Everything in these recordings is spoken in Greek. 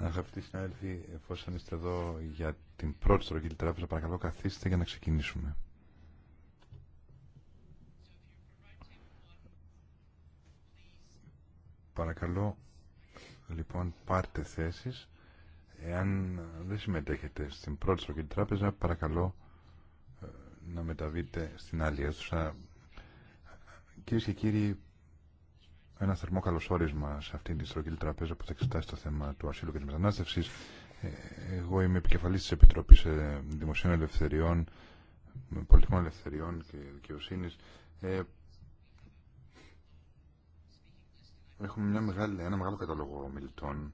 Αγαπητοί συνάδελφοι, εφόσον είστε εδώ για την πρώτη στρογγυλή τράπεζα, παρακαλώ καθίστε για να ξεκινήσουμε. Παρακαλώ, λοιπόν, πάρτε θέσεις. Εάν δεν συμμετέχετε στην πρώτη στρογγυλή τράπεζα, παρακαλώ ε, να μεταβείτε στην άλλη αίθουσα. Κυρίε και κύριοι, ένα θερμό καλωσόρισμα σε αυτή τη στρογγυλή τραπέζα που θα εξετάσει το θέμα του ασύλου και τη μετανάστευση. Ε, εγώ είμαι επικεφαλής της Επιτροπής ε, Δημοσίων Ελευθεριών, Πολιτικών Ελευθεριών και Δικαιοσύνη. Ε, έχουμε μια μεγάλη, ένα μεγάλο κατάλογο μιλητών.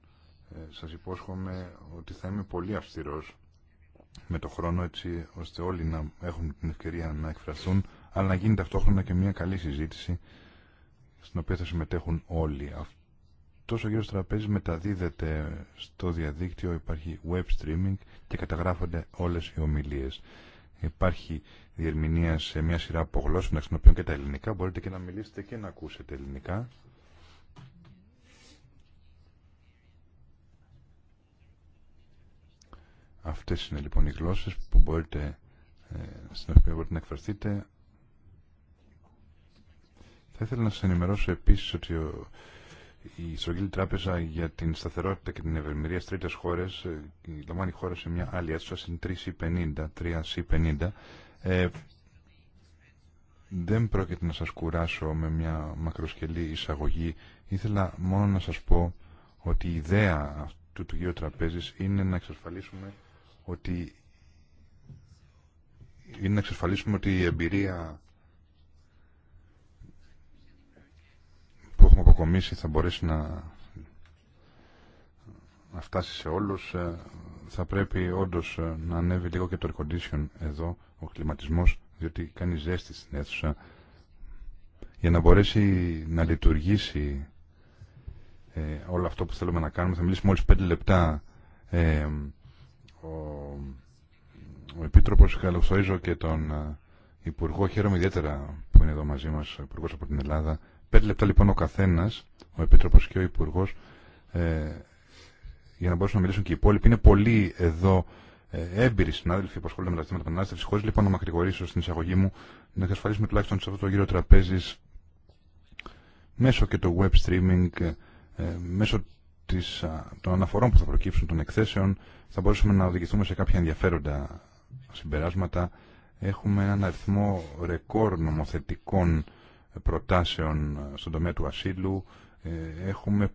Ε, σας υπόσχομαι ότι θα είμαι πολύ αυστηρό με το χρόνο έτσι ώστε όλοι να έχουν την ευκαιρία να εκφραστούν αλλά να γίνει ταυτόχρονα και μια καλή συζήτηση στην οποία θα συμμετέχουν όλοι. Τόσο ο γύρο τραπέζι μεταδίδεται στο διαδίκτυο, υπάρχει web streaming και καταγράφονται όλες οι ομιλίες. Υπάρχει διερμηνία σε μια σειρά από γλώσσες, μεταξύ των οποίων και τα ελληνικά. Μπορείτε και να μιλήσετε και να ακούσετε ελληνικά. Αυτές είναι λοιπόν οι γλώσσες που μπορείτε, ε, μπορείτε να εκφραστείτε θα ήθελα να σα ενημερώσω επίση ότι ο, η Ισογγελή Τράπεζα για την σταθερότητα και την ευημερία στις χώρε, χώρες ε, λαμβάνει χώρα σε μια άλλη αίθουσα στην 3C50, ε, δεν πρόκειται να σας κουράσω με μια μακροσκελή εισαγωγή. Ήθελα μόνο να σας πω ότι η ιδέα αυτού του γύρω τραπέζης είναι να εξασφαλίσουμε ότι είναι να εξασφαλίσουμε ότι η εμπειρία που έχουμε αποκομίσει θα μπορέσει να, να φτάσει σε όλους. Ε, θα πρέπει όντως ε, να ανέβει λίγο και το air εδώ, ο κλιματισμός, διότι κάνει ζέστη στην αίθουσα. Για να μπορέσει να λειτουργήσει ε, όλο αυτό που θέλουμε να κάνουμε, θα μιλήσει μόλις 5 λεπτά ε, ο, ο Επίτροπος, καλωσορίζω και τον ε, Υπουργό, χαίρομαι ιδιαίτερα που είναι εδώ μαζί μας, Υπουργός από την Ελλάδα, Πέντε λεπτά λοιπόν ο καθένα, ο επίτροπο και ο Υπουργό, ε, για να μπορέσουν να μιλήσουν και οι υπόλοιποι. Είναι πολλοί εδώ ε, έμπειροι συνάδελφοι που ασχολούνται με τα θέματα μετανάστευση. Χωρί λοιπόν να μακρηγορήσω στην εισαγωγή μου, να εξασφαλίσουμε τουλάχιστον σε αυτό το γύρο τραπέζι μέσω και το web streaming, ε, ε μέσω της, των αναφορών που θα προκύψουν των εκθέσεων, θα μπορούσαμε να οδηγηθούμε σε κάποια ενδιαφέροντα συμπεράσματα. Έχουμε έναν αριθμό ρεκόρ νομοθετικών προτάσεων ε, στον τομέα του ασύλου. Ε, έχουμε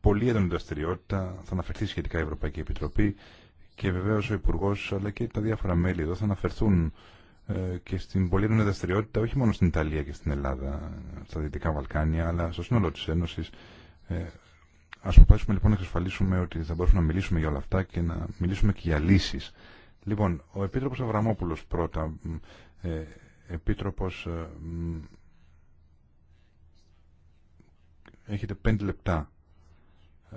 πολύ έντονη δραστηριότητα. Θα αναφερθεί σχετικά η Ευρωπαϊκή Επιτροπή και βεβαίω ο Υπουργό αλλά και τα διάφορα μέλη εδώ θα αναφερθούν ε, και στην πολύ έντονη δραστηριότητα όχι μόνο στην Ιταλία και στην Ελλάδα, στα Δυτικά Βαλκάνια, αλλά στο σύνολο τη Ένωση. Α προσπαθήσουμε λοιπόν να εξασφαλίσουμε ότι θα μπορούμε να μιλήσουμε για όλα αυτά και να μιλήσουμε και για λύσει. Λοιπόν, ο Επίτροπο Αβραμόπουλο πρώτα. Επίτροπος Έχετε πέντε λεπτά. Ε,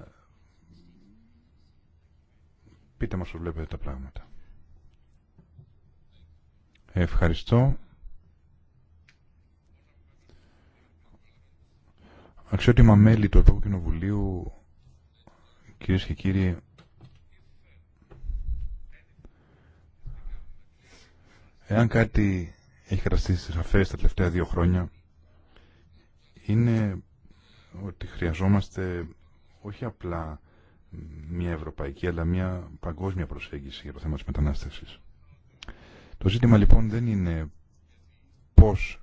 πείτε μας πώς βλέπετε τα πράγματα. Ευχαριστώ. Αξιότιμα μέλη του Ευρωπαϊκού Κοινοβουλίου, κυρίες και κύριοι, εάν κάτι έχει καταστήσει σαφές τα τελευταία δύο χρόνια, είναι ότι χρειαζόμαστε όχι απλά μια ευρωπαϊκή αλλά μια παγκόσμια προσέγγιση για το θέμα της μετανάστευσης. Το ζήτημα λοιπόν δεν είναι πώς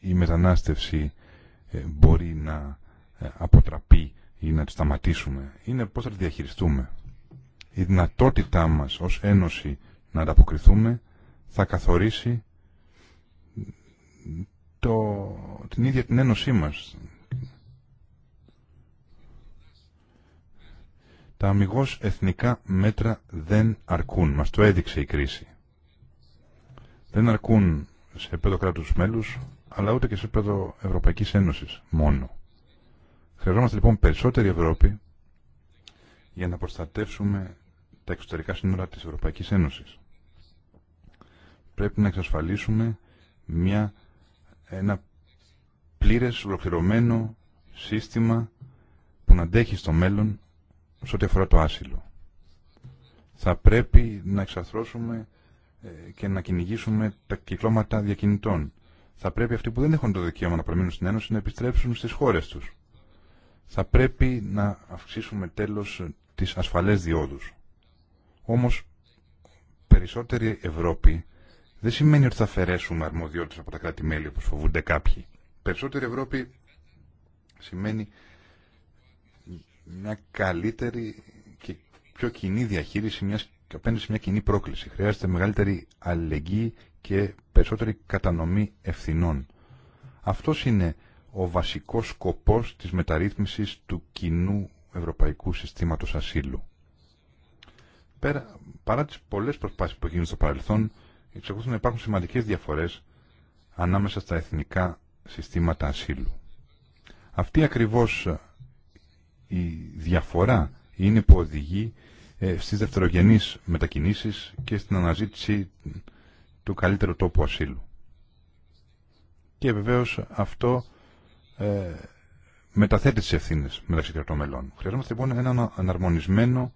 η μετανάστευση ε, μπορεί να ε, αποτραπεί ή να τη σταματήσουμε. Είναι πώς θα τη διαχειριστούμε. Η δυνατότητά μας ως Ένωση να ανταποκριθούμε θα καθορίσει το, την ίδια την Ένωσή μας, Τα αμυγός εθνικά μέτρα δεν αρκούν. Μας το έδειξε η κρίση. Δεν αρκούν σε επίπεδο κράτους μέλους, αλλά ούτε και σε επίπεδο Ευρωπαϊκής Ένωσης μόνο. Χρειαζόμαστε λοιπόν περισσότερη Ευρώπη για να προστατεύσουμε τα εξωτερικά σύνορα της Ευρωπαϊκής Ένωσης. Πρέπει να εξασφαλίσουμε μια, ένα πλήρες ολοκληρωμένο σύστημα που να αντέχει στο μέλλον σε ό,τι αφορά το άσυλο. Θα πρέπει να εξαρθρώσουμε ε, και να κυνηγήσουμε τα κυκλώματα διακινητών. Θα πρέπει αυτοί που δεν έχουν το δικαίωμα να παραμείνουν στην Ένωση να επιστρέψουν στις χώρες τους. Θα πρέπει να αυξήσουμε τέλος τις ασφαλές διόδους. Όμως, περισσότερη Ευρώπη δεν σημαίνει ότι θα αφαιρέσουμε αρμοδιότητες από τα κράτη-μέλη, όπως φοβούνται κάποιοι. Περισσότερη Ευρώπη σημαίνει μια καλύτερη και πιο κοινή διαχείριση μιας, απέναντι σε μια κοινή πρόκληση. Χρειάζεται μεγαλύτερη αλληλεγγύη και περισσότερη κατανομή ευθυνών. Αυτός είναι ο βασικός σκοπός της μεταρρύθμισης του κοινού ευρωπαϊκού συστήματος ασύλου. Πέρα, παρά τις πολλές προσπάσεις που γίνουν στο παρελθόν, εξακολουθούν να υπάρχουν σημαντικές διαφορές ανάμεσα στα εθνικά συστήματα ασύλου. Αυτή ακριβώς η διαφορά είναι που οδηγεί ε, στις δευτερογενείς μετακινήσεις και στην αναζήτηση του καλύτερου τόπου ασύλου. Και βεβαίως αυτό ε, μεταθέτει τις ευθύνες μεταξύ κρατών μελών. Χρειαζόμαστε λοιπόν ένα αναρμονισμένο,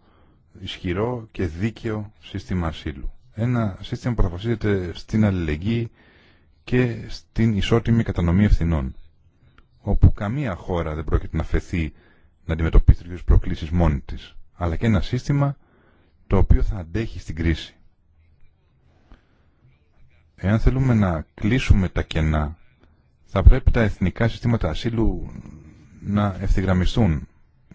ισχυρό και δίκαιο σύστημα ασύλου. Ένα σύστημα που θα βασίζεται στην αλληλεγγύη και στην ισότιμη κατανομή ευθυνών. Όπου καμία χώρα δεν πρόκειται να φεθεί να αντιμετωπίσει τέτοιες προκλήσεις μόνη τη. αλλά και ένα σύστημα το οποίο θα αντέχει στην κρίση. Εάν θέλουμε να κλείσουμε τα κενά, θα πρέπει τα εθνικά συστήματα ασύλου να ευθυγραμμιστούν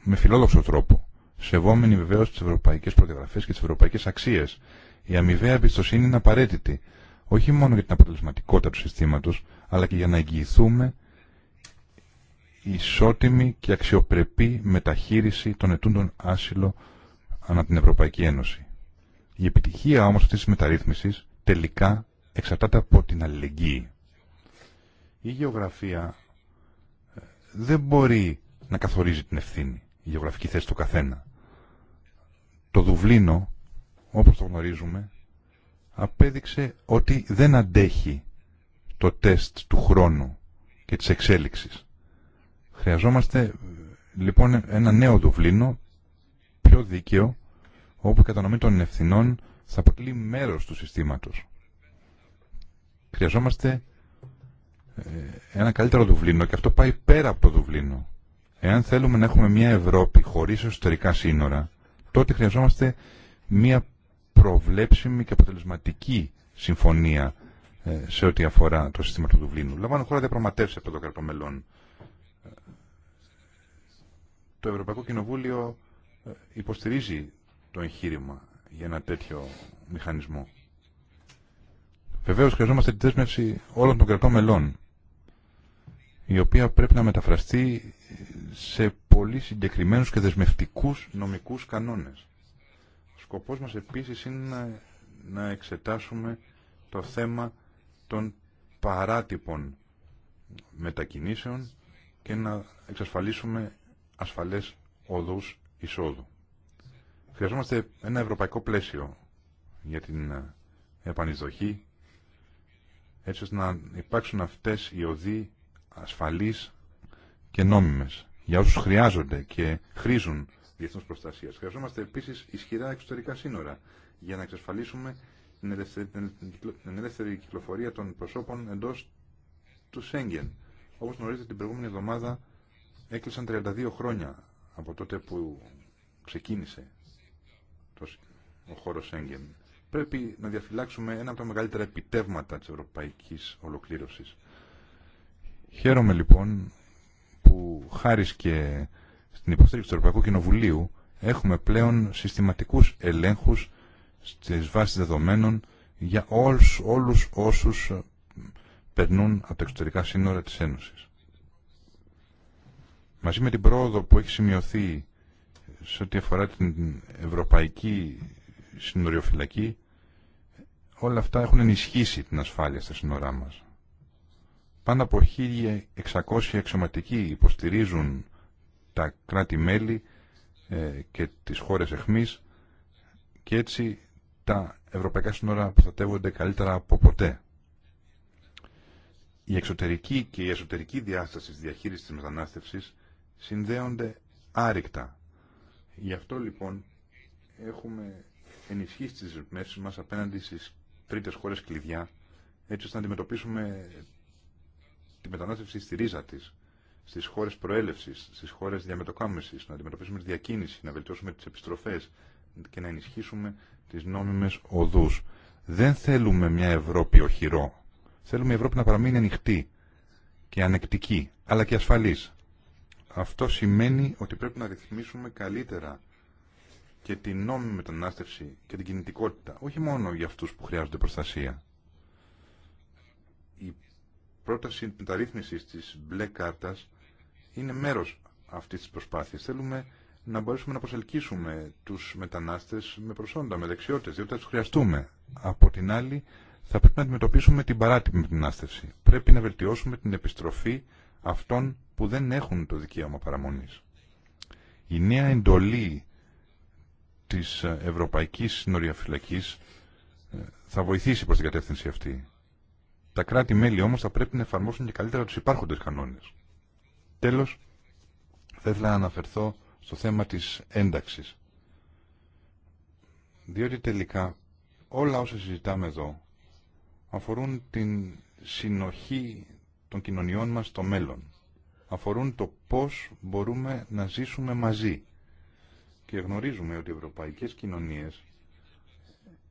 με φιλόδοξο τρόπο, σεβόμενοι βεβαίως τι ευρωπαϊκές προδιαγραφέ και τις ευρωπαϊκές αξίες. Η αμοιβαία εμπιστοσύνη είναι απαραίτητη, όχι μόνο για την αποτελεσματικότητα του συστήματο, αλλά και για να εγγυηθούμε ισότιμη και αξιοπρεπή μεταχείριση των ετούντων άσυλο ανά την Ευρωπαϊκή Ένωση. Η επιτυχία όμως αυτής της μεταρρύθμισης τελικά εξαρτάται από την αλληλεγγύη. Η γεωγραφία ε, δεν μπορεί να καθορίζει την ευθύνη, η γεωγραφική θέση του καθένα. Το Δουβλίνο, όπως το γνωρίζουμε, απέδειξε ότι δεν αντέχει το τεστ του χρόνου και της εξέλιξης. Χρειαζόμαστε λοιπόν ένα νέο Δουβλίνο, πιο δίκαιο, όπου η κατανομή των ευθυνών θα αποτελεί μέρος του συστήματος. Χρειαζόμαστε ε, ένα καλύτερο Δουβλίνο και αυτό πάει πέρα από το Δουβλίνο. Εάν θέλουμε να έχουμε μια Ευρώπη χωρίς εσωτερικά σύνορα, τότε χρειαζόμαστε μια προβλέψιμη και αποτελεσματική συμφωνία ε, σε ό,τι αφορά το σύστημα του Δουβλίνου. Λαμβάνω χώρα διαπραγματεύσει από το κρατομελών. Το Ευρωπαϊκό Κοινοβούλιο ε, υποστηρίζει το εγχείρημα για ένα τέτοιο μηχανισμό. Βεβαίω χρειαζόμαστε τη δέσμευση όλων των κρατών μελών, η οποία πρέπει να μεταφραστεί σε πολύ συγκεκριμένους και δεσμευτικούς νομικούς κανόνες. Ο σκοπός μας επίσης είναι να, να εξετάσουμε το θέμα των παράτυπων μετακινήσεων και να εξασφαλίσουμε ασφαλές οδούς εισόδου. Χρειαζόμαστε ένα ευρωπαϊκό πλαίσιο για την ε, επανεισδοχή, έτσι ώστε να υπάρξουν αυτές οι οδοί ασφαλείς και νόμιμες για όσους χρειάζονται και χρήζουν διεθνούς προστασίας. Χρειαζόμαστε επίσης ισχυρά εξωτερικά σύνορα για να εξασφαλίσουμε την ελεύθερη κυκλοφορία των προσώπων εντός του Σέγγεν. Όπως γνωρίζετε την προηγούμενη εβδομάδα έκλεισαν 32 χρόνια από τότε που ξεκίνησε το, ο χώρος Σέγγεν. Πρέπει να διαφυλάξουμε ένα από τα μεγαλύτερα επιτεύγματα της ευρωπαϊκής ολοκλήρωσης. Χαίρομαι λοιπόν που χάρη και στην υποστήριξη του Ευρωπαϊκού Κοινοβουλίου έχουμε πλέον συστηματικούς ελέγχους στις βάσεις δεδομένων για όλους, όλους περνούν από τα εξωτερικά σύνορα της Ένωσης. Μαζί με την πρόοδο που έχει σημειωθεί σε ό,τι αφορά την ευρωπαϊκή συνοριοφυλακή, όλα αυτά έχουν ενισχύσει την ασφάλεια στα σύνορά μας. Πάνω από 1.600 εξωματικοί υποστηρίζουν τα κράτη-μέλη ε, και τις χώρες εχμής και έτσι τα ευρωπαϊκά σύνορα προστατεύονται καλύτερα από ποτέ η εξωτερική και η εσωτερική διάσταση της διαχείρισης της μετανάστευσης συνδέονται άρρηκτα. Γι' αυτό λοιπόν έχουμε ενισχύσει τις ρυπνεύσεις μας απέναντι στις τρίτες χώρες κλειδιά έτσι ώστε να αντιμετωπίσουμε τη μετανάστευση στη ρίζα της στις χώρες προέλευσης, στις χώρες διαμετοκάμεσης, να αντιμετωπίσουμε τη διακίνηση, να βελτιώσουμε τις επιστροφές και να ενισχύσουμε τις νόμιμες οδούς. Δεν θέλουμε μια Ευρώπη οχυρό. Θέλουμε η Ευρώπη να παραμείνει ανοιχτή και ανεκτική, αλλά και ασφαλής. Αυτό σημαίνει ότι πρέπει να ρυθμίσουμε καλύτερα και την νόμιμη μετανάστευση και την κινητικότητα, όχι μόνο για αυτούς που χρειάζονται προστασία. Η πρόταση μεταρρύθμισης της μπλε κάρτας είναι μέρος αυτής της προσπάθειας. Θέλουμε να μπορέσουμε να προσελκύσουμε τους μετανάστες με προσόντα, με δεξιότητες, διότι θα τους χρειαστούμε. Από την άλλη, θα πρέπει να αντιμετωπίσουμε την παράτυπη μετανάστευση. Πρέπει να βελτιώσουμε την επιστροφή αυτών που δεν έχουν το δικαίωμα παραμονής. Η νέα εντολή της Ευρωπαϊκής Συνοριαφυλακής ε, θα βοηθήσει προς την κατεύθυνση αυτή. Τα κράτη-μέλη όμως θα πρέπει να εφαρμόσουν και καλύτερα τους υπάρχοντες κανόνες. Τέλος, θα ήθελα να αναφερθώ στο θέμα της ένταξης. Διότι τελικά όλα όσα συζητάμε εδώ αφορούν την συνοχή των κοινωνιών μας στο μέλλον. Αφορούν το πώς μπορούμε να ζήσουμε μαζί. Και γνωρίζουμε ότι οι ευρωπαϊκές κοινωνίες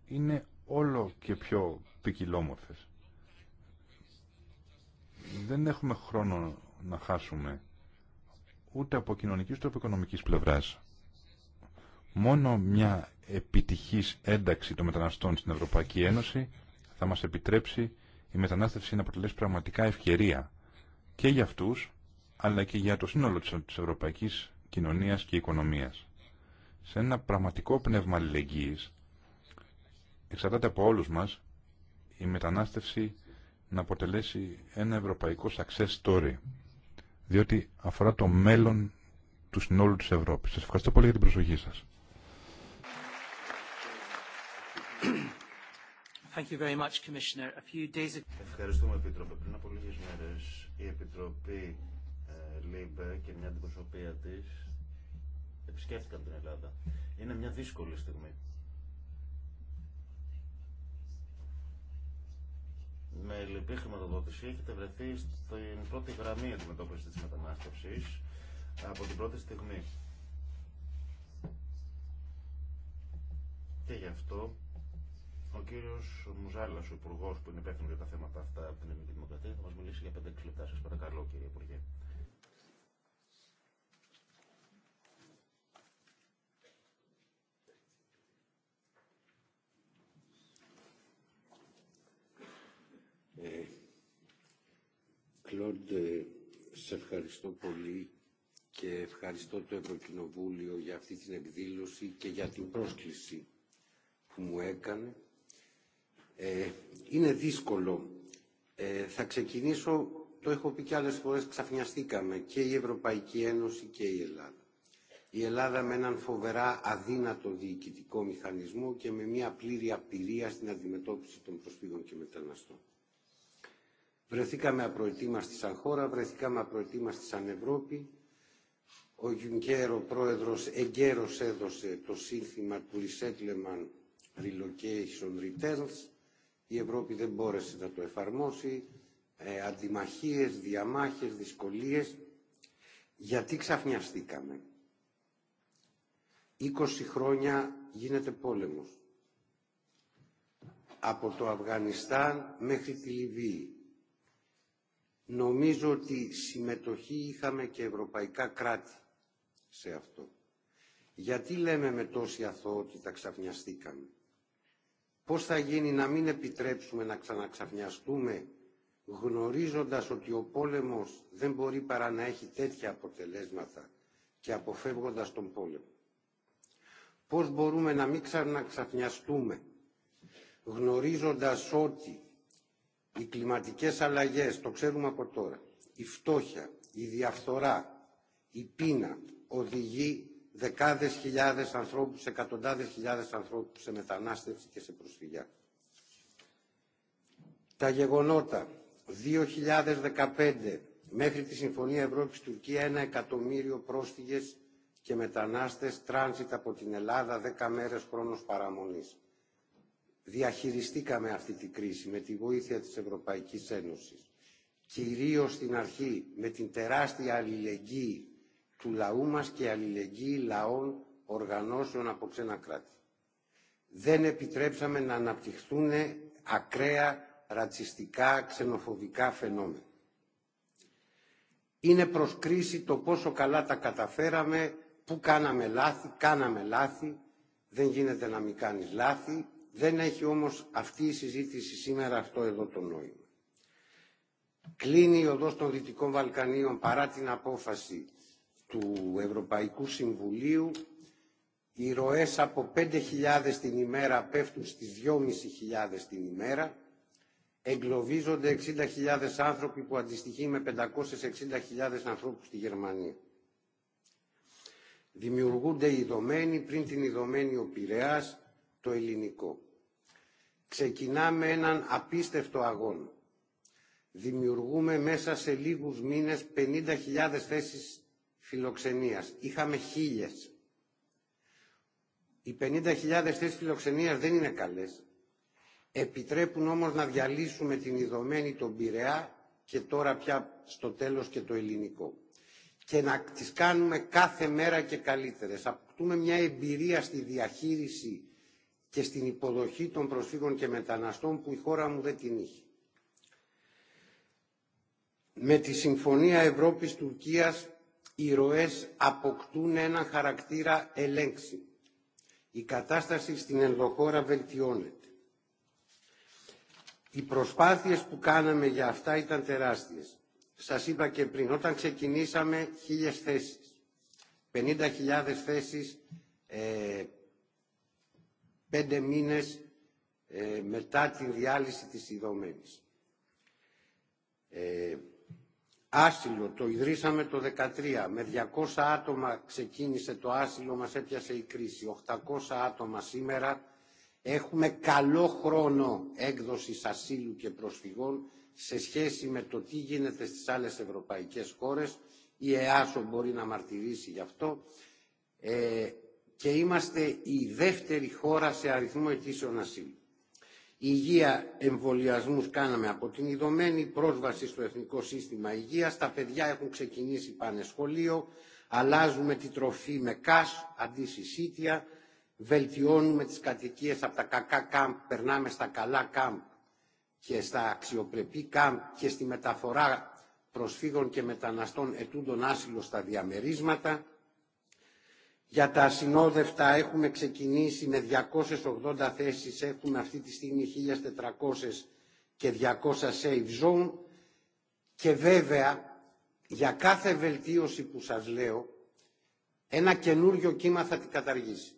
είναι όλο και πιο ποικιλόμορφε. Δεν έχουμε χρόνο να χάσουμε ούτε από κοινωνικής ούτε από οικονομικής πλευράς. Μόνο μια επιτυχής ένταξη των μεταναστών στην Ευρωπαϊκή Ένωση θα μας επιτρέψει η μετανάστευση να αποτελέσει πραγματικά ευκαιρία και για αυτούς, αλλά και για το σύνολο της ευρωπαϊκής κοινωνίας και οικονομίας. Σε ένα πραγματικό πνεύμα αλληλεγγύης, εξαρτάται από όλους μας, η μετανάστευση να αποτελέσει ένα ευρωπαϊκό success story, διότι αφορά το μέλλον του συνόλου της Ευρώπης. Σας ευχαριστώ πολύ για την προσοχή σας. Thank you very much, Commissioner. A few days ago... Ευχαριστούμε, Επίτροπε. Πριν από λίγες μέρες, η Επιτροπή ε, Λίμπε και μια αντιπροσωπεία της επισκέφτηκαν την Ελλάδα. Είναι μια δύσκολη στιγμή. με λυπή χρηματοδότηση έχετε βρεθεί στην πρώτη γραμμή αντιμετώπιση της μετανάστευσης από την πρώτη στιγμή. Και γι' αυτό ο κύριο Μουζάλα, ο υπουργό που είναι υπεύθυνο για τα θέματα αυτά από την Ελληνική Δημοκρατία, θα μα μιλήσει για 5-6 λεπτά. Σα παρακαλώ, κύριε Υπουργέ. Ε, Κλοντ, ε, σε ευχαριστώ πολύ και ευχαριστώ το Ευρωκοινοβούλιο για αυτή την εκδήλωση και για την πρόσκληση που μου έκανε ε, είναι δύσκολο. Ε, θα ξεκινήσω, το έχω πει και άλλες φορές, ξαφνιαστήκαμε και η Ευρωπαϊκή Ένωση και η Ελλάδα. Η Ελλάδα με έναν φοβερά αδύνατο διοικητικό μηχανισμό και με μια πλήρη απειρία στην αντιμετώπιση των προσφύγων και μεταναστών. Βρεθήκαμε απροετοίμαστοι σαν χώρα, βρεθήκαμε απροετοίμαστοι σαν Ευρώπη. Ο Γιουνκέρο, πρόεδρος, εγκαίρος έδωσε το σύνθημα του Resettlement Relocation Returns η Ευρώπη δεν μπόρεσε να το εφαρμόσει, ε, αντιμαχίες, διαμάχες, δυσκολίες. Γιατί ξαφνιαστήκαμε. 20 χρόνια γίνεται πόλεμος. Από το Αφγανιστάν μέχρι τη Λιβύη. Νομίζω ότι συμμετοχή είχαμε και ευρωπαϊκά κράτη σε αυτό. Γιατί λέμε με τόση αθωότητα ξαφνιαστήκαμε. Πώς θα γίνει να μην επιτρέψουμε να ξαναξαφνιαστούμε γνωρίζοντας ότι ο πόλεμος δεν μπορεί παρά να έχει τέτοια αποτελέσματα και αποφεύγοντας τον πόλεμο. Πώς μπορούμε να μην ξαναξαφνιαστούμε γνωρίζοντας ότι οι κλιματικές αλλαγές, το ξέρουμε από τώρα, η φτώχεια, η διαφθορά, η πείνα οδηγεί δεκάδες χιλιάδες ανθρώπους, εκατοντάδες χιλιάδες ανθρώπους σε μετανάστευση και σε προσφυγιά. Τα γεγονότα 2015 μέχρι τη Συμφωνία Ευρώπης-Τουρκία ένα εκατομμύριο πρόσφυγες και μετανάστες τράνζιτ από την Ελλάδα δέκα μέρες χρόνος παραμονής. Διαχειριστήκαμε αυτή τη κρίση με τη βοήθεια της Ευρωπαϊκής Ένωσης. Κυρίως στην αρχή με την τεράστια αλληλεγγύη του λαού μας και αλληλεγγύη λαών οργανώσεων από ξένα κράτη. Δεν επιτρέψαμε να αναπτυχθούν ακραία ρατσιστικά, ξενοφοβικά φαινόμενα. Είναι προσκρίση το πόσο καλά τα καταφέραμε, που κάναμε λάθη, κάναμε λάθη, δεν γίνεται να μην κάνεις λάθη, δεν έχει όμως αυτή η συζήτηση σήμερα αυτό εδώ το νόημα. Κλείνει η οδός των Δυτικών Βαλκανίων παρά την απόφαση του Ευρωπαϊκού Συμβουλίου οι ροές από 5.000 την ημέρα πέφτουν στις 2.500 την ημέρα. Εγκλωβίζονται 60.000 άνθρωποι που αντιστοιχεί με 560.000 ανθρώπους στη Γερμανία. Δημιουργούνται δομένοι πριν την ειδωμένη ο Πειραιάς, το ελληνικό. Ξεκινάμε έναν απίστευτο αγώνα. Δημιουργούμε μέσα σε λίγους μήνες 50.000 θέσεις φιλοξενίας. Είχαμε χίλιες. Οι 50.000 θέσεις φιλοξενίας δεν είναι καλές. Επιτρέπουν όμως να διαλύσουμε την ιδωμένη τον Πειραιά και τώρα πια στο τέλος και το ελληνικό. Και να τις κάνουμε κάθε μέρα και καλύτερες. Αποκτούμε μια εμπειρία στη διαχείριση και στην υποδοχή των προσφύγων και μεταναστών που η χώρα μου δεν την είχε. Με τη Συμφωνία Ευρώπης-Τουρκίας οι ροές αποκτούν έναν χαρακτήρα ελέγξη. Η κατάσταση στην ενδοχώρα βελτιώνεται. Οι προσπάθειες που κάναμε για αυτά ήταν τεράστιες. Σας είπα και πριν, όταν ξεκινήσαμε χίλιες θέσεις, 50.000 θέσεις, ε, πέντε μήνες ε, μετά την διάλυση της ειδωμένης. Ε, Άσυλο, το ιδρύσαμε το 2013. Με 200 άτομα ξεκίνησε το άσυλο, μας έπιασε η κρίση. 800 άτομα σήμερα. Έχουμε καλό χρόνο έκδοσης ασύλου και προσφυγών σε σχέση με το τι γίνεται στις άλλες ευρωπαϊκές χώρες. Η ΕΑΣΟ μπορεί να μαρτυρήσει γι' αυτό. Ε, και είμαστε η δεύτερη χώρα σε αριθμό αιτήσεων ασύλου υγεία εμβολιασμούς κάναμε από την ειδωμένη πρόσβαση στο Εθνικό Σύστημα Υγείας. Τα παιδιά έχουν ξεκινήσει πάνε σχολείο, αλλάζουμε τη τροφή με κάσ, αντί συσίτια, βελτιώνουμε τις κατοικίες από τα κακά κάμπ, περνάμε στα καλά κάμπ και στα αξιοπρεπή κάμπ και στη μεταφορά προσφύγων και μεταναστών ετούντων άσυλο στα διαμερίσματα. Για τα ασυνόδευτα έχουμε ξεκινήσει με 280 θέσεις, έχουμε αυτή τη στιγμή 1.400 και 200 safe zone και βέβαια για κάθε βελτίωση που σας λέω ένα καινούριο κύμα θα την καταργήσει.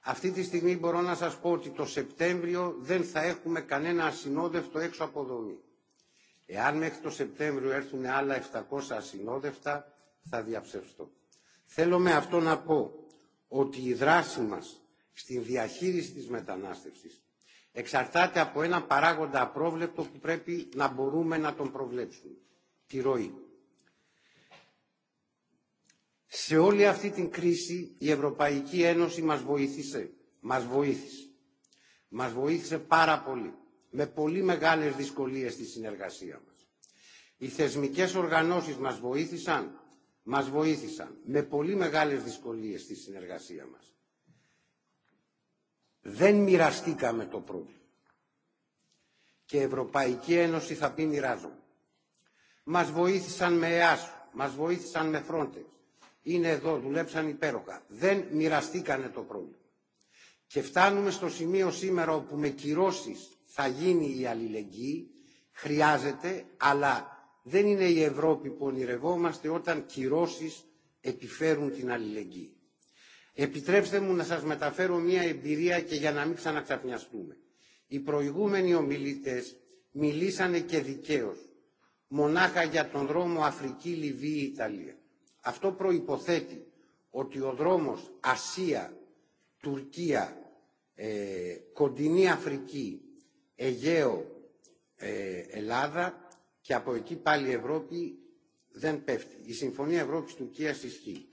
Αυτή τη στιγμή μπορώ να σας πω ότι το Σεπτέμβριο δεν θα έχουμε κανένα ασυνόδευτο έξω από δομή. Εάν μέχρι το Σεπτέμβριο έρθουν άλλα 700 ασυνόδευτα θα διαψευστώ. Θέλω με αυτό να πω ότι η δράση μας στην διαχείριση της μετανάστευσης εξαρτάται από ένα παράγοντα απρόβλεπτο που πρέπει να μπορούμε να τον προβλέψουμε. Τη ροή. Σε όλη αυτή την κρίση η Ευρωπαϊκή Ένωση μας βοήθησε. Μας βοήθησε. Μας βοήθησε πάρα πολύ. Με πολύ μεγάλες δυσκολίες στη συνεργασία μας. Οι θεσμικές οργανώσεις μας βοήθησαν μας βοήθησαν με πολύ μεγάλες δυσκολίες στη συνεργασία μας. Δεν μοιραστήκαμε το πρόβλημα. Και η Ευρωπαϊκή Ένωση θα πει μοιράζομαι. Μας βοήθησαν με ΕΑΣΟ, μας βοήθησαν με Frontex. Είναι εδώ, δουλέψαν υπέροχα. Δεν μοιραστήκανε το πρόβλημα. Και φτάνουμε στο σημείο σήμερα όπου με κυρώσεις θα γίνει η αλληλεγγύη, χρειάζεται, αλλά δεν είναι η Ευρώπη που ονειρευόμαστε όταν κυρώσεις επιφέρουν την αλληλεγγύη. Επιτρέψτε μου να σας μεταφέρω μια εμπειρία και για να μην ξαναξαπνιαστούμε. Οι προηγούμενοι ομιλητές μιλήσανε και δικαίως μονάχα για τον δρόμο Αφρική-Λιβύη-Ιταλία. Αυτό προϋποθέτει ότι ο δρόμος Ασία-Τουρκία, ε, κοντινή Αφρική, Αιγαίο, ε, Ελλάδα και από εκεί πάλι η Ευρώπη δεν πέφτει. Η Συμφωνία Ευρώπης-Τουρκίας ισχύει.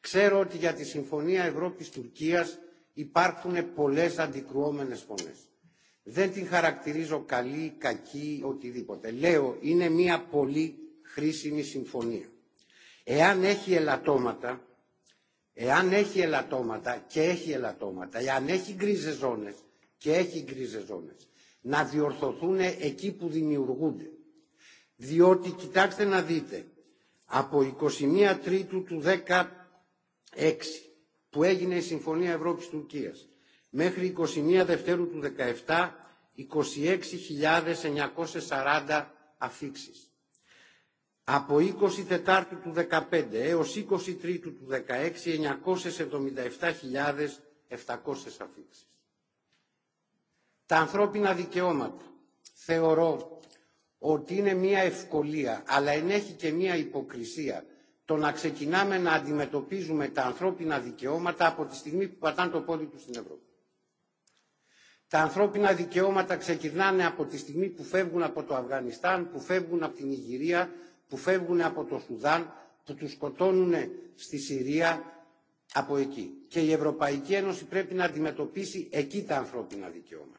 Ξέρω ότι για τη Συμφωνία Ευρώπης-Τουρκίας υπάρχουν πολλές αντικρουόμενες φωνές. Δεν την χαρακτηρίζω καλή, κακή, οτιδήποτε. Λέω, είναι μια πολύ χρήσιμη συμφωνία. Εάν έχει ελαττώματα, εάν έχει ελαττώματα και έχει ελαττώματα, εάν έχει γκριζε ζώνες και έχει γκριζε ζώνες, να διορθωθούν εκεί που δημιουργούνται. Διότι κοιτάξτε να δείτε, από 21 Τρίτου του 16 που έγινε η Συμφωνία Ευρώπης Τουρκίας μέχρι 21 Δευτέρου του 17 26.940 αφήξεις. Από 24 Τετάρτου του 15 έως 20 Τρίτου του 16 977.700 αφήξεις. Τα ανθρώπινα δικαιώματα θεωρώ ότι είναι μια ευκολία, αλλά ενέχει και μια υποκρισία. Το να ξεκινάμε να αντιμετωπίζουμε τα ανθρώπινα δικαιώματα από τη στιγμή που πατάνε το πόδι του στην Ευρώπη. Τα ανθρώπινα δικαιώματα ξεκινάνε από τη στιγμή που φεύγουν από το Αφγανιστάν, που φεύγουν από την Ιγυρία, που φεύγουν από το Σουδάν, που τους σκοτώνουν στη Συρία από εκεί. Και η Ευρωπαϊκή Ένωση πρέπει να αντιμετωπίσει εκεί τα ανθρώπινα δικαιώματα.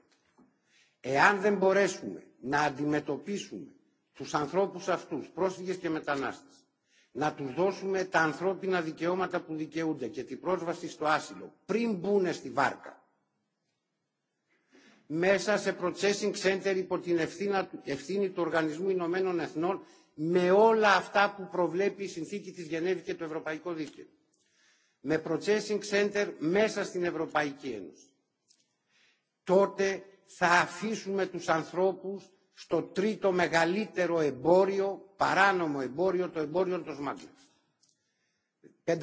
Εάν δεν μπορέσουμε να αντιμετωπίσουμε τους ανθρώπους αυτούς, πρόσφυγες και μετανάστες, να τους δώσουμε τα ανθρώπινα δικαιώματα που δικαιούνται και την πρόσβαση στο άσυλο πριν μπουν στη βάρκα. Μέσα σε processing center υπό την ευθύνη του Οργανισμού Ηνωμένων Εθνών με όλα αυτά που προβλέπει η συνθήκη της Γενέβη και το Ευρωπαϊκό Δίκαιο. Με processing center μέσα στην Ευρωπαϊκή Ένωση. Τότε θα αφήσουμε τους ανθρώπους στο τρίτο μεγαλύτερο εμπόριο, παράνομο εμπόριο, το εμπόριο των σμάγκλων. 500.000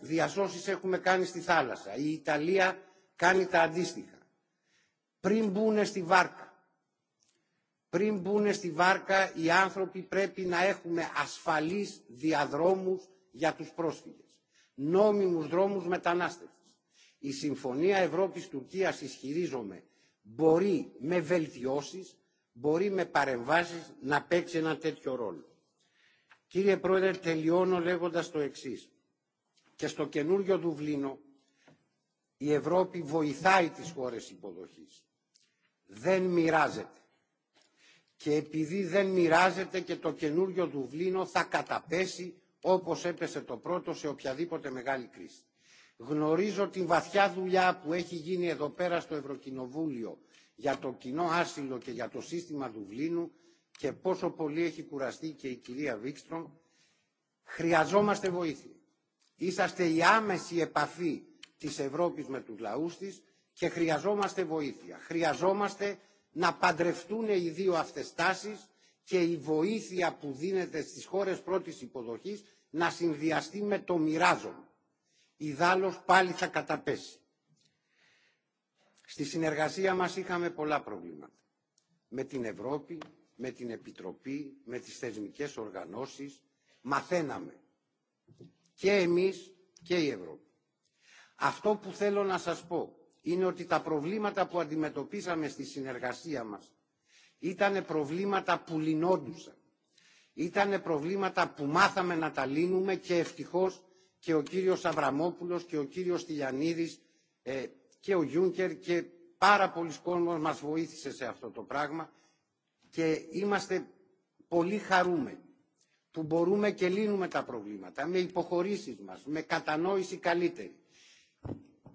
διασώσεις έχουμε κάνει στη θάλασσα. Η Ιταλία κάνει τα αντίστοιχα. Πριν μπουν στη βάρκα, πριν μπουν στη βάρκα οι άνθρωποι πρέπει να έχουμε ασφαλείς διαδρόμους για τους πρόσφυγες. Νόμιμους δρόμους μετανάστευσης. Η Συμφωνία Ευρώπης-Τουρκίας ισχυρίζομαι μπορεί με βελτιώσεις, μπορεί με παρεμβάσεις να παίξει ένα τέτοιο ρόλο. Κύριε Πρόεδρε, τελειώνω λέγοντας το εξής. Και στο καινούριο Δουβλίνο η Ευρώπη βοηθάει τις χώρες υποδοχής. Δεν μοιράζεται. Και επειδή δεν μοιράζεται και το καινούριο Δουβλίνο θα καταπέσει όπως έπεσε το πρώτο σε οποιαδήποτε μεγάλη κρίση. Γνωρίζω την βαθιά δουλειά που έχει γίνει εδώ πέρα στο Ευρωκοινοβούλιο για το κοινό άσυλο και για το σύστημα Δουβλίνου και πόσο πολύ έχει κουραστεί και η κυρία Βίξτρον. Χρειαζόμαστε βοήθεια. Είσαστε η άμεση επαφή της Ευρώπης με τους λαούς της και χρειαζόμαστε βοήθεια. Χρειαζόμαστε να παντρευτούν οι δύο αυτές τάσεις και η βοήθεια που δίνεται στις χώρες πρώτης υποδοχής να συνδυαστεί με το μοιράζομαι ιδάλλως πάλι θα καταπέσει. Στη συνεργασία μας είχαμε πολλά προβλήματα. Με την Ευρώπη, με την Επιτροπή, με τις θεσμικές οργανώσεις, μαθαίναμε. Και εμείς και η Ευρώπη. Αυτό που θέλω να σας πω είναι ότι τα προβλήματα που αντιμετωπίσαμε στη συνεργασία μας ήταν προβλήματα που λυνόντουσαν. Ήταν προβλήματα που μάθαμε να τα λύνουμε και ευτυχώς και ο κύριος Αβραμόπουλος και ο κύριος Τηλιανίδης ε, και ο Γιούνκερ και πάρα πολλοί κόσμος μας βοήθησε σε αυτό το πράγμα και είμαστε πολύ χαρούμενοι που μπορούμε και λύνουμε τα προβλήματα με υποχωρήσεις μας, με κατανόηση καλύτερη.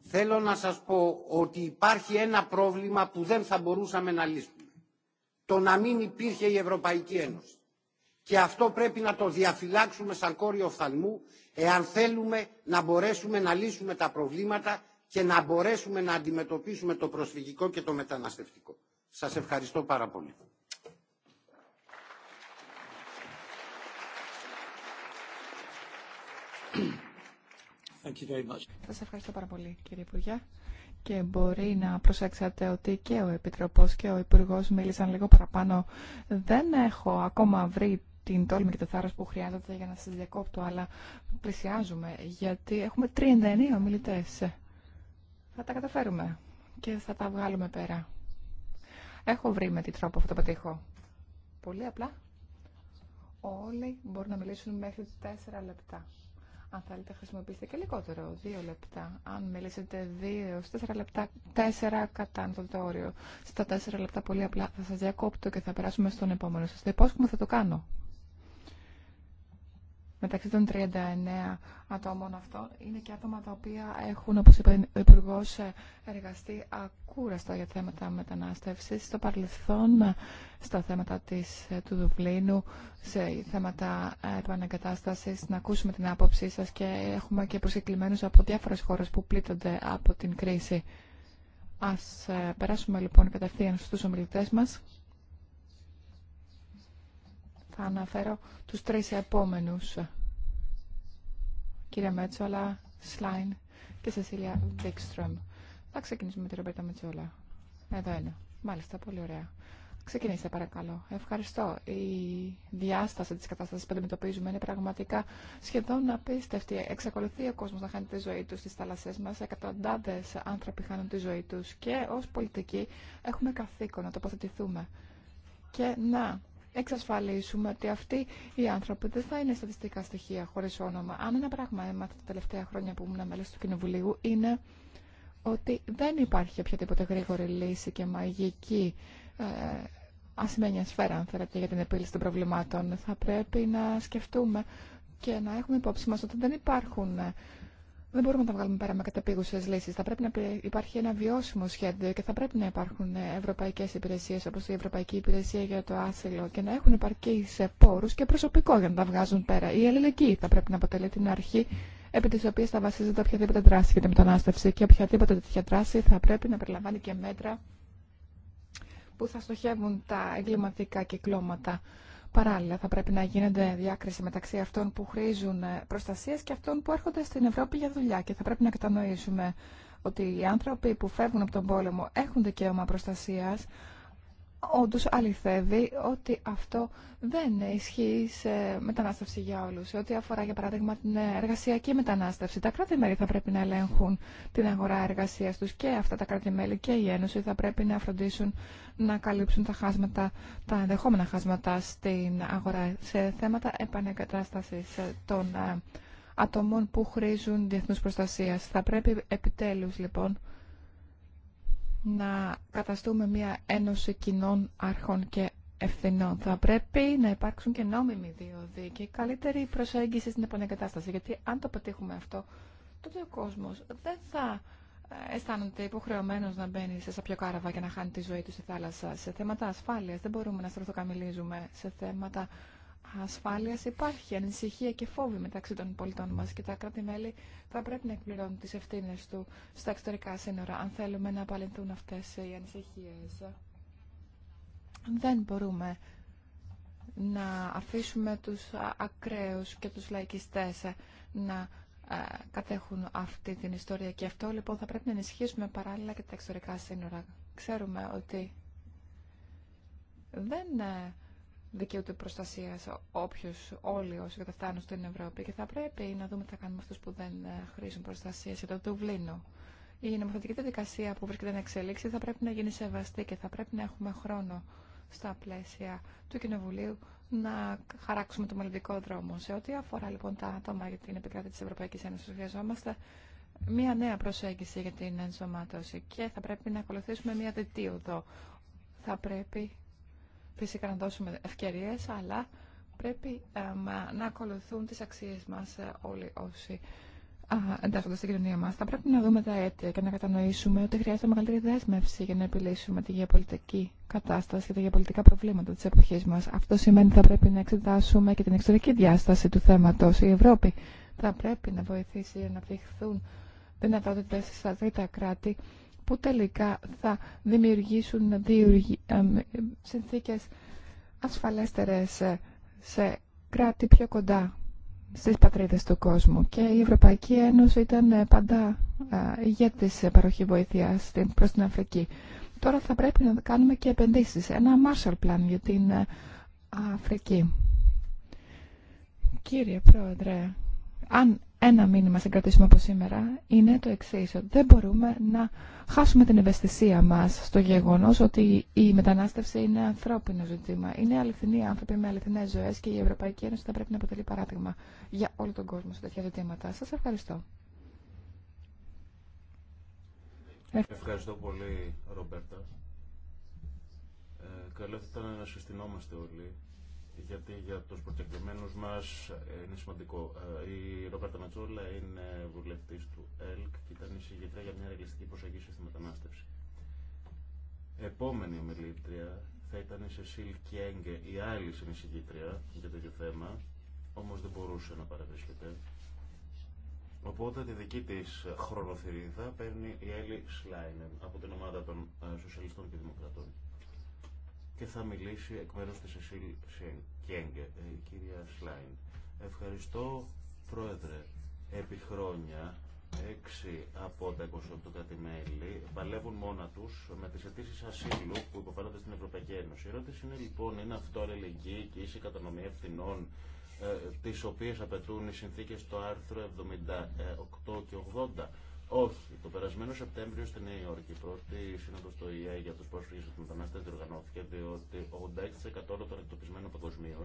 Θέλω να σας πω ότι υπάρχει ένα πρόβλημα που δεν θα μπορούσαμε να λύσουμε. Το να μην υπήρχε η Ευρωπαϊκή Ένωση και αυτό πρέπει να το διαφυλάξουμε σαν κόριο οφθαλμού εάν θέλουμε να μπορέσουμε να λύσουμε τα προβλήματα και να μπορέσουμε να αντιμετωπίσουμε το προσφυγικό και το μεταναστευτικό. Σας ευχαριστώ πάρα πολύ. Σας ευχαριστώ πάρα πολύ κύριε Υπουργέ και μπορεί να προσέξατε ότι και ο Επιτροπός και ο Υπουργός μίλησαν λίγο παραπάνω. Δεν έχω ακόμα βρει την τόλμη και το θάρρο που χρειάζεται για να σα διακόπτω, αλλά πλησιάζουμε, γιατί έχουμε 39 ομιλητέ. Θα τα καταφέρουμε και θα τα βγάλουμε πέρα. Έχω βρει με τι τρόπο αυτό το πετύχω. Πολύ απλά. Όλοι μπορούν να μιλήσουν μέχρι 4 λεπτά. Αν θέλετε χρησιμοποιήστε και λιγότερο, 2 λεπτά. Αν μιλήσετε 2 4 λεπτά, 4 κατά το όριο. Στα 4 λεπτά πολύ απλά θα σα διακόπτω και θα περάσουμε στον επόμενο σα. Το υπόσχομαι θα το κάνω μεταξύ των 39 ατόμων αυτών είναι και άτομα τα οποία έχουν, όπως είπε ο υπουργό εργαστεί ακούραστα για θέματα μετανάστευσης στο παρελθόν, στα θέματα της, του Δουβλίνου, σε θέματα επανεγκατάστασης, να ακούσουμε την άποψή σας και έχουμε και προσκεκλημένους από διάφορες χώρες που πλήττονται από την κρίση. Ας ε, περάσουμε λοιπόν κατευθείαν στους ομιλητές μας. Θα αναφέρω τους τρεις επόμενους. Κύριε Μέτσολα, Σλάιν και Σεσίλια Βίξτρομ. Θα ξεκινήσουμε με την Ρομπέρτα Μετσόλα. Εδώ είναι. Μάλιστα, πολύ ωραία. Ξεκινήστε παρακαλώ. Ευχαριστώ. Η διάσταση της κατάστασης που αντιμετωπίζουμε είναι πραγματικά σχεδόν απίστευτη. Εξακολουθεί ο κόσμος να χάνει τη ζωή του στις θάλασσές μας. Εκατοντάδες άνθρωποι χάνουν τη ζωή τους και ω πολιτικοί έχουμε καθήκον να τοποθετηθούμε και να εξασφαλίσουμε ότι αυτοί οι άνθρωποι δεν θα είναι στατιστικά στοιχεία χωρί όνομα. Αν ένα πράγμα έμαθα τα τελευταία χρόνια που ήμουν μέλο του Κοινοβουλίου είναι ότι δεν υπάρχει οποιαδήποτε γρήγορη λύση και μαγική ε, ασημένια σφαίρα, αν θέλετε, για την επίλυση των προβλημάτων. Θα πρέπει να σκεφτούμε και να έχουμε υπόψη μας ότι δεν υπάρχουν ε, δεν μπορούμε να τα βγάλουμε πέρα με καταπήγουσε λύσει. Θα πρέπει να υπάρχει ένα βιώσιμο σχέδιο και θα πρέπει να υπάρχουν ε, ευρωπαϊκέ υπηρεσίε όπω η Ευρωπαϊκή Υπηρεσία για το Άσυλο και να έχουν σε πόρου και προσωπικό για να τα βγάζουν πέρα. Η αλληλεγγύη θα πρέπει να αποτελεί την αρχή επί τη οποία θα βασίζεται οποιαδήποτε δράση για τη μετανάστευση και οποιαδήποτε τέτοια δράση θα πρέπει να περιλαμβάνει και μέτρα που θα στοχεύουν τα εγκληματικά κυκλώματα Παράλληλα, θα πρέπει να γίνεται διάκριση μεταξύ αυτών που χρήζουν ε, προστασίες και αυτών που έρχονται στην Ευρώπη για δουλειά. Και θα πρέπει να κατανοήσουμε ότι οι άνθρωποι που φεύγουν από τον πόλεμο έχουν δικαίωμα προστασίας, όντω αληθεύει ότι αυτό δεν ισχύει σε μετανάστευση για όλου. ό,τι αφορά, για παράδειγμα, την εργασιακή μετανάστευση, τα κράτη-μέλη θα πρέπει να ελέγχουν την αγορά εργασία του και αυτά τα κράτη-μέλη και η Ένωση θα πρέπει να φροντίσουν να καλύψουν τα, χάσματα, τα ενδεχόμενα χάσματα στην αγορά σε θέματα επανεκατάσταση των ε, ατομών που χρήζουν διεθνού προστασία. Θα πρέπει επιτέλου, λοιπόν να καταστούμε μια ένωση κοινών αρχών και ευθυνών. Θα πρέπει να υπάρξουν και νόμιμοι διόδοι και καλύτερη προσέγγιση στην επανεγκατάσταση. Γιατί αν το πετύχουμε αυτό, τότε ο κόσμο δεν θα ε, αισθάνονται υποχρεωμένο να μπαίνει σε σαπιο κάραβα και να χάνει τη ζωή του στη θάλασσα. Σε θέματα ασφάλεια δεν μπορούμε να στρωθοκαμιλίζουμε. Σε θέματα ασφάλειας υπάρχει ανησυχία και φόβη μεταξύ των πολιτών μα και τα κράτη-μέλη θα πρέπει να εκπληρώνουν τις ευθύνε του στα εξωτερικά σύνορα αν θέλουμε να απαλληλθούν αυτές οι ανησυχίε. Δεν μπορούμε να αφήσουμε τους ακραίους και τους λαϊκιστές να κατέχουν αυτή την ιστορία και αυτό λοιπόν θα πρέπει να ενισχύσουμε παράλληλα και τα εξωτερικά σύνορα. Ξέρουμε ότι δεν ε, δικαιούται προστασία όποιο, όλοι όσοι καταφτάνουν στην Ευρώπη. Και θα πρέπει να δούμε τι θα κάνουμε αυτού που δεν ε, χρήσουν προστασία σε το Δουβλίνο. Η νομοθετική διαδικασία που βρίσκεται να εξελίξει θα πρέπει να γίνει σεβαστή και θα πρέπει να έχουμε χρόνο στα πλαίσια του Κοινοβουλίου να χαράξουμε το μελλοντικό δρόμο. Σε ό,τι αφορά λοιπόν τα άτομα για την επικράτηση τη Ευρωπαϊκή Ένωση, χρειαζόμαστε μια νέα προσέγγιση για την ενσωμάτωση και θα πρέπει να ακολουθήσουμε μια Θα πρέπει φυσικά να δώσουμε ευκαιρίες, αλλά πρέπει να ακολουθούν τις αξίες μας ε, όλοι όσοι εντάσσονται στην κοινωνία μας. Θα πρέπει να δούμε τα αίτια και να κατανοήσουμε ότι χρειάζεται μεγαλύτερη δέσμευση για να επιλύσουμε τη γεωπολιτική κατάσταση και τα γεωπολιτικά προβλήματα της εποχής μας. Αυτό σημαίνει ότι θα πρέπει να εξετάσουμε και την εξωτερική διάσταση του θέματος. Η Ευρώπη θα πρέπει να βοηθήσει να αναπτυχθούν δυνατότητες στα τρίτα κράτη που τελικά θα δημιουργήσουν ε, συνθήκες ασφαλέστερες ε, σε κράτη πιο κοντά στις πατρίδες του κόσμου. Και η Ευρωπαϊκή Ένωση ήταν ε, πάντα ηγέτης παροχή βοήθειας προς την Αφρική. Τώρα θα πρέπει να κάνουμε και επενδύσεις. Ένα Marshall Plan για την Αφρική. Κύριε Πρόεδρε, αν ένα μήνυμα θα κρατήσουμε από σήμερα είναι το εξή. Δεν μπορούμε να χάσουμε την ευαισθησία μα στο γεγονό ότι η μετανάστευση είναι ανθρώπινο ζήτημα. Είναι αληθινοί άνθρωποι με αληθινέ ζωέ και η Ευρωπαϊκή Ένωση θα πρέπει να αποτελεί παράδειγμα για όλο τον κόσμο σε τέτοια ζητήματα. Σα ευχαριστώ. Ευχαριστώ πολύ, Ρομπέρτα. Ε, καλό θα ήταν να συστηνόμαστε όλοι γιατί για τους προσκεκλημένους μας ε, είναι σημαντικό. Ε, η Ρόπερτα Ματσούλα είναι βουλευτής του ΕΛΚ και ήταν εισηγητρία για μια ρεαλιστική προσέγγιση στη μετανάστευση. Επόμενη ομιλήτρια θα ήταν η Σεσίλ Κιέγκε, η άλλη συνεισηγήτρια για το ίδιο θέμα, όμως δεν μπορούσε να παραβρίσκεται. Οπότε τη δική της χρονοθυρίδα παίρνει η Έλλη Σλάινεν από την ομάδα των ε, Σοσιαλιστών και Δημοκρατών και θα μιλήσει εκ μέρους της Εσίλ Κιέγκε, ε, η κυρία Σλάιν. Ευχαριστώ, Πρόεδρε. Επί χρόνια, έξι από τα 28 κράτη-μέλη παλεύουν μόνα τους με τις αιτήσει ασύλου που υποφέρονται στην Ευρωπαϊκή Ένωση. Η ερώτηση είναι λοιπόν, είναι αυτό αλληλεγγύη και ίση κατανομή ευθυνών ε, τις οποίες απαιτούν οι συνθήκες στο άρθρο 78 και 80 όχι. Το περασμένο Σεπτέμβριο στη Νέα Υόρκη, η πρώτη σύνοδο στο ΙΕ για του πρόσφυγε και του μετανάστε διοργανώθηκε, διότι 86% όλων των εκτοπισμένων παγκοσμίω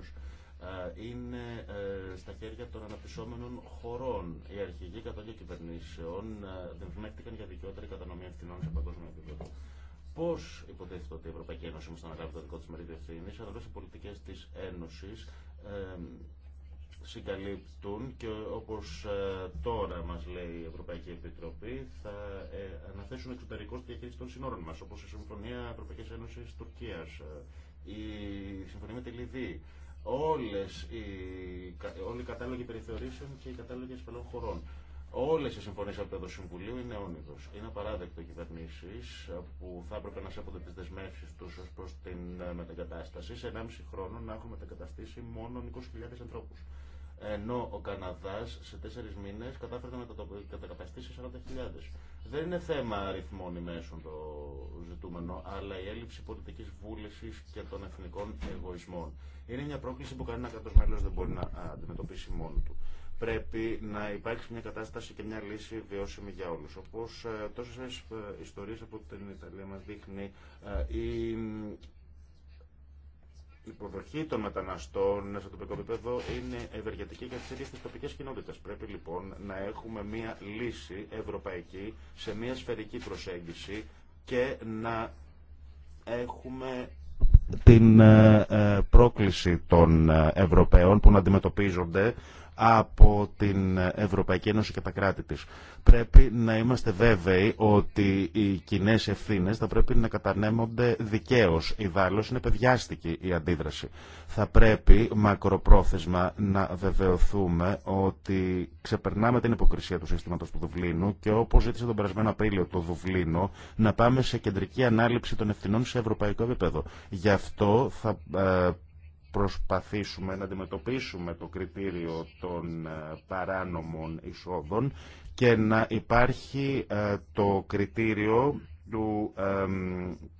ε, είναι ε, στα χέρια των αναπτυσσόμενων χωρών. Οι αρχηγοί κατά δύο κυβερνήσεων ε, δεσμεύτηκαν για δικαιότερη κατανομή ευθυνών σε παγκόσμιο επίπεδο. Πώ υποτίθεται ότι η Ευρωπαϊκή Ένωση μα θα αναλάβει το δικό τη μερίδιο ευθύνη, αλλά οι πολιτικέ τη Ένωση συγκαλύπτουν και όπως ε, τώρα μας λέει η Ευρωπαϊκή Επιτροπή θα ε, αναθέσουν εξωτερικό τη διαχείριση των συνόρων μας όπως η Συμφωνία Ευρωπαϊκής Ένωσης Τουρκίας, ε, η Συμφωνία με τη Λιβύη, όλες οι, όλοι οι κατάλογοι περιθεωρήσεων και οι κατάλογοι ασφαλών χωρών. Όλε οι συμφωνίε από το Συμβουλίο είναι όνειρο. Είναι απαράδεκτο κυβερνήσει που θα έπρεπε να σέβονται τι δεσμεύσει του ω προ την μετεγκατάσταση σε 1,5 χρόνο να έχουν μετεγκαταστήσει μόνο 20.000 ανθρώπου ενώ ο Καναδάς σε τέσσερις μήνες κατάφερε να κατακαταστήσει 40.000. Δεν είναι θέμα αριθμών ημέσων το ζητούμενο, αλλά η έλλειψη πολιτικής βούλησης και των εθνικών εγωισμών. Είναι μια πρόκληση που κανένα κράτος μελό δεν μπορεί να αντιμετωπίσει μόνο του. Πρέπει να υπάρξει μια κατάσταση και μια λύση βιώσιμη για όλους. Όπως ε, τόσες ε, ιστορίες από την Ιταλία μας δείχνει, ε, υποδοχή των μεταναστών σε τοπικό επίπεδο είναι ευεργετική για τι ίδιε τι τοπικέ κοινότητε. Πρέπει λοιπόν να έχουμε μια λύση ευρωπαϊκή σε μια σφαιρική προσέγγιση και να έχουμε την ε, ε, πρόκληση των ε, Ευρωπαίων που να αντιμετωπίζονται από την Ευρωπαϊκή Ένωση και τα κράτη της. Πρέπει να είμαστε βέβαιοι ότι οι κοινέ ευθύνε θα πρέπει να κατανέμονται δικαίως. Η δάλο είναι παιδιάστικη η αντίδραση. Θα πρέπει μακροπρόθεσμα να βεβαιωθούμε ότι ξεπερνάμε την υποκρισία του συστήματος του Δουβλίνου και όπως ζήτησε τον περασμένο Απρίλιο το Δουβλίνο να πάμε σε κεντρική ανάληψη των ευθυνών σε ευρωπαϊκό επίπεδο. Γι' αυτό θα ε, προσπαθήσουμε να αντιμετωπίσουμε το κριτήριο των ε, παράνομων εισόδων και να υπάρχει ε, το κριτήριο του ε,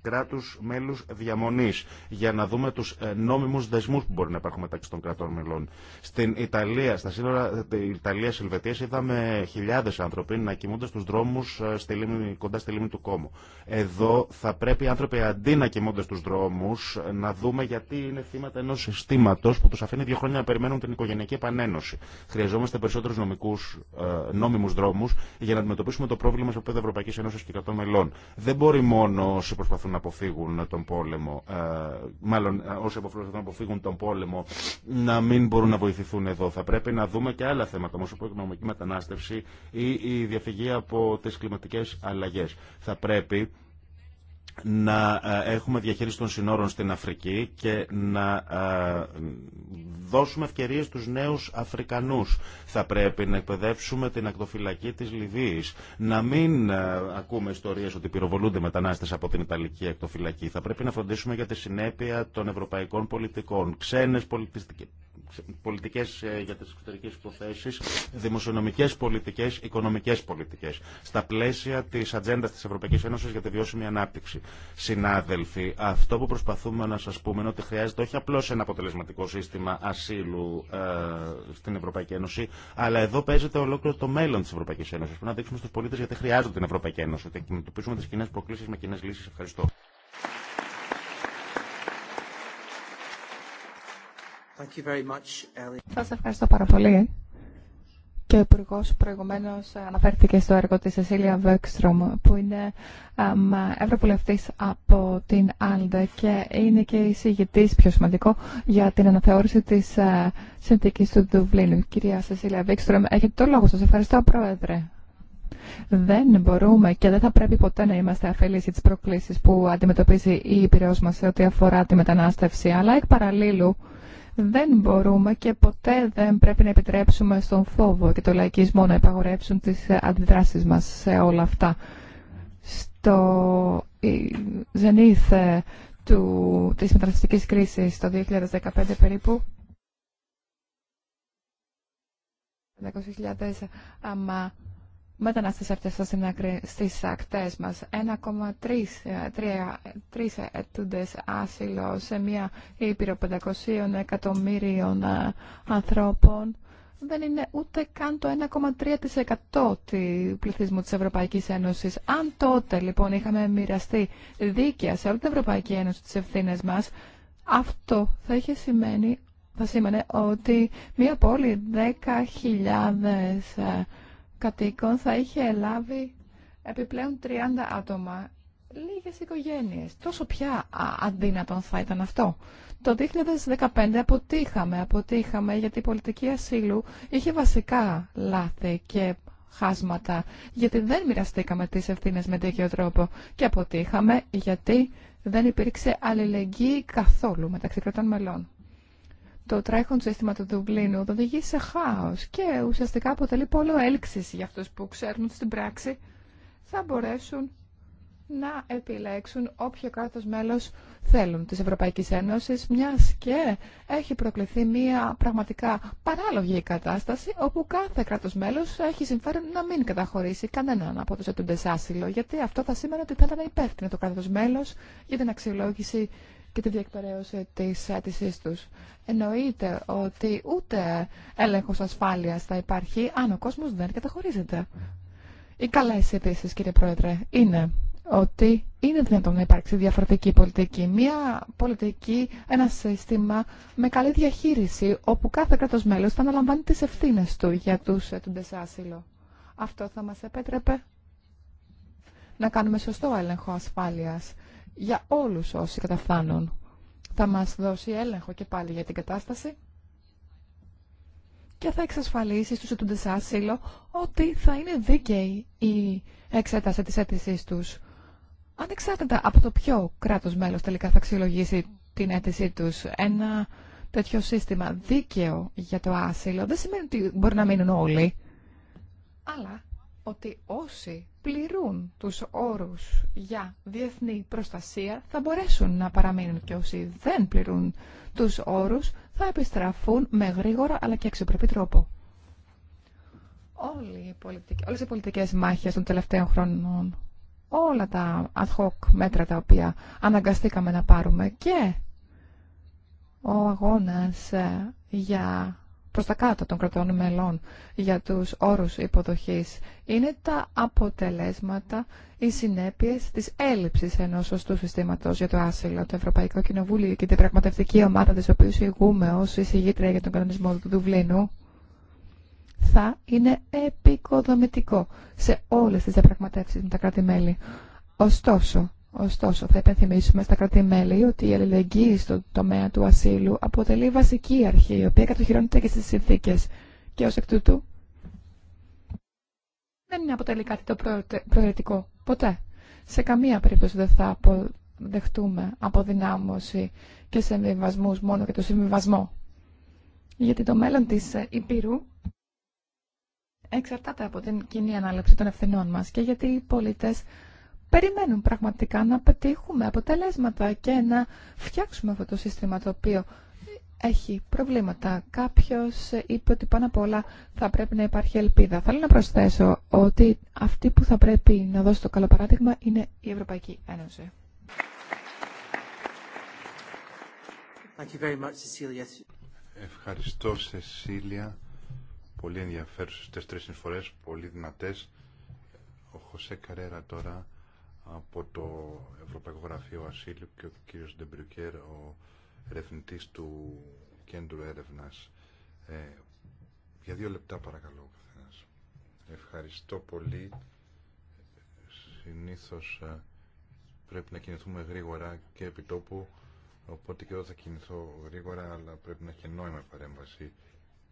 κράτους μέλους διαμονής για να δούμε τους ε, νόμιμους δεσμούς που μπορεί να υπάρχουν μεταξύ των κρατών μελών. Στην Ιταλία, στα σύνορα ε, Ιταλίας Ελβετίας είδαμε χιλιάδες άνθρωποι να κοιμούνται στους δρόμους ε, κοντά στη λίμνη του Κόμου. Εδώ θα πρέπει οι άνθρωποι αντί να κοιμούνται στους δρόμους ε, να δούμε γιατί είναι θύματα ενός συστήματος που τους αφήνει δύο χρόνια να περιμένουν την οικογενειακή επανένωση. Χρειαζόμαστε περισσότερους νομικούς, ε, νόμιμους δρόμους για να αντιμετωπίσουμε το πρόβλημα σε επίπεδο Ευρωπαϊκής Ένωσης και κρατών μελών δεν μπορεί μόνο όσοι προσπαθούν να αποφύγουν τον πόλεμο, ε, μάλλον ε, όσοι προσπαθούν να αποφύγουν τον πόλεμο, να μην μπορούν να βοηθηθούν εδώ. Θα πρέπει να δούμε και άλλα θέματα, όπω η οικονομική μετανάστευση ή η διαφυγή από τις κλιματικές αλλαγές. Θα πρέπει να ε, έχουμε διαχείριση των συνόρων στην Αφρική και να ε, δώσουμε ευκαιρίες στους νέους Αφρικανούς. Θα πρέπει να εκπαιδεύσουμε την ακτοφυλακή της Λιβύης. Να μην ε, ακούμε ιστορίες ότι πυροβολούνται μετανάστες από την Ιταλική ακτοφυλακή. Θα πρέπει να φροντίσουμε για τη συνέπεια των ευρωπαϊκών πολιτικών. Ξένες πολιτιστικές Πολιτικέ ε, για τι εξωτερικέ υποθέσει, δημοσιονομικέ πολιτικέ, οικονομικέ πολιτικέ. Στα πλαίσια τη ατζέντα τη Ευρωπαϊκή Ένωση για τη βιώσιμη ανάπτυξη. Συνάδελφοι, αυτό που προσπαθούμε να σα πούμε είναι ότι χρειάζεται όχι απλώ ένα αποτελεσματικό σύστημα ασύλου ε, στην Ευρωπαϊκή Ένωση, αλλά εδώ παίζεται ολόκληρο το μέλλον τη Ευρωπαϊκή Ένωση, Πρέπει να δείξουμε στου πολίτε γιατί χρειάζονται την Ευρωπαϊκή Ένωση, ότι αντιμετωπίσουμε τι κοινέ προκλήσει με κοινέ λύσει. Ευχαριστώ. Σα ευχαριστώ πάρα πολύ. Και ο Υπουργό προηγουμένω αναφέρθηκε στο έργο τη Σεσίλια Βέξτρομ, που είναι ευρωβουλευτή από την Άλντε και είναι και εισηγητή, πιο σημαντικό, για την αναθεώρηση τη ε, συνθήκη του Δουβλίνου. Κυρία Σεσίλια Βέξτρομ, έχετε το λόγο. Σα ευχαριστώ, Πρόεδρε. Δεν μπορούμε και δεν θα πρέπει ποτέ να είμαστε αφελείς για τις προκλήσεις που αντιμετωπίζει η υπηρεός μας σε ό,τι αφορά τη μετανάστευση, αλλά εκ παραλλήλου δεν μπορούμε και ποτέ δεν πρέπει να επιτρέψουμε στον φόβο και το λαϊκισμό να υπαγορεύσουν τις αντιδράσεις μας σε όλα αυτά. Στο ζενήθ του, της μεταναστικής κρίσης το 2015 περίπου μετανάστες αυτές στι ακτέ στις ακτές μας. 1,3 ετούντες άσυλο σε μια ήπειρο 500 εκατομμύριων ε, ανθρώπων. Δεν είναι ούτε καν το 1,3% του πληθυσμού της Ευρωπαϊκής Ένωσης. Αν τότε λοιπόν είχαμε μοιραστεί δίκαια σε όλη την Ευρωπαϊκή Ένωση τις ευθύνε μας, αυτό θα είχε σημαίνει, θα σήμαινε ότι μια πόλη 10.000 κατοίκων θα είχε λάβει επιπλέον 30 άτομα. Λίγες οικογένειες. Τόσο πια αντίνατον θα ήταν αυτό. Το 2015 αποτύχαμε, αποτύχαμε γιατί η πολιτική ασύλου είχε βασικά λάθη και χάσματα, γιατί δεν μοιραστήκαμε τις ευθύνες με τέτοιο τρόπο και αποτύχαμε γιατί δεν υπήρξε αλληλεγγύη καθόλου μεταξύ κρατών μελών το τρέχον σύστημα του Δουβλίνου οδηγεί σε χάο και ουσιαστικά αποτελεί πόλο έλξη για αυτού που ξέρουν ότι στην πράξη θα μπορέσουν να επιλέξουν όποιο κράτος μέλος θέλουν της Ευρωπαϊκής Ένωσης, μιας και έχει προκληθεί μια πραγματικά παράλογη κατάσταση, όπου κάθε κράτος μέλος έχει συμφέρον να μην καταχωρήσει κανέναν από τους έτοντες άσυλο, γιατί αυτό θα σήμαινε ότι θα ήταν υπεύθυνο το κράτος μέλος για την αξιολόγηση και τη διεκπαιρέωση της αίτησής τους. Εννοείται ότι ούτε έλεγχος ασφάλειας θα υπάρχει αν ο κόσμος δεν καταχωρίζεται. Οι καλές ειδήσει, κύριε Πρόεδρε, είναι ότι είναι δυνατόν να υπάρξει διαφορετική πολιτική. Μία πολιτική, ένα σύστημα με καλή διαχείριση, όπου κάθε κράτος μέλος θα αναλαμβάνει τις ευθύνες του για τους έτοιμπες άσυλο. Αυτό θα μας επέτρεπε να κάνουμε σωστό έλεγχο ασφάλειας για όλους όσοι καταφθάνουν. Θα μας δώσει έλεγχο και πάλι για την κατάσταση και θα εξασφαλίσει στους ετούντες άσυλο ότι θα είναι δίκαιη η εξέταση της αίτησής τους. Ανεξάρτητα από το ποιο κράτος μέλος τελικά θα αξιολογήσει την αίτησή τους, ένα τέτοιο σύστημα δίκαιο για το άσυλο δεν σημαίνει ότι μπορεί να μείνουν όλοι, αλλά ότι όσοι πληρούν τους όρους για διεθνή προστασία θα μπορέσουν να παραμείνουν και όσοι δεν πληρούν τους όρους θα επιστραφούν με γρήγορα αλλά και αξιοπρεπή τρόπο. Όλοι οι πολιτικές, Όλες οι πολιτικές μάχες των τελευταίων χρόνων, όλα τα ad hoc μέτρα τα οποία αναγκαστήκαμε να πάρουμε και ο αγώνας ε, για προς τα κάτω των κρατών μελών για τους όρους υποδοχής είναι τα αποτελέσματα, οι συνέπειες της έλλειψης ενός σωστού συστήματος για το άσυλο. Το Ευρωπαϊκό Κοινοβούλιο και την πραγματευτική ομάδα της οποίου ηγούμε ως εισηγήτρια για τον κανονισμό του Δουβλίνου θα είναι επικοδομητικό σε όλες τις διαπραγματεύσεις με τα κράτη-μέλη. Ωστόσο, Ωστόσο, θα υπενθυμίσουμε στα κράτη-μέλη ότι η αλληλεγγύη στο τομέα του ασύλου αποτελεί βασική αρχή, η οποία κατοχυρώνεται και στι συνθήκε. Και ω εκ τούτου, δεν αποτελεί κάτι το προαιρετικό. Ποτέ. Σε καμία περίπτωση δεν θα αποδεχτούμε αποδυνάμωση και συμβιβασμού μόνο και το συμβιβασμό. Γιατί το μέλλον τη ε, Υπήρου εξαρτάται από την κοινή ανάληψη των ευθυνών μα και γιατί οι πολίτε περιμένουν πραγματικά να πετύχουμε αποτελέσματα και να φτιάξουμε αυτό το σύστημα το οποίο έχει προβλήματα. Κάποιος είπε ότι πάνω απ' όλα θα πρέπει να υπάρχει ελπίδα. Θέλω να προσθέσω ότι αυτή που θα πρέπει να δώσει το καλό παράδειγμα είναι η Ευρωπαϊκή Ένωση. Ευχαριστώ, Σεσίλια. Πολύ ενδιαφέρουσες τις τρεις πολύ δυνατές. Ο Χωσέ Καρέρα τώρα από το Ευρωπαϊκό Γραφείο Ασύλου και ο κύριος Ντεμπρουκέρ, ο ερευνητής του Κέντρου έρευνα. Ε, για δύο λεπτά παρακαλώ Ευχαριστώ πολύ. Συνήθως ε, πρέπει να κινηθούμε γρήγορα και επί τόπου, οπότε και εδώ θα κινηθώ γρήγορα, αλλά πρέπει να έχει νόημα παρέμβαση.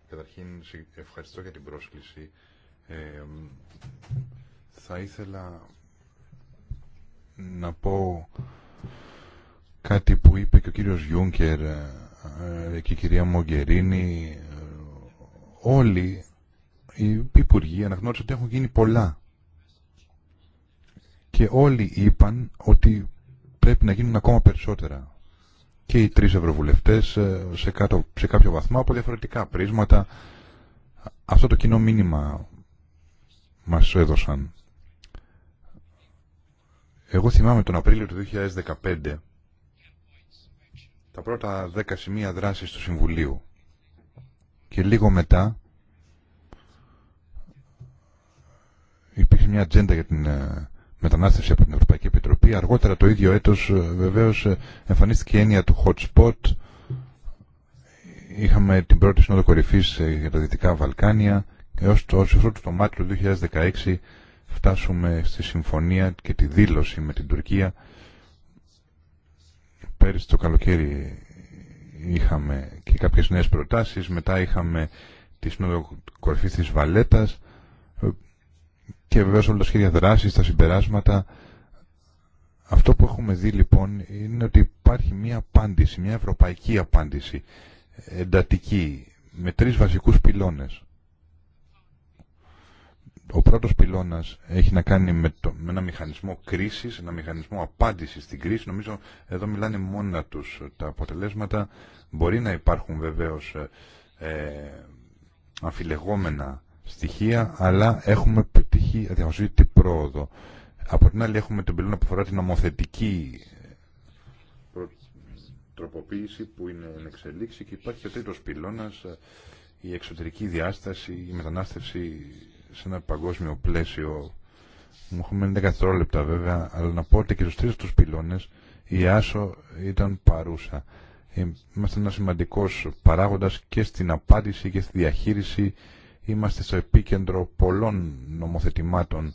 Καταρχήν ευχαριστώ για την πρόσκληση. Ε, θα ήθελα να πω κάτι που είπε και ο κύριος Γιούνκερ ε, ε, και η κυρία Μογκερίνη. Ε, όλοι οι υπουργοί αναγνώρισαν ότι έχουν γίνει πολλά. Και όλοι είπαν ότι πρέπει να γίνουν ακόμα περισσότερα. Και οι τρεις ευρωβουλευτές σε, σε κάποιο βαθμό από διαφορετικά πρίσματα αυτό το κοινό μήνυμα μας έδωσαν. Εγώ θυμάμαι τον Απρίλιο του 2015 τα πρώτα δέκα σημεία δράσης του Συμβουλίου και λίγο μετά υπήρχε μια ατζέντα για την ε, μετανάστευση από την Ευρωπαϊκή Επιτροπή. Αργότερα το ίδιο έτος ε, βεβαίως ε, εμφανίστηκε η έννοια του hot spot. Είχαμε την πρώτη σύνοδο κορυφής για τα Δυτικά Βαλκάνια έως το, το, το, το του 2016 φτάσουμε στη συμφωνία και τη δήλωση με την Τουρκία. Πέρυσι το καλοκαίρι είχαμε και κάποιες νέες προτάσεις, μετά είχαμε τη σύνοδο κορυφή της Βαλέτας και βεβαίω όλα τα σχέδια δράσης, τα συμπεράσματα. Αυτό που έχουμε δει λοιπόν είναι ότι υπάρχει μια απάντηση, μια ευρωπαϊκή απάντηση, εντατική, με τρεις βασικούς πυλώνες ο πρώτος πυλώνας έχει να κάνει με, ένα μηχανισμό κρίσης, ένα μηχανισμό απάντησης στην κρίση. Νομίζω εδώ μιλάνε μόνα τους τα αποτελέσματα. Μπορεί να υπάρχουν βεβαίως ε, ε, αφιλεγόμενα στοιχεία, αλλά έχουμε πετύχει αδιαμασβήτη πρόοδο. Από την άλλη έχουμε τον πυλώνα που αφορά την ομοθετική ε, τροποποίηση που είναι εξελίξη και υπάρχει και ο τρίτος πυλώνας η εξωτερική διάσταση, η μετανάστευση σε ένα παγκόσμιο πλαίσιο. Μου έχουν μένει λεπτά βέβαια, αλλά να πω ότι και στου τρει του πυλώνες η Άσο ήταν παρούσα. Είμαστε ένα σημαντικός παράγοντας και στην απάντηση και στη διαχείριση. Είμαστε στο επίκεντρο πολλών νομοθετημάτων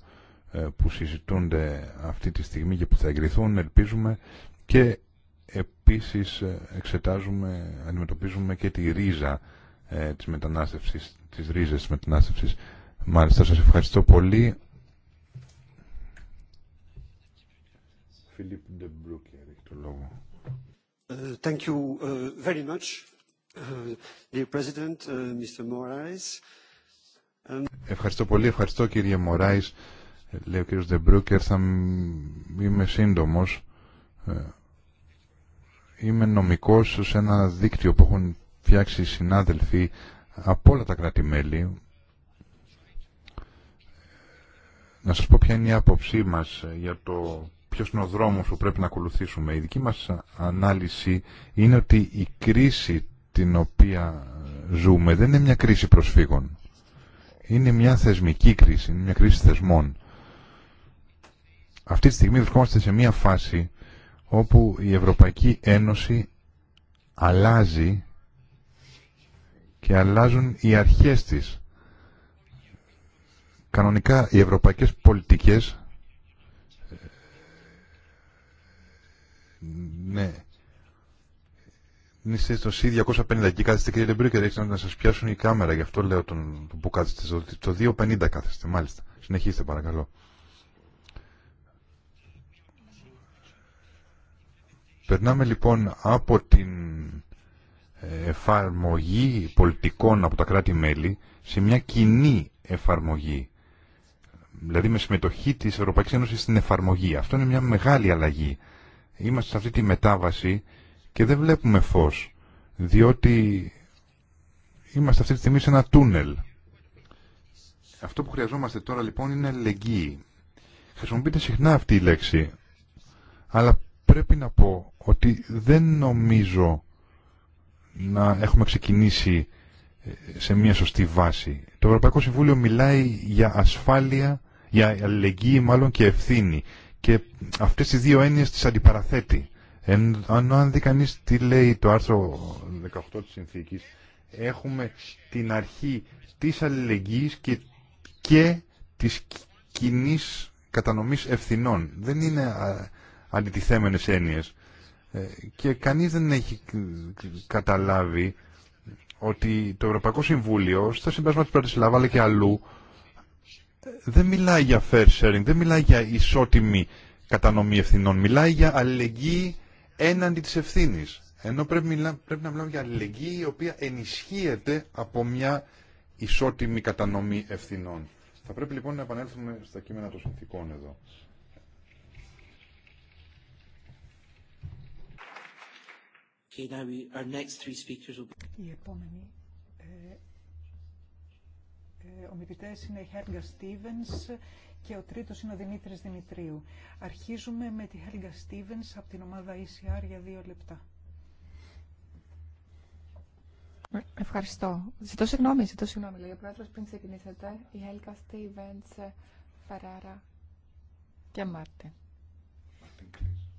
ε, που συζητούνται αυτή τη στιγμή και που θα εγκριθούν, ελπίζουμε, και επίσης ε, εξετάζουμε, αντιμετωπίζουμε και τη ρίζα ε, της μετανάστευσης, της ρίζες της μετανάστευσης. Μάλιστα, σας ευχαριστώ πολύ. Ευχαριστώ πολύ, ευχαριστώ κύριε Μωράης, ε, λέει ο κύριος Ντεμπρούκερ, θα είμαι σύντομος. Ε, είμαι νομικός σε ένα δίκτυο που έχουν φτιάξει συνάδελφοι από όλα τα κράτη-μέλη, να σας πω ποια είναι η άποψή μας ε, για το ποιος είναι ο δρόμος που πρέπει να ακολουθήσουμε. Η δική μας ε, ανάλυση είναι ότι η κρίση την οποία ε, ζούμε δεν είναι μια κρίση προσφύγων. Είναι μια θεσμική κρίση, είναι μια κρίση θεσμών. Αυτή τη στιγμή βρισκόμαστε σε μια φάση όπου η Ευρωπαϊκή Ένωση αλλάζει και αλλάζουν οι αρχές της. Κανονικά οι ευρωπαϊκές πολιτικές ε, ναι είστε στο C250 και κάθεστε κύριε Λεμπρίκερ έχεις να σας πιάσουν η κάμερα γι' αυτό λέω τον, τον που κάθεστε το 250 κάθεστε μάλιστα συνεχίστε παρακαλώ Περνάμε λοιπόν από την ε, εφαρμογή πολιτικών από τα κράτη-μέλη σε μια κοινή εφαρμογή δηλαδή με συμμετοχή της Ευρωπαϊκής Ένωσης στην εφαρμογή. Αυτό είναι μια μεγάλη αλλαγή. Είμαστε σε αυτή τη μετάβαση και δεν βλέπουμε φως, διότι είμαστε αυτή τη στιγμή σε ένα τούνελ. Αυτό που χρειαζόμαστε τώρα λοιπόν είναι αλληλεγγύη. Χρησιμοποιείται συχνά αυτή η λέξη, αλλά πρέπει να πω ότι δεν νομίζω να έχουμε ξεκινήσει ε, σε μια σωστή βάση. Το Ευρωπαϊκό Συμβούλιο μιλάει για ασφάλεια για αλληλεγγύη μάλλον και ευθύνη. Και αυτές οι δύο έννοιες τις αντιπαραθέτει. αν, αν δει κανεί τι λέει το άρθρο 18 της συνθήκης, έχουμε την αρχή της αλληλεγγύης και, και της κοινή κατανομής ευθυνών. Δεν είναι αντιτιθέμενες έννοιες. Ε, και κανείς δεν έχει καταλάβει ότι το Ευρωπαϊκό Συμβούλιο, στα συμπέρασμα της Πρατισλάβα αλλά και αλλού, δεν μιλάει για fair sharing, δεν μιλάει για ισότιμη κατανομή ευθυνών, μιλάει για αλληλεγγύη έναντι της ευθύνης. Ενώ πρέπει, πρέπει να μιλάμε για αλληλεγγύη η οποία ενισχύεται από μια ισότιμη κατανομή ευθυνών. Θα πρέπει λοιπόν να επανέλθουμε στα κείμενα των συνθήκων εδώ. Okay, our next three speakers will... Ε, ο ομιλητές είναι η Χέλγα Στίβενς και ο τρίτος είναι ο Δημήτρης Δημητρίου. Αρχίζουμε με τη Χέλγα Στίβενς από την ομάδα ECR για δύο λεπτά. Ε, ευχαριστώ. Ζητώ συγγνώμη, ζητώ συγγνώμη. Λέει ο πρόεδρος πριν ξεκινήσετε, η Χέλγα Στίβενς, Φεράρα και Μάρτιν.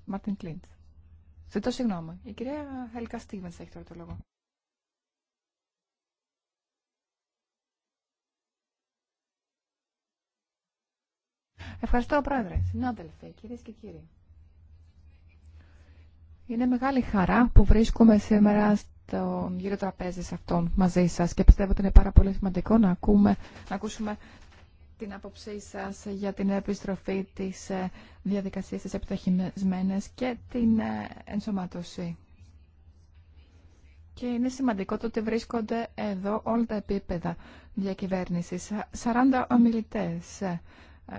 Μάρτιν Κλίντ. Ζητώ συγγνώμη. Η κυρία Χέλγα Στίβενς έχει τώρα το λόγο. Ευχαριστώ, Πρόεδρε. Συνάδελφοι, κυρίε και κύριοι. Είναι μεγάλη χαρά που βρίσκομαι σήμερα στον γύρο τραπέζι αυτών μαζί σα και πιστεύω ότι είναι πάρα πολύ σημαντικό να, ακούμε, να ακούσουμε την άποψή σα για την επιστροφή της ε, διαδικασία τη επιταχυνισμένη και την ε, ενσωμάτωση. Και είναι σημαντικό το ότι βρίσκονται εδώ όλα τα επίπεδα διακυβέρνησης. 40 ομιλητές ε,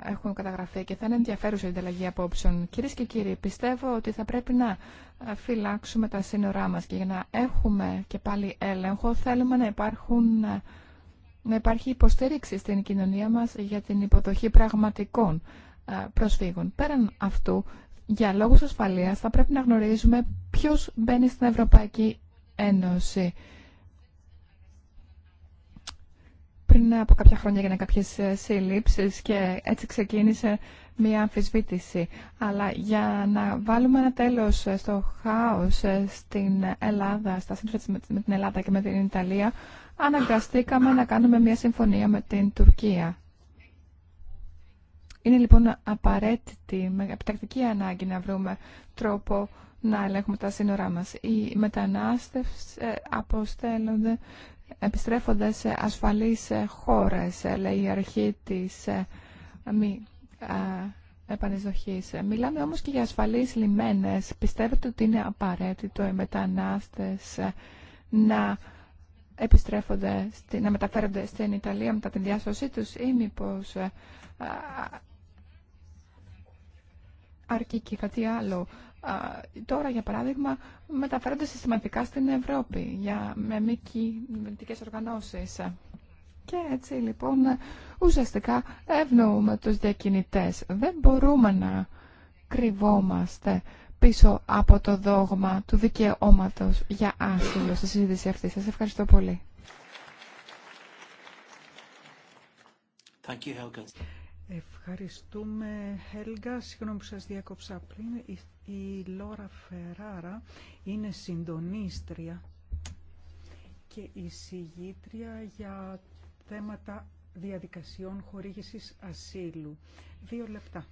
έχουν καταγραφεί και θα είναι ενδιαφέρουσα η ανταλλαγή απόψεων. Κυρίε και κύριοι, πιστεύω ότι θα πρέπει να φυλάξουμε τα σύνορά μα και για να έχουμε και πάλι έλεγχο θέλουμε να, υπάρχουν, να υπάρχει υποστήριξη στην κοινωνία μα για την υποδοχή πραγματικών ε, προσφύγων. Πέραν αυτού, για λόγους ασφαλείας θα πρέπει να γνωρίζουμε ποιος μπαίνει στην Ευρωπαϊκή Ένωση. πριν από κάποια χρόνια έγιναν κάποιες ε, σύλληψεις και έτσι ξεκίνησε μια αμφισβήτηση. Αλλά για να βάλουμε ένα τέλος ε, στο χάος ε, στην Ελλάδα, στα σύνορα με την Ελλάδα και με την Ιταλία, αναγκαστήκαμε να κάνουμε μια συμφωνία με την Τουρκία. Είναι λοιπόν απαραίτητη, με επιτακτική ανάγκη να βρούμε τρόπο να ελέγχουμε τα σύνορά μας. Οι μετανάστευσες αποστέλλονται επιστρέφονται σε ασφαλείς χώρες, λέει η αρχή της ε, μη Μιλάμε όμως και για ασφαλείς λιμένες. Πιστεύετε ότι είναι απαραίτητο οι μετανάστες ε, να επιστρέφονται, να μεταφέρονται στην Ιταλία μετά την διάσωσή τους ή μήπως ε, αρκεί και κάτι άλλο τώρα, για παράδειγμα, μεταφέρονται συστηματικά στην Ευρώπη για, με μη κυβερνητικέ οργανώσεις. Και έτσι λοιπόν ουσιαστικά ευνοούμε τους διακινητές. Δεν μπορούμε να κρυβόμαστε πίσω από το δόγμα του δικαιώματος για άσυλο στη συζήτηση αυτή. Σας ευχαριστώ πολύ. Ευχαριστούμε, Helga. Συγγνώμη που σας διάκοψα πριν. Η Λόρα Φεράρα είναι συντονίστρια και εισηγήτρια για θέματα διαδικασιών χορήγησης ασύλου. Δύο λεπτά.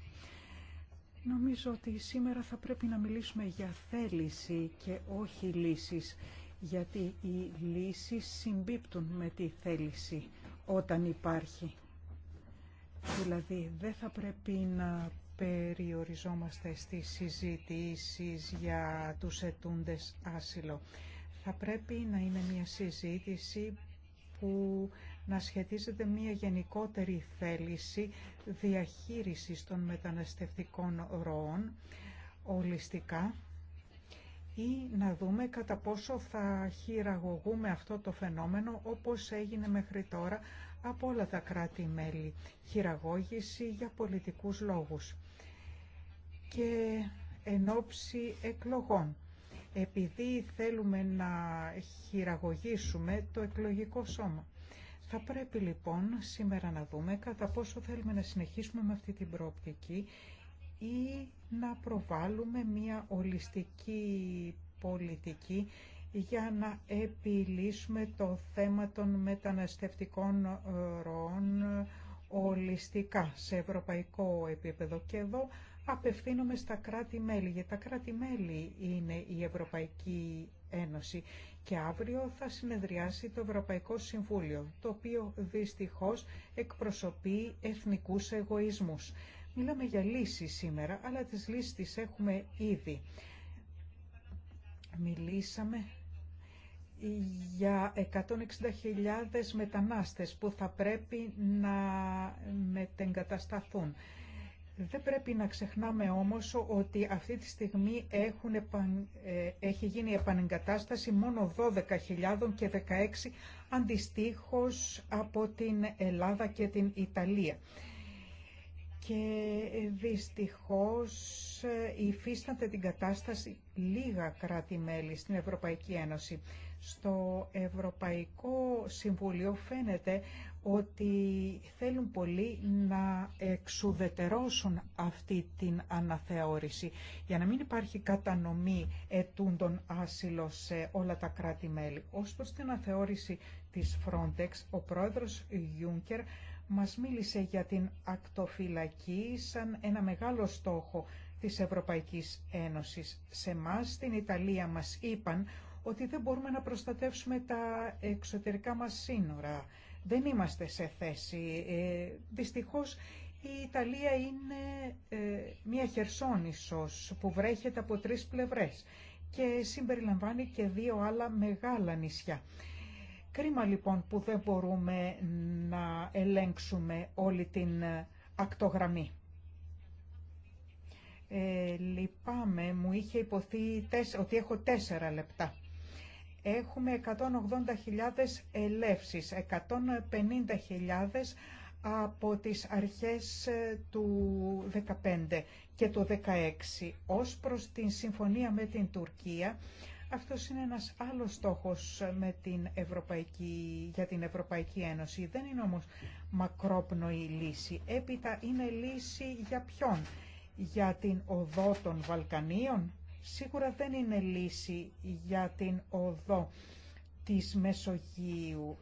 Νομίζω ότι σήμερα θα πρέπει να μιλήσουμε για θέληση και όχι λύσεις, γιατί οι λύσεις συμπίπτουν με τη θέληση όταν υπάρχει. Δηλαδή δεν θα πρέπει να περιοριζόμαστε στις συζητήσεις για τους ετούντες άσυλο. Θα πρέπει να είναι μια συζήτηση που να σχετίζεται μια γενικότερη θέληση διαχείρισης των μεταναστευτικών ροών ολιστικά ή να δούμε κατά πόσο θα χειραγωγούμε αυτό το φαινόμενο όπως έγινε μέχρι τώρα από όλα τα κράτη-μέλη. Χειραγώγηση για πολιτικούς λόγους και εν εκλογών. Επειδή θέλουμε να χειραγωγήσουμε το εκλογικό σώμα. Θα πρέπει λοιπόν σήμερα να δούμε κατά πόσο θέλουμε να συνεχίσουμε με αυτή την προοπτική ή να προβάλλουμε μια ολιστική πολιτική για να επιλύσουμε το θέμα των μεταναστευτικών ε, ροών ε, ολιστικά σε ευρωπαϊκό επίπεδο. Και εδώ απευθύνομαι στα κράτη-μέλη, γιατί τα κράτη-μέλη είναι η Ευρωπαϊκή Ένωση και αύριο θα συνεδριάσει το Ευρωπαϊκό Συμβούλιο, το οποίο δυστυχώς εκπροσωπεί εθνικούς εγωισμούς. Μιλάμε για λύσεις σήμερα, αλλά τις λύσεις τις έχουμε ήδη. Μιλήσαμε για 160.000 μετανάστες που θα πρέπει να μετεγκατασταθούν. Δεν πρέπει να ξεχνάμε όμως ότι αυτή τη στιγμή έχουν, ε, έχει γίνει επανεγκατάσταση μόνο 12.000 και 16 αντιστοίχως από την Ελλάδα και την Ιταλία. Και ε, δυστυχώς ε, υφίστανται την κατάσταση λίγα κράτη-μέλη στην Ευρωπαϊκή Ένωση στο Ευρωπαϊκό Συμβούλιο φαίνεται ότι θέλουν πολύ να εξουδετερώσουν αυτή την αναθεώρηση για να μην υπάρχει κατανομή ετούντων άσυλο σε όλα τα κράτη-μέλη. Ως προς την αναθεώρηση της Frontex, ο πρόεδρος Γιούγκερ μας μίλησε για την ακτοφυλακή σαν ένα μεγάλο στόχο της Ευρωπαϊκής Ένωσης. Σε μας στην Ιταλία μας είπαν ότι δεν μπορούμε να προστατεύσουμε τα εξωτερικά μας σύνορα. Δεν είμαστε σε θέση. Ε, δυστυχώς η Ιταλία είναι ε, μια χερσόνησος που βρέχεται από τρεις πλευρές και συμπεριλαμβάνει και δύο άλλα μεγάλα νησιά. Κρίμα λοιπόν που δεν μπορούμε να ελέγξουμε όλη την ε, ακτογραμμή. Ε, λυπάμαι, μου είχε υποθεί ότι έχω τέσσερα λεπτά. Έχουμε 180.000 ελεύσεις, 150.000 από τις αρχές ε, του 2015 και του 2016. Ως προς την συμφωνία με την Τουρκία, αυτό είναι ένας άλλος στόχος ε, με την Ευρωπαϊκή, για την Ευρωπαϊκή Ένωση. Δεν είναι όμως μακρόπνοη λύση. Έπειτα είναι λύση για ποιον. Για την οδό των Βαλκανίων, σίγουρα δεν είναι λύση για την οδό της Μεσογείου.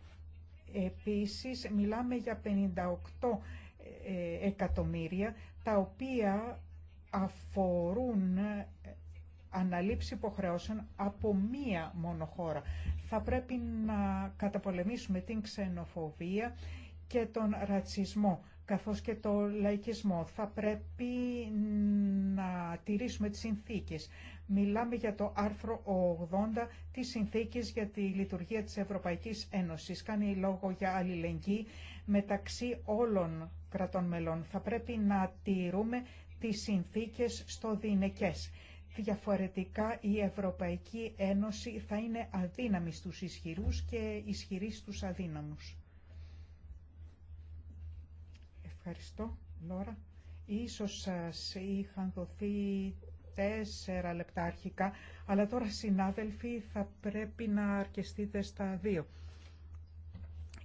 Επίσης, μιλάμε για 58 ε, εκατομμύρια, τα οποία αφορούν ε, αναλήψη υποχρεώσεων από μία μόνο χώρα. Θα πρέπει να καταπολεμήσουμε την ξενοφοβία και τον ρατσισμό καθώς και το λαϊκισμό. Θα πρέπει να τηρήσουμε τις συνθήκες. Μιλάμε για το άρθρο 80 της συνθήκης για τη λειτουργία της Ευρωπαϊκής Ένωσης. Κάνει λόγο για αλληλεγγύη μεταξύ όλων κρατών μελών. Θα πρέπει να τηρούμε τις συνθήκες στο δινεκές. Διαφορετικά η Ευρωπαϊκή Ένωση θα είναι αδύναμη στους ισχυρούς και ισχυρή στους αδύναμους. Ευχαριστώ, Λόρα. Ίσως σας είχαν δοθεί τέσσερα λεπτά αρχικά, αλλά τώρα συνάδελφοι θα πρέπει να αρκεστείτε στα δύο.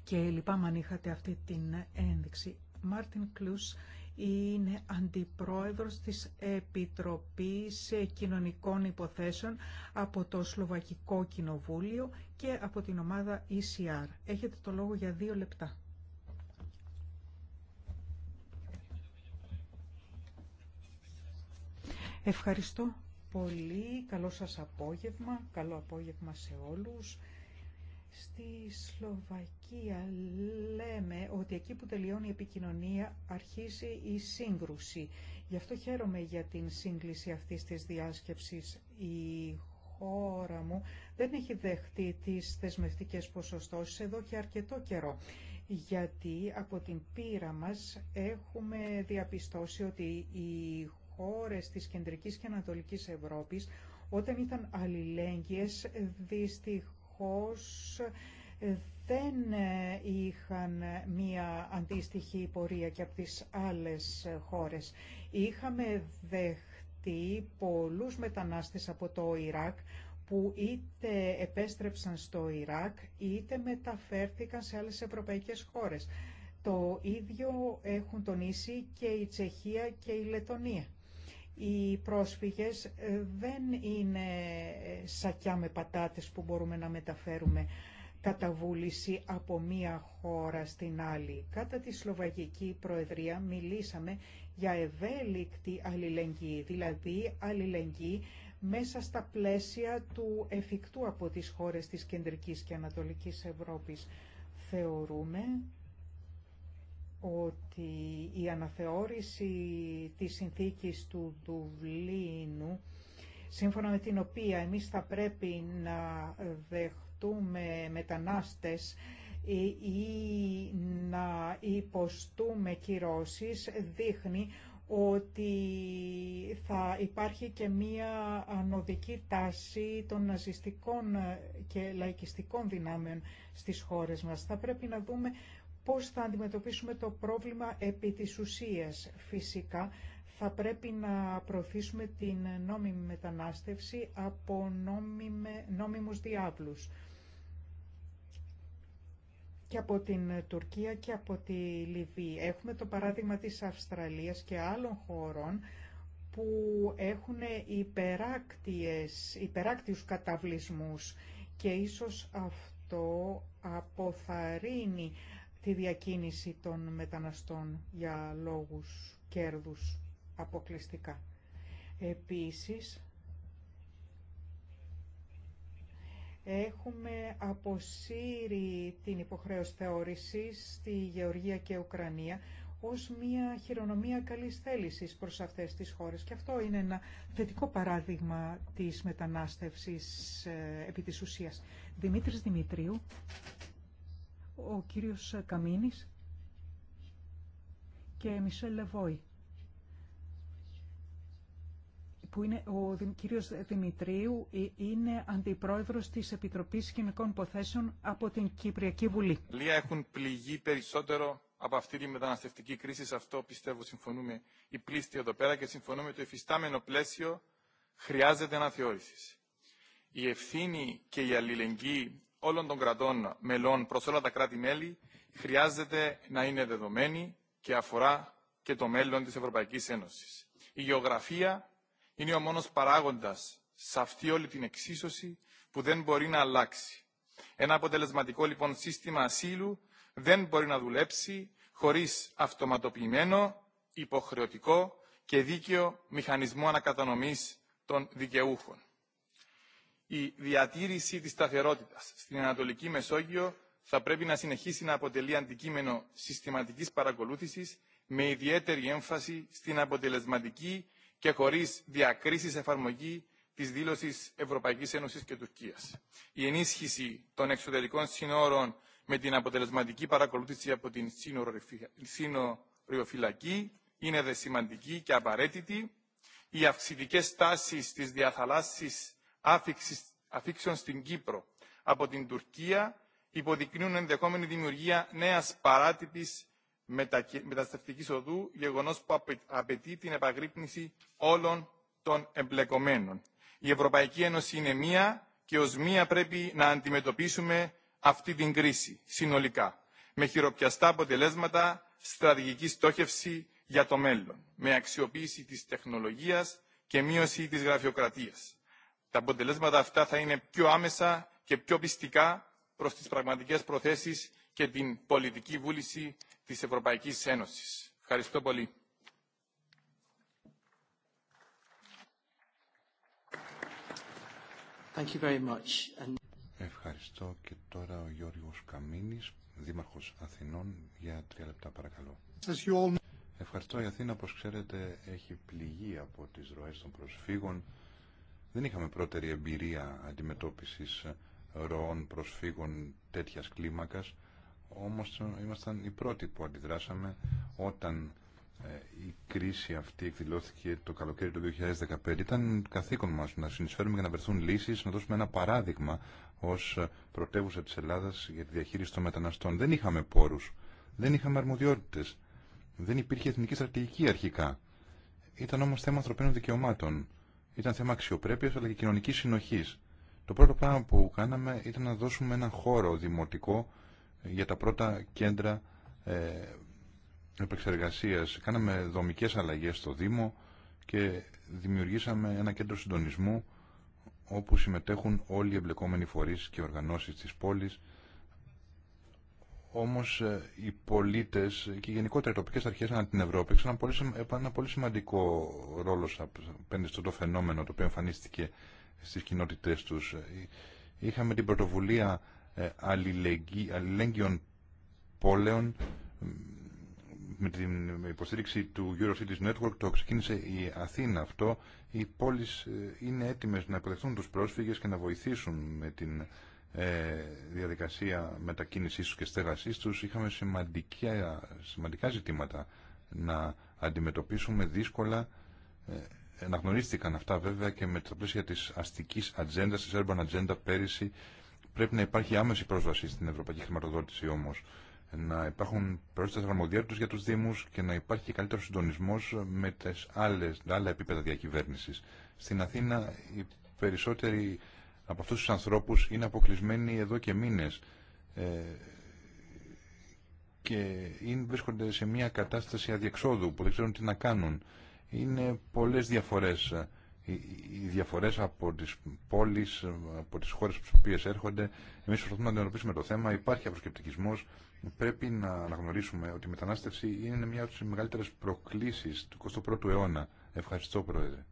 Και λυπάμαι αν είχατε αυτή την ένδειξη. Μάρτιν Κλούς είναι αντιπρόεδρος της Επιτροπής Κοινωνικών Υποθέσεων από το Σλοβακικό Κοινοβούλιο και από την ομάδα ECR. Έχετε το λόγο για δύο λεπτά. Ευχαριστώ πολύ. Καλό σας απόγευμα. Καλό απόγευμα σε όλους. Στη Σλοβακία λέμε ότι εκεί που τελειώνει η επικοινωνία αρχίζει η σύγκρουση. Γι' αυτό χαίρομαι για την σύγκληση αυτής της διάσκεψης. Η χώρα μου δεν έχει δεχτεί τις θεσμευτικές ποσοστώσεις εδώ και αρκετό καιρό γιατί από την πείρα μας έχουμε διαπιστώσει ότι η χώρες της Κεντρικής και Ανατολικής Ευρώπης όταν ήταν αλληλέγγυες δυστυχώς δεν ε, είχαν μία αντίστοιχη πορεία και από τις άλλες χώρες. Είχαμε δεχτεί πολλούς μετανάστες από το Ιράκ που είτε επέστρεψαν στο Ιράκ είτε μεταφέρθηκαν σε άλλες ευρωπαϊκές χώρες. Το ίδιο έχουν τονίσει και η Τσεχία και η Λετωνία. Οι πρόσφυγες ε, δεν είναι σακιά με πατάτες που μπορούμε να μεταφέρουμε κατά από μία χώρα στην άλλη. Κατά τη Σλοβακική Προεδρία μιλήσαμε για ευέλικτη αλληλεγγύη, δηλαδή αλληλεγγύη μέσα στα πλαίσια του εφικτού από τις χώρες της Κεντρικής και Ανατολικής Ευρώπης. Θεωρούμε ότι η αναθεώρηση της συνθήκης του Δουβλίνου, σύμφωνα με την οποία εμείς θα πρέπει να δεχτούμε μετανάστες ή να υποστούμε κυρώσεις, δείχνει ότι θα υπάρχει και μία ανωδική τάση των ναζιστικών και λαϊκιστικών δυνάμεων στις χώρες μας. Θα πρέπει να δούμε πώς θα αντιμετωπίσουμε το πρόβλημα επί της ουσίας. Φυσικά θα πρέπει να προωθήσουμε την νόμιμη μετανάστευση από νόμιμε, νόμιμους διάβλους και από την Τουρκία και από τη Λιβύη. Έχουμε το παράδειγμα της Αυστραλίας και άλλων χωρών που έχουν υπεράκτιες, υπεράκτιους καταβλισμούς και ίσως αυτό αποθαρρύνει τη διακίνηση των μεταναστών για λόγους κέρδους αποκλειστικά. Επίσης, έχουμε αποσύρει την υποχρέωση θεώρηση στη Γεωργία και Ουκρανία ως μια χειρονομία καλής θέλησης προς αυτές τις χώρες. Και αυτό είναι ένα θετικό παράδειγμα της μετανάστευσης ε, επί της ουσίας. Δημήτρης Δημητρίου ο κύριος Καμίνης και Μισελ Λεβόη που είναι ο κύριος Δημητρίου, ε, είναι αντιπρόεδρος της Επιτροπής Κοινωνικών ποθέσεων από την Κυπριακή Βουλή. Λία έχουν πληγεί περισσότερο από αυτή τη μεταναστευτική κρίση, σε αυτό πιστεύω συμφωνούμε οι πλήστοι εδώ πέρα και συμφωνούμε το εφιστάμενο πλαίσιο χρειάζεται αναθεώρηση. Η ευθύνη και η αλληλεγγύη όλων των κρατών μελών προ όλα τα κράτη-μέλη χρειάζεται να είναι δεδομένη και αφορά και το μέλλον της Ευρωπαϊκής Ένωσης. Η γεωγραφία είναι ο μόνος παράγοντας σε αυτή όλη την εξίσωση που δεν μπορεί να αλλάξει. Ένα αποτελεσματικό λοιπόν σύστημα ασύλου δεν μπορεί να δουλέψει χωρίς αυτοματοποιημένο, υποχρεωτικό και δίκαιο μηχανισμό ανακατανομής των δικαιούχων. Η διατήρηση της σταθερότητας στην Ανατολική Μεσόγειο θα πρέπει να συνεχίσει να αποτελεί αντικείμενο συστηματικής παρακολούθησης με ιδιαίτερη έμφαση στην αποτελεσματική και χωρίς διακρίσεις εφαρμογή της δήλωσης Ευρωπαϊκής Ένωσης και Τουρκίας. Η ενίσχυση των εξωτερικών σύνορων με την αποτελεσματική παρακολούθηση από την σύνοριοφυλακή είναι δε σημαντική και απαραίτητη. Οι αυξητικές τάσεις της διαθαλάσσης αφήξεων στην Κύπρο από την Τουρκία υποδεικνύουν ενδεχόμενη δημιουργία νέας παράτυπης μεταστευτικής οδού, γεγονός που απαιτεί την επαγρύπνηση όλων των εμπλεκομένων. Η Ευρωπαϊκή Ένωση είναι μία και ως μία πρέπει να αντιμετωπίσουμε αυτή την κρίση συνολικά, με χειροπιαστά αποτελέσματα, στρατηγική στόχευση για το μέλλον, με αξιοποίηση της τεχνολογίας και μείωση της γραφειοκρατίας. Τα αποτελέσματα αυτά θα είναι πιο άμεσα και πιο πιστικά προς τις πραγματικές προθέσεις και την πολιτική βούληση της Ευρωπαϊκής Ένωσης. Ευχαριστώ πολύ. Thank you very much. Ευχαριστώ και τώρα ο Γιώργος Καμίνης, Δήμαρχος Αθηνών, για τρία λεπτά παρακαλώ. Ευχαριστώ. Η Αθήνα, όπως ξέρετε, έχει πληγεί από τις ροές των προσφύγων. Δεν είχαμε πρώτερη εμπειρία αντιμετώπισης ε, ροών προσφύγων τέτοιας κλίμακας, όμως ε, ήμασταν οι πρώτοι που αντιδράσαμε όταν ε, η κρίση αυτή εκδηλώθηκε το καλοκαίρι του 2015. Ήταν καθήκον μας να συνεισφέρουμε για να βρεθούν λύσεις, να δώσουμε ένα παράδειγμα ως πρωτεύουσα της Ελλάδας για τη διαχείριση των μεταναστών. Δεν είχαμε πόρους, δεν είχαμε αρμοδιότητες, δεν υπήρχε εθνική στρατηγική αρχικά. Ήταν όμως θέμα ανθρωπίνων δικαιωμάτων ήταν θέμα αξιοπρέπεια αλλά και κοινωνική συνοχή. Το πρώτο πράγμα που κάναμε ήταν να δώσουμε ένα χώρο δημοτικό ε, για τα πρώτα κέντρα ε, επεξεργασία. Κάναμε δομικέ αλλαγέ στο Δήμο και δημιουργήσαμε ένα κέντρο συντονισμού όπου συμμετέχουν όλοι οι εμπλεκόμενοι φορείς και οργανώσεις της πόλης όμως ε, οι πολίτες και γενικότερα οι τοπικές αρχές ανά την Ευρώπη έχουν ε, ένα πολύ σημαντικό ρόλο απέναντι στο το φαινόμενο το οποίο εμφανίστηκε στις κοινότητές τους. Ε, είχαμε την πρωτοβουλία αλληλέγγυων πόλεων με την υποστήριξη του Eurocities Network το ξεκίνησε η Αθήνα αυτό. Οι πόλεις είναι έτοιμες να υποδεχθούν τους πρόσφυγες και να βοηθήσουν με την ε, διαδικασία μετακίνησής τους και στέγασής τους είχαμε σημαντικά, σημαντικά ζητήματα να αντιμετωπίσουμε δύσκολα αναγνωρίστηκαν ε, αυτά βέβαια και με τα πλαίσια της αστικής ατζέντα, της urban agenda πέρυσι πρέπει να υπάρχει άμεση πρόσβαση στην ευρωπαϊκή χρηματοδότηση όμως να υπάρχουν περισσότερες αρμοδιότητες για τους Δήμους και να υπάρχει καλύτερο συντονισμός με τις άλλες, τα άλλα επίπεδα διακυβέρνησης. Στην Αθήνα οι περισσότεροι από αυτούς τους ανθρώπους είναι αποκλεισμένοι εδώ και μήνες ε, και είναι, βρίσκονται σε μια κατάσταση αδιεξόδου που δεν ξέρουν τι να κάνουν. Είναι πολλές διαφορές. Ε, οι διαφορές από τις πόλεις, από τις χώρες στις οποίες έρχονται. Εμείς προσπαθούμε να αντιμετωπίσουμε το θέμα. Υπάρχει αυροσκεπτικισμός. Πρέπει να αναγνωρίσουμε ότι η μετανάστευση είναι μια από τις μεγαλύτερες προκλήσεις του 21ου αιώνα. Ευχαριστώ Πρόεδρε.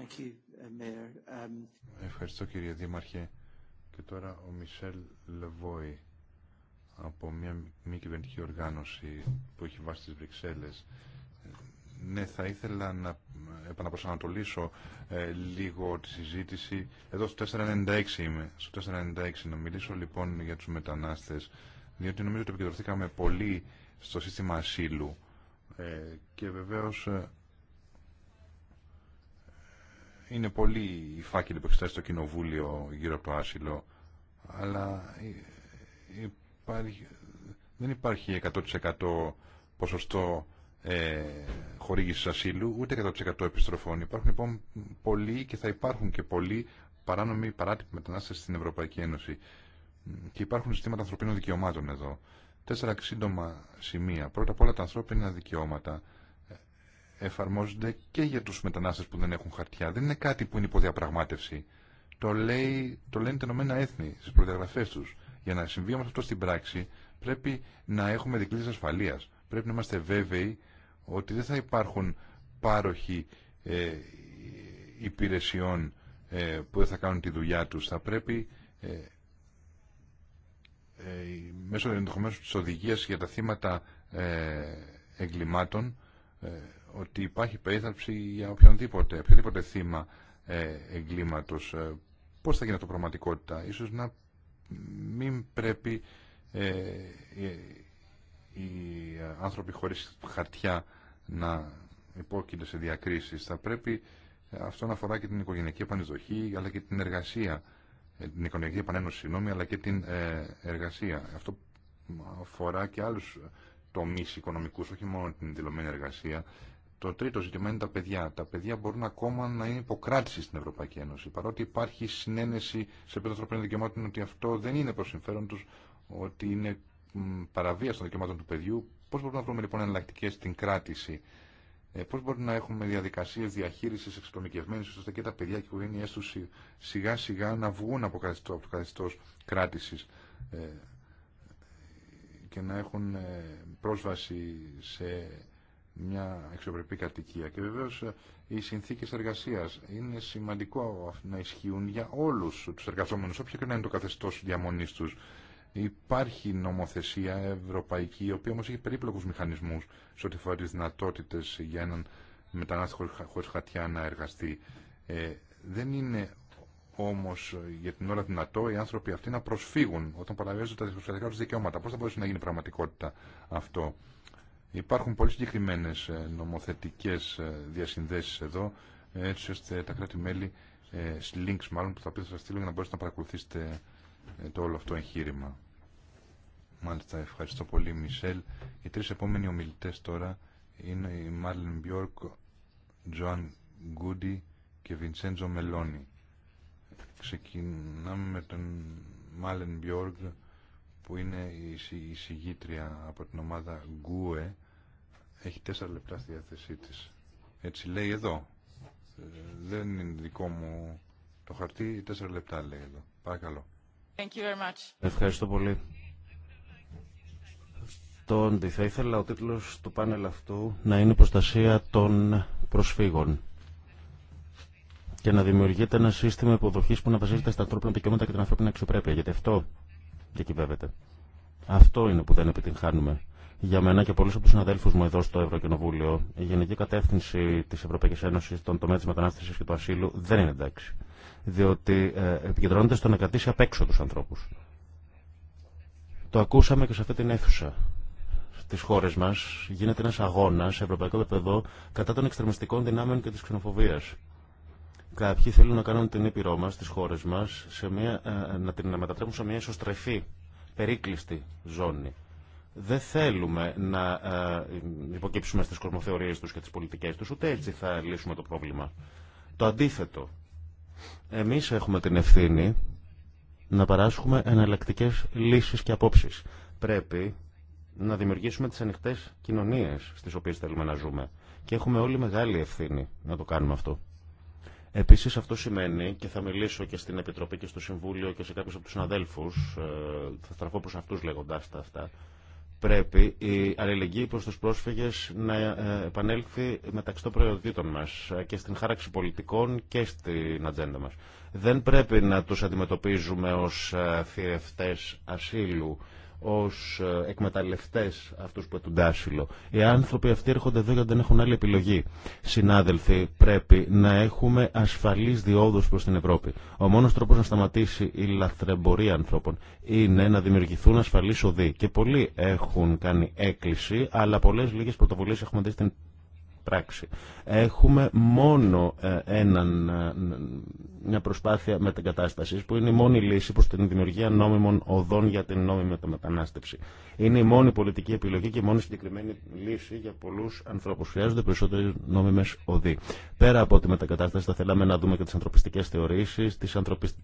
Uh, um, Ευχαριστώ κύριε Δήμαρχε. Και τώρα ο Μισελ Λεβόη από μια μη κυβερνητική οργάνωση που έχει βάσει στις Βρυξέλλες. Ε, ναι, θα ήθελα να επαναπροσανατολίσω ε, λίγο τη συζήτηση. Εδώ στο 496 είμαι. Στο 496 να μιλήσω λοιπόν για τους μετανάστες, διότι νομίζω ότι επικεντρωθήκαμε πολύ στο σύστημα ασύλου. Ε, και βεβαίως ε, είναι πολύ οι φάκελοι που εξετάζει το Κοινοβούλιο γύρω από το άσυλο, αλλά ε, δεν υπάρχει 100% ποσοστό ε, χορήγησης ασύλου, ούτε 100% επιστροφών. Υπάρχουν λοιπόν πολλοί και θα υπάρχουν και πολλοί παράνομοι παράτυποι μετανάστες στην Ευρωπαϊκή Ένωση. Και υπάρχουν συστήματα ανθρωπίνων δικαιωμάτων εδώ. Τέσσερα σύντομα σημεία. Πρώτα απ' όλα τα ανθρώπινα δικαιώματα εφαρμόζονται και για τους μετανάστες που δεν έχουν χαρτιά. Δεν είναι κάτι που είναι υποδιαπραγμάτευση. Το, λέει, το λένε τα Ηνωμένα Έθνη στις προδιαγραφές τους. Για να συμβεί αυτό στην πράξη πρέπει να έχουμε δικλείδες ασφαλείας. Πρέπει να είμαστε βέβαιοι ότι δεν θα υπάρχουν πάροχοι ε, υπηρεσιών ε, που δεν θα κάνουν τη δουλειά τους. Θα πρέπει ε, ε μέσω ενδεχομένω της οδηγίας για τα θύματα ε, εγκλημάτων ε, ότι υπάρχει περίθαλψη για οποιονδήποτε, οποιοδήποτε θύμα ε, εγκλήματος. Ε, πώς θα γίνει το πραγματικότητα. Ίσως να μην πρέπει ε, ε οι ε, άνθρωποι χωρίς χαρτιά να υπόκεινται σε διακρίσεις. Θα πρέπει αυτό να αφορά και την οικογενειακή επανεισδοχή αλλά και την εργασία. Την οικογενειακή επανένωση, αλλά και την εργασία. Αυτό αφορά και άλλους τομείς οικονομικούς, όχι μόνο την δηλωμένη εργασία. Το τρίτο ζήτημα είναι τα παιδιά. Τα παιδιά μπορούν ακόμα να είναι υποκράτηση στην Ευρωπαϊκή Ένωση. Παρότι υπάρχει συνένεση σε επίπεδο δικαιωμάτων ότι αυτό δεν είναι προ συμφέρον του, ότι είναι παραβίαση των δικαιωμάτων του παιδιού. Πώ μπορούμε να βρούμε λοιπόν εναλλακτικέ στην κράτηση, ε, πώ μπορούμε να έχουμε διαδικασίε διαχείριση εξατομικευμένη, ώστε και τα παιδιά και οι οικογένειέ του σιγά σιγά να βγουν από το καθεστώ κράτηση ε, και να έχουν ε, πρόσβαση σε μια εξωπρεπή κατοικία. Και βεβαίω ε, οι συνθήκε εργασία. είναι σημαντικό να ισχύουν για όλου του εργαζόμενου. όποιο και να είναι το καθεστώς διαμονή του. Υπάρχει νομοθεσία ευρωπαϊκή, η οποία όμω έχει περίπλοκου μηχανισμού σε ό,τι φορά τι δυνατότητε, για έναν μετανάστη χωρί χατιά να εργαστεί. Ε, δεν είναι όμω ε, για την ώρα δυνατό οι άνθρωποι αυτοί να προσφύγουν όταν παραβιάζονται τα δημοσιογραφικά του δικαιώματα. Πώ θα μπορούσε να γίνει πραγματικότητα αυτό. Υπάρχουν πολύ συγκεκριμένε ε, νομοθετικές ε, διασυνδέσει εδώ, έτσι ώστε τα κράτη-μέλη, ε, links μάλλον που θα θα σας στείλω για να μπορέσετε να παρακολουθήσετε το όλο αυτό εγχείρημα. Μάλιστα, ευχαριστώ πολύ Μισελ. Οι τρει επόμενοι ομιλητέ τώρα είναι η Μάρλεν Μπιόρκ, Τζοάν Γκούντι και Βιντσέντζο Μελόνι. Ξεκινάμε με τον Μάλεν Μπιόρκ που είναι η συγγήτρια από την ομάδα Γκούε έχει τέσσερα λεπτά στη διάθεσή τη. Έτσι λέει εδώ. Ε, δεν είναι δικό μου το χαρτί, τέσσερα λεπτά λέει εδώ. Παρακαλώ. Thank you very much. Ευχαριστώ πολύ. Τόντι, θα ήθελα ο τίτλος του πάνελ αυτού να είναι προστασία των προσφύγων και να δημιουργείται ένα σύστημα υποδοχή που να βασίζεται στα ανθρώπινα δικαιώματα και την ανθρώπινη αξιοπρέπεια. Γιατί αυτό διακυβεύεται. Αυτό είναι που δεν επιτυγχάνουμε. Για μένα και πολλού από του συναδέλφου μου εδώ στο Ευρωκοινοβούλιο, η γενική κατεύθυνση τη Ευρωπαϊκή Ένωση στον τομέα τη μετανάστευση και του ασύλου δεν είναι εντάξει. Διότι ε, επικεντρώνεται στο να κρατήσει απ' έξω του ανθρώπου. Το ακούσαμε και σε αυτή την αίθουσα. Στι χώρε μα γίνεται ένα αγώνα σε ευρωπαϊκό επίπεδο κατά των εξτρεμιστικών δυνάμεων και τη ξενοφοβία. Κάποιοι θέλουν να κάνουν την ήπειρό μα, τι χώρε μα, ε, να την μετατρέπουν σε μια ισοστρεφή, περίκλειστη ζώνη. Δεν θέλουμε να ε, υποκύψουμε στι κοσμοθεωρίε του και τι πολιτικέ του, ούτε έτσι θα λύσουμε το πρόβλημα. Το αντίθετο. Εμεί έχουμε την ευθύνη να παράσχουμε εναλλακτικέ λύσει και απόψει. Πρέπει να δημιουργήσουμε τι ανοιχτέ κοινωνίε στι οποίε θέλουμε να ζούμε. Και έχουμε όλοι μεγάλη ευθύνη να το κάνουμε αυτό. Επίσης αυτό σημαίνει, και θα μιλήσω και στην Επιτροπή και στο Συμβούλιο και σε κάποιου από του συναδέλφου, ε, θα στραφώ προς αυτούς λέγοντάς τα αυτά, πρέπει η αλληλεγγύη προ του πρόσφυγε να ε, επανέλθει μεταξύ των προϊόντων μας ε, και στην χάραξη πολιτικών και στην ατζέντα μας. Δεν πρέπει να τους αντιμετωπίζουμε ω θηρευτέ ασύλου ως ε, εκμεταλλευτές αυτούς που ετούνται άσυλο. Οι άνθρωποι αυτοί έρχονται εδώ γιατί δεν έχουν άλλη επιλογή. Συνάδελφοι, πρέπει να έχουμε ασφαλής διόδους προς την Ευρώπη. Ο μόνος τρόπος να σταματήσει η λαθρεμπορία ανθρώπων είναι να δημιουργηθούν ασφαλείς οδοί. Και πολλοί έχουν κάνει έκκληση, αλλά πολλές λίγες πρωτοβουλίες έχουμε δει στην πράξη. Έχουμε μόνο ε, έναν ε, μια προσπάθεια μετακατάσταση που είναι η μόνη λύση προ την δημιουργία νόμιμων οδών για την νόμιμη μεταμετανάστευση. Είναι η μόνη πολιτική επιλογή και η μόνη συγκεκριμένη λύση για πολλού ανθρώπου. Χρειάζονται περισσότερε νόμιμε οδοί. Πέρα από τη μετακατάσταση θα θέλαμε να δούμε και τι ανθρωπιστικέ θεωρήσει,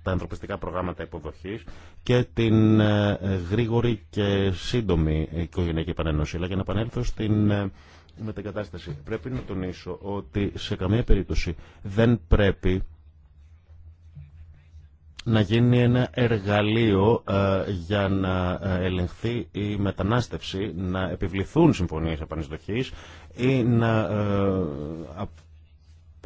τα ανθρωπιστικά προγράμματα υποδοχή και την ε, ε, γρήγορη και σύντομη οικογενειακή επανένωση. Αλλά για να επανέλθω στην ε, μετεγκατάσταση. Πρέπει να τονίσω ότι σε καμία περίπτωση δεν πρέπει να γίνει ένα εργαλείο ε, για να ε, ελεγχθεί η μετανάστευση, να επιβληθούν συμφωνίες επανεισδοχής ή να ε,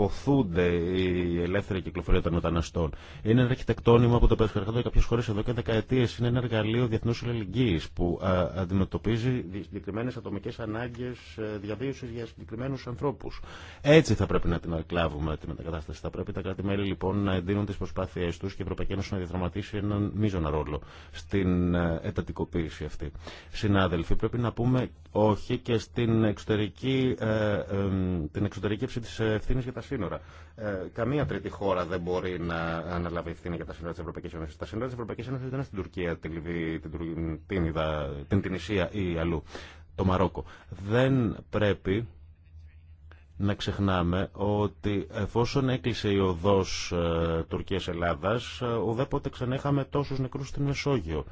υποθούνται η ελεύθερη κυκλοφορία των μεταναστών. Είναι ένα αρχιτεκτόνιμο από το και κάποιε χώρε εδώ και δεκαετίε. Είναι ένα εργαλείο διεθνού αλληλεγγύη που αντιμετωπίζει συγκεκριμένε ατομικέ ανάγκε διαβίωση για συγκεκριμένου ανθρώπου. Έτσι θα πρέπει να την ακλάβουμε τη μετακατάσταση. Θα πρέπει τα κράτη-μέλη λοιπόν να εντείνουν τι προσπάθειέ του και η Ευρωπαϊκή Ένωση να διαδραματίσει έναν μείζονα ρόλο στην ετατικοποίηση αυτή. Συνάδελφοι, πρέπει να πούμε όχι και στην εξωτερική, ε, ε, την εξωτερική τη ευθύνη για τα σύνορα. Ε, καμία τρίτη χώρα δεν μπορεί να αναλάβει ευθύνη για τα σύνορα τη Ευρωπαϊκή Ένωση. Τα σύνορα τη Ευρωπαϊκή Ένωση δεν είναι στην Τουρκία, την Λιβύη, την, την, η οδός ε, Τουρκίας-Ελλάδας, ε, ουδέποτε ξανά είχαμε ουδεποτε ξανεχαμε νεκρούς στην Μεσόγειο.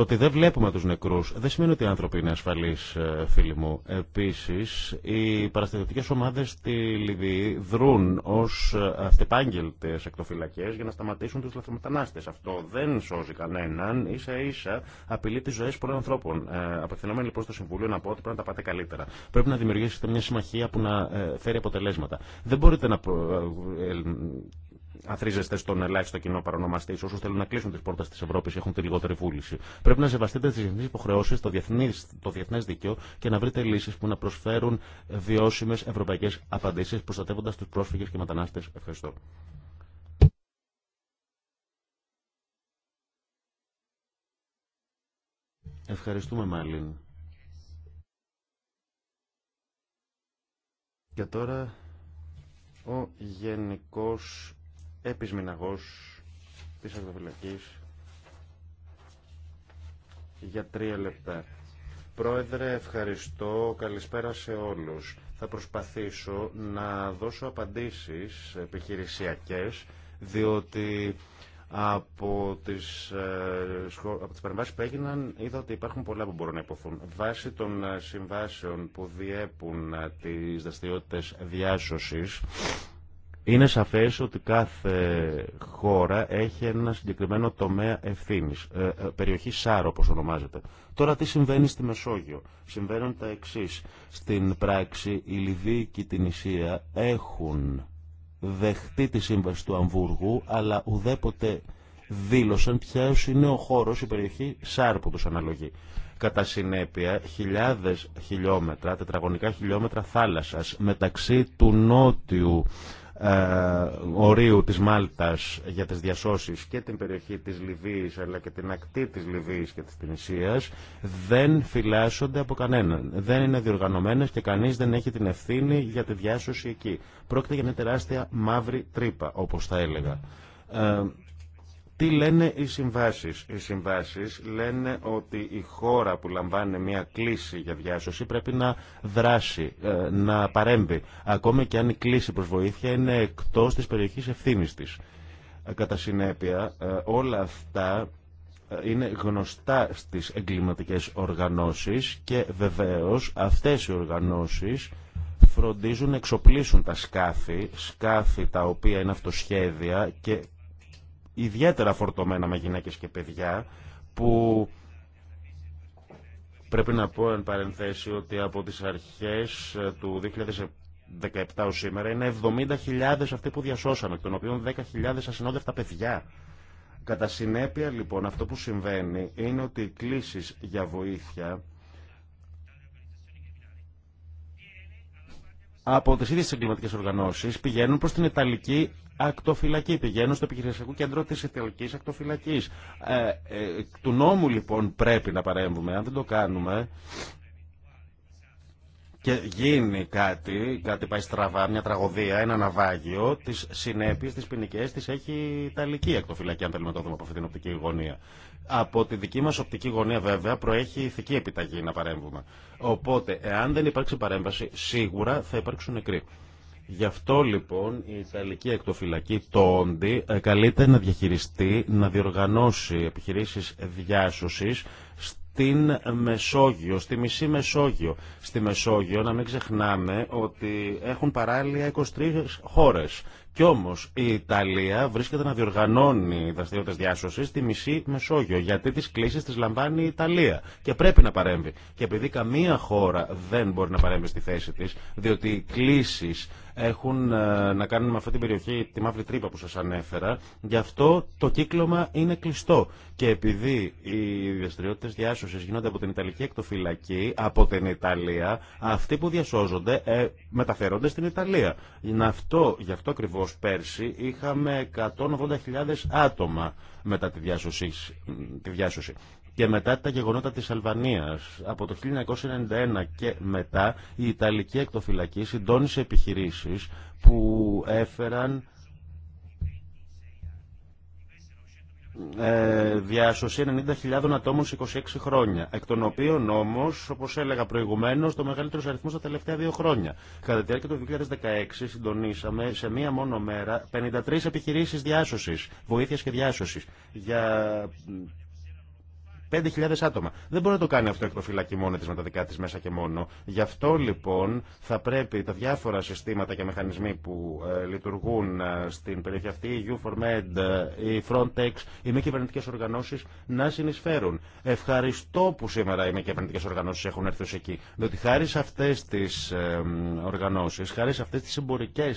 Το ότι δεν βλέπουμε του νεκρούς δεν σημαίνει ότι οι άνθρωποι είναι ασφαλεί, ε, φίλοι μου. Επίση, οι παραστατευτικέ ομάδε στη Λιβύη δρούν ως ε, αυτεπάγγελτε εκτοφυλακέ για να σταματήσουν του λαθρομετανάστε. Αυτό δεν σώζει κανέναν, ίσα ίσα απειλεί τι ζωέ πολλών ανθρώπων. Ε, Απευθυνόμενοι λοιπόν στο Συμβούλιο να πω ότι πρέπει να τα πάτε καλύτερα. Πρέπει να δημιουργήσετε μια συμμαχία που να ε, φέρει αποτελέσματα. Δεν μπορείτε να αθρίζεστε στον ελάχιστο κοινό παρονομαστή. Όσου θέλουν να κλείσουν τι πόρτε τη Ευρώπη έχουν τη λιγότερη βούληση. Πρέπει να σεβαστείτε τι διεθνεί υποχρεώσει, το, το διεθνέ δίκαιο και να βρείτε λύσει που να προσφέρουν βιώσιμε ευρωπαϊκέ απαντήσει προστατεύοντα του πρόσφυγε και μετανάστε. Ευχαριστώ. Ευχαριστούμε Μάλιν. Και τώρα ο Γενικός επισμηναγός της ακτοφυλακής για τρία λεπτά. Πρόεδρε, ευχαριστώ. Καλησπέρα σε όλους. Θα προσπαθήσω να δώσω απαντήσεις επιχειρησιακές, διότι από τις, ε, από τις παρεμβάσεις που έγιναν είδα ότι υπάρχουν πολλά που μπορούν να υποθούν. Βάσει των ε, συμβάσεων που διέπουν ε, τις δραστηριότητε διάσωσης, είναι σαφές ότι κάθε χώρα έχει ένα συγκεκριμένο τομέα ευθύνης, ε, ε, περιοχή ΣΑΡ όπως ονομάζεται. Τώρα τι συμβαίνει στη Μεσόγειο. Συμβαίνουν τα εξής. Στην πράξη η Λιβύη και η Τινησία έχουν δεχτεί τη σύμβαση του Αμβούργου, αλλά ουδέποτε δήλωσαν ποιο είναι ο χώρος, η περιοχή Σάρ που τους αναλογεί. Κατά συνέπεια, χιλιάδες χιλιόμετρα, τετραγωνικά χιλιόμετρα θάλασσας μεταξύ του νότιου ε, ορίου της Μάλτας για τις διασώσεις και την περιοχή της Λιβύης αλλά και την ακτή της Λιβύης και της Τινησίας δεν φυλάσσονται από κανέναν. Δεν είναι διοργανωμένες και κανείς δεν έχει την ευθύνη για τη διάσωση εκεί. Πρόκειται για μια τεράστια μαύρη τρύπα όπως θα έλεγα. Ε, τι λένε οι συμβάσεις. Οι συμβάσεις λένε ότι η χώρα που λαμβάνει μια κλίση για διάσωση πρέπει να δράσει, ε, να παρέμβει. Ακόμη και αν η κλίση προς βοήθεια είναι εκτός της περιοχής ευθύνης της. Ε, κατά συνέπεια ε, όλα αυτά είναι γνωστά στις εγκληματικές οργανώσεις και βεβαίως αυτές οι οργανώσεις φροντίζουν να εξοπλίσουν τα σκάφη, σκάφη τα οποία είναι αυτοσχέδια και ιδιαίτερα φορτωμένα με γυναίκες και παιδιά που πρέπει να πω εν παρενθέσει ότι από τις αρχές ε, του 2017 ως σήμερα είναι 70.000 αυτοί που διασώσαμε, των οποίων 10.000 ασυνόδευτα παιδιά. Κατά συνέπεια λοιπόν αυτό που συμβαίνει είναι ότι οι κλήσεις για βοήθεια από τις ίδιες εγκληματικές οργανώσεις πηγαίνουν προς την Ιταλική ακτοφυλακή. Πηγαίνω στο επιχειρησιακό κέντρο τη Ιταλική ακτοφυλακή. Ε, ε, του νόμου λοιπόν πρέπει να παρέμβουμε. Αν δεν το κάνουμε και γίνει κάτι, κάτι πάει στραβά, μια τραγωδία, ένα ναυάγιο, τι συνέπειε, τι ποινικέ τι έχει η Ιταλική ακτοφυλακή, αν θέλουμε να το δούμε από αυτή την οπτική γωνία. Από τη δική μα οπτική γωνία, βέβαια, προέχει ηθική επιταγή να παρέμβουμε. Οπότε, εάν δεν υπάρξει παρέμβαση, σίγουρα θα υπάρξουν νεκροί. Γι' αυτό λοιπόν η Ιταλική εκτοφυλακή, το Όντι, ε, καλείται να διαχειριστεί, να διοργανώσει επιχειρήσεις διάσωσης στην Μεσόγειο, στη μισή Μεσόγειο. Στη Μεσόγειο, να μην ξεχνάμε ότι έχουν παράλληλα 23 χώρες. Κι όμως η Ιταλία βρίσκεται να διοργανώνει δραστηριότητες διάσωσης στη μισή Μεσόγειο, γιατί τις κλήσεις τις λαμβάνει η Ιταλία και πρέπει να παρέμβει. Και επειδή καμία χώρα δεν μπορεί να παρέμβει στη θέση της, διότι οι κλήσεις έχουν ε, να κάνουν με αυτή την περιοχή, τη μαύρη τρύπα που σας ανέφερα. Γι' αυτό το κύκλωμα είναι κλειστό. Και επειδή οι διαστηριότητε διάσωσης γίνονται από την Ιταλική εκτοφυλακή, από την Ιταλία, αυτοί που διασώζονται ε, μεταφέρονται στην Ιταλία. Αυτό, γι' αυτό ακριβώς πέρσι είχαμε 180.000 άτομα μετά τη διάσωση. Τη διάσωση. Και μετά τα γεγονότα της Αλβανίας, από το 1991 και μετά, η Ιταλική εκτοφυλακή συντώνησε επιχειρήσεις που έφεραν ε, διάσωση 90.000 ατόμων σε 26 χρόνια. Εκ των οποίων όμω, όπως έλεγα προηγουμένως, το μεγαλύτερο αριθμό στα τελευταία δύο χρόνια. Κατά τη διάρκεια του 2016 συντονίσαμε σε μία μόνο μέρα 53 επιχειρήσει διάσωση, βοήθεια και διάσωσης για 5.000 άτομα. Δεν μπορεί να το κάνει αυτό η εκτοφυλακή μόνη τη με τα δικά τη μέσα και μόνο. Γι' αυτό λοιπόν θα πρέπει τα διάφορα συστήματα και μηχανισμοί που ε, λειτουργούν ε, στην περιοχή αυτή, η U4Med, ε, η Frontex, οι μη κυβερνητικέ οργανώσει να συνεισφέρουν. Ευχαριστώ που σήμερα οι μη κυβερνητικέ οργανώσει έχουν έρθει ω εκεί. Διότι χάρη σε αυτέ τι οργανώσει, χάρη σε αυτέ τι εμπορικέ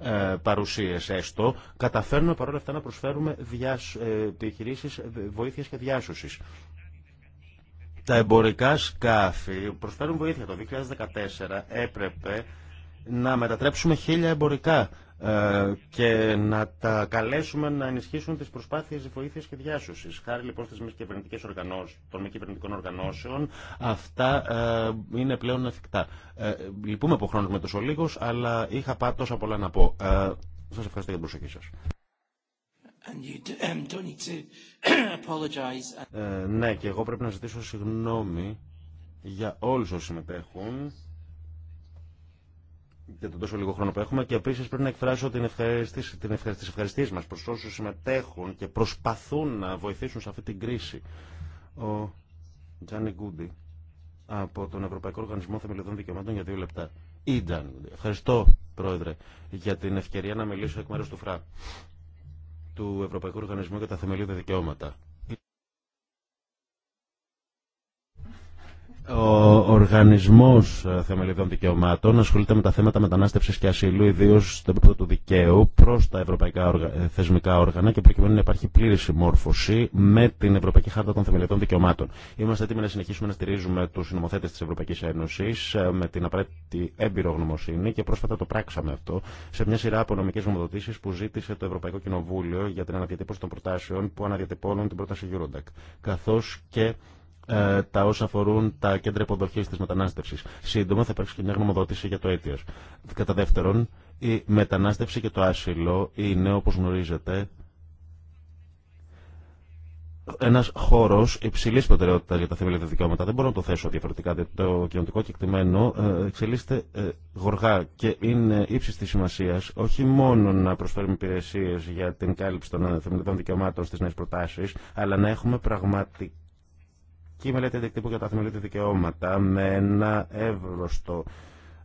ε, παρουσίες έστω, καταφέρνουμε παρόλα αυτά να προσφέρουμε διάσ, επιχειρήσεις βοήθειας και διάσωσης. Τα εμπορικά σκάφη προσφέρουν βοήθεια. Το 2014 έπρεπε να μετατρέψουμε χίλια εμπορικά ε, και να τα καλέσουμε να ενισχύσουν τι προσπάθειε βοήθεια και διάσωση. Χάρη λοιπόν στις μη οργανώσει, των μη κυβερνητικών οργανώσεων, αυτά ε, είναι πλέον εφικτά. Ε, λυπούμε από χρόνο με τόσο λίγο, αλλά είχα πάτος τόσα πολλά να πω. Ε, σα ευχαριστώ για την προσοχή σα. Um, ε, ναι, και εγώ πρέπει να ζητήσω συγγνώμη για όλους όσοι συμμετέχουν για τον τόσο λίγο χρόνο που έχουμε και επίσης πρέπει να εκφράσω την ευχαριστή, την ευχαριστή, ευχαριστίες μας προς όσους συμμετέχουν και προσπαθούν να βοηθήσουν σε αυτή την κρίση. Ο Τζάνι Γκούντι από τον Ευρωπαϊκό Οργανισμό Θεμελιωδών Δικαιωμάτων για δύο λεπτά. Ή Ευχαριστώ, Πρόεδρε, για την ευκαιρία να μιλήσω εκ μέρους του ΦΡΑ του Ευρωπαϊκού Οργανισμού για τα Θεμελιώδη Δικαιώματα. Ο Οργανισμό ε, Θεμελιδών Δικαιωμάτων ασχολείται με τα θέματα μετανάστευση και ασύλου, ιδίω στο επίπεδο του δικαίου, προ τα ευρωπαϊκά ε, θεσμικά όργανα και προκειμένου να υπάρχει πλήρη συμμόρφωση με την Ευρωπαϊκή Χάρτα των Θεμελιδών Δικαιωμάτων. Είμαστε έτοιμοι να συνεχίσουμε να στηρίζουμε του νομοθέτε τη Ευρωπαϊκή Ένωση ε, με την απαραίτητη έμπειρο γνωμοσύνη και πρόσφατα το πράξαμε αυτό σε μια σειρά από νομικέ νομοδοτήσει που ζήτησε το Ευρωπαϊκό Κοινοβούλιο για την αναδιατύπωση των προτάσεων που αναδιατυπώνουν την πρόταση Eurodac, καθώ και ε, τα όσα αφορούν τα κέντρα υποδοχή τη μετανάστευση. Σύντομα θα υπάρξει και μια γνωμοδότηση για το αίτιο. Κατά δεύτερον, η μετανάστευση και το άσυλο είναι, όπω γνωρίζετε, ένα χώρο υψηλή προτεραιότητα για τα θεμελιώδη δικαιώματα. Δεν μπορώ να το θέσω διαφορετικά, διότι το κοινωνικό κεκτημένο ε, εξελίσσεται ε, γοργά και είναι ύψη τη σημασία όχι μόνο να προσφέρουμε υπηρεσίε για την κάλυψη των θεμελιωδών δικαιωμάτων στι νέε προτάσει, αλλά να έχουμε πραγματικά και η μελέτη αντικτύπου για τα θεμελιώδη δικαιώματα με ένα εύρωστο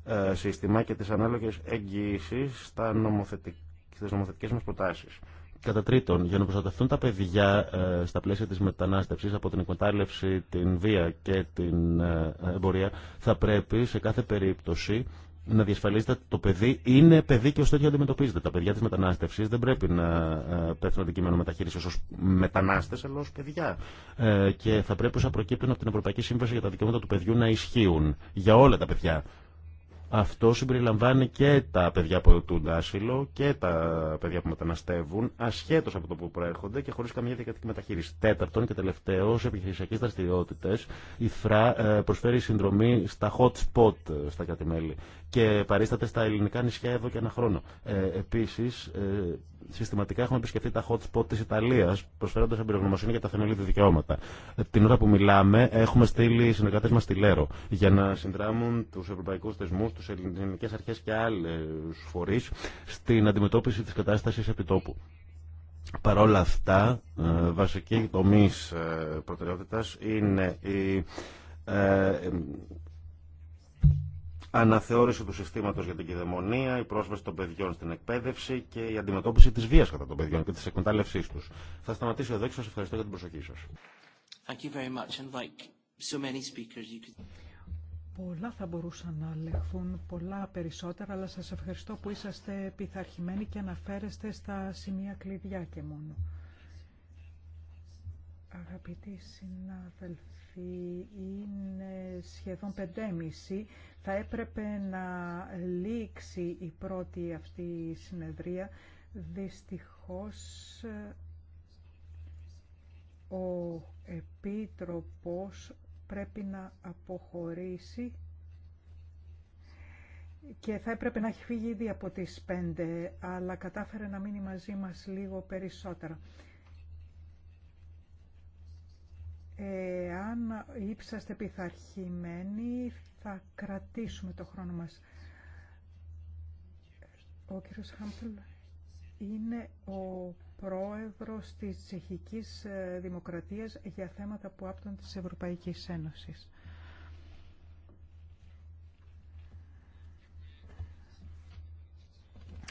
ε, σύστημα και τις ανάλογες εγγυήσεις στα νομοθετικέ στις νομοθετικές μας προτάσεις. Κατά τρίτον, για να προστατευτούν τα παιδιά ε, στα πλαίσια της μετανάστευσης από την εκμετάλλευση, την βία και την ε, εμπορία, θα πρέπει σε κάθε περίπτωση να διασφαλίζεται ότι το παιδί είναι παιδί και ω τέτοιο αντιμετωπίζεται. Τα παιδιά τη μετανάστευση δεν πρέπει να ε, πέφτουν αντικείμενο μεταχείριση ω μετανάστε, αλλά ω παιδιά. Ε, και θα πρέπει όσα προκύπτουν από την Ευρωπαϊκή Σύμβαση για τα Δικαιώματα του Παιδιού να ισχύουν για όλα τα παιδιά. Αυτό συμπεριλαμβάνει και τα παιδιά που ετούν άσυλο και τα παιδιά που μεταναστεύουν, ασχέτω από το που προέρχονται και χωρί καμία δικαιωτική μεταχείριση. Τέταρτον και τελευταίο, σε επιχειρησιακέ δραστηριότητε, η ΦΡΑ ε, προσφέρει συνδρομή στα hot spot στα κάτι και παρίσταται στα ελληνικά νησιά εδώ και ένα χρόνο. Ε, Επίση, ε, συστηματικά έχουμε επισκεφτεί τα hot spot τη Ιταλία, προσφέροντα εμπειρογνωμοσύνη για τα θεμελιώδη δικαιώματα. Ε, την ώρα που μιλάμε, έχουμε στείλει συνεργάτε μα στη Λέρο για να συνδράμουν του ευρωπαϊκού θεσμού, τι ελληνικέ αρχέ και άλλε φορεί στην αντιμετώπιση τη κατάσταση επιτόπου. Παρ' όλα αυτά, ε, βασική τομή προτεραιότητα είναι η αναθεώρηση του συστήματος για την κυδαιμονία, η πρόσβαση των παιδιών στην εκπαίδευση και η αντιμετώπιση της βίας κατά των παιδιών και της εκμετάλλευσής τους. Θα σταματήσω εδώ και σας ευχαριστώ για την προσοχή σας. Πολλά θα μπορούσαν να λεχθούν, πολλά περισσότερα, αλλά σας ευχαριστώ που είσαστε πειθαρχημένοι και αναφέρεστε στα σημεία κλειδιά και μόνο. Αγαπητοί συνάδελφοι, έρθει είναι σχεδόν 5.30. Θα έπρεπε να λήξει η πρώτη αυτή συνεδρία. Δυστυχώς ο Επίτροπος πρέπει να αποχωρήσει και θα έπρεπε να έχει φύγει ήδη από τις 5, αλλά κατάφερε να μείνει μαζί μας λίγο περισσότερα. Εάν ύψαστε πειθαρχημένοι, θα κρατήσουμε το χρόνο μας. Ο κύριος Χάμπλ είναι ο πρόεδρος της Τσεχικής ε, Δημοκρατίας για θέματα που άπτουν της Ευρωπαϊκής Ένωσης.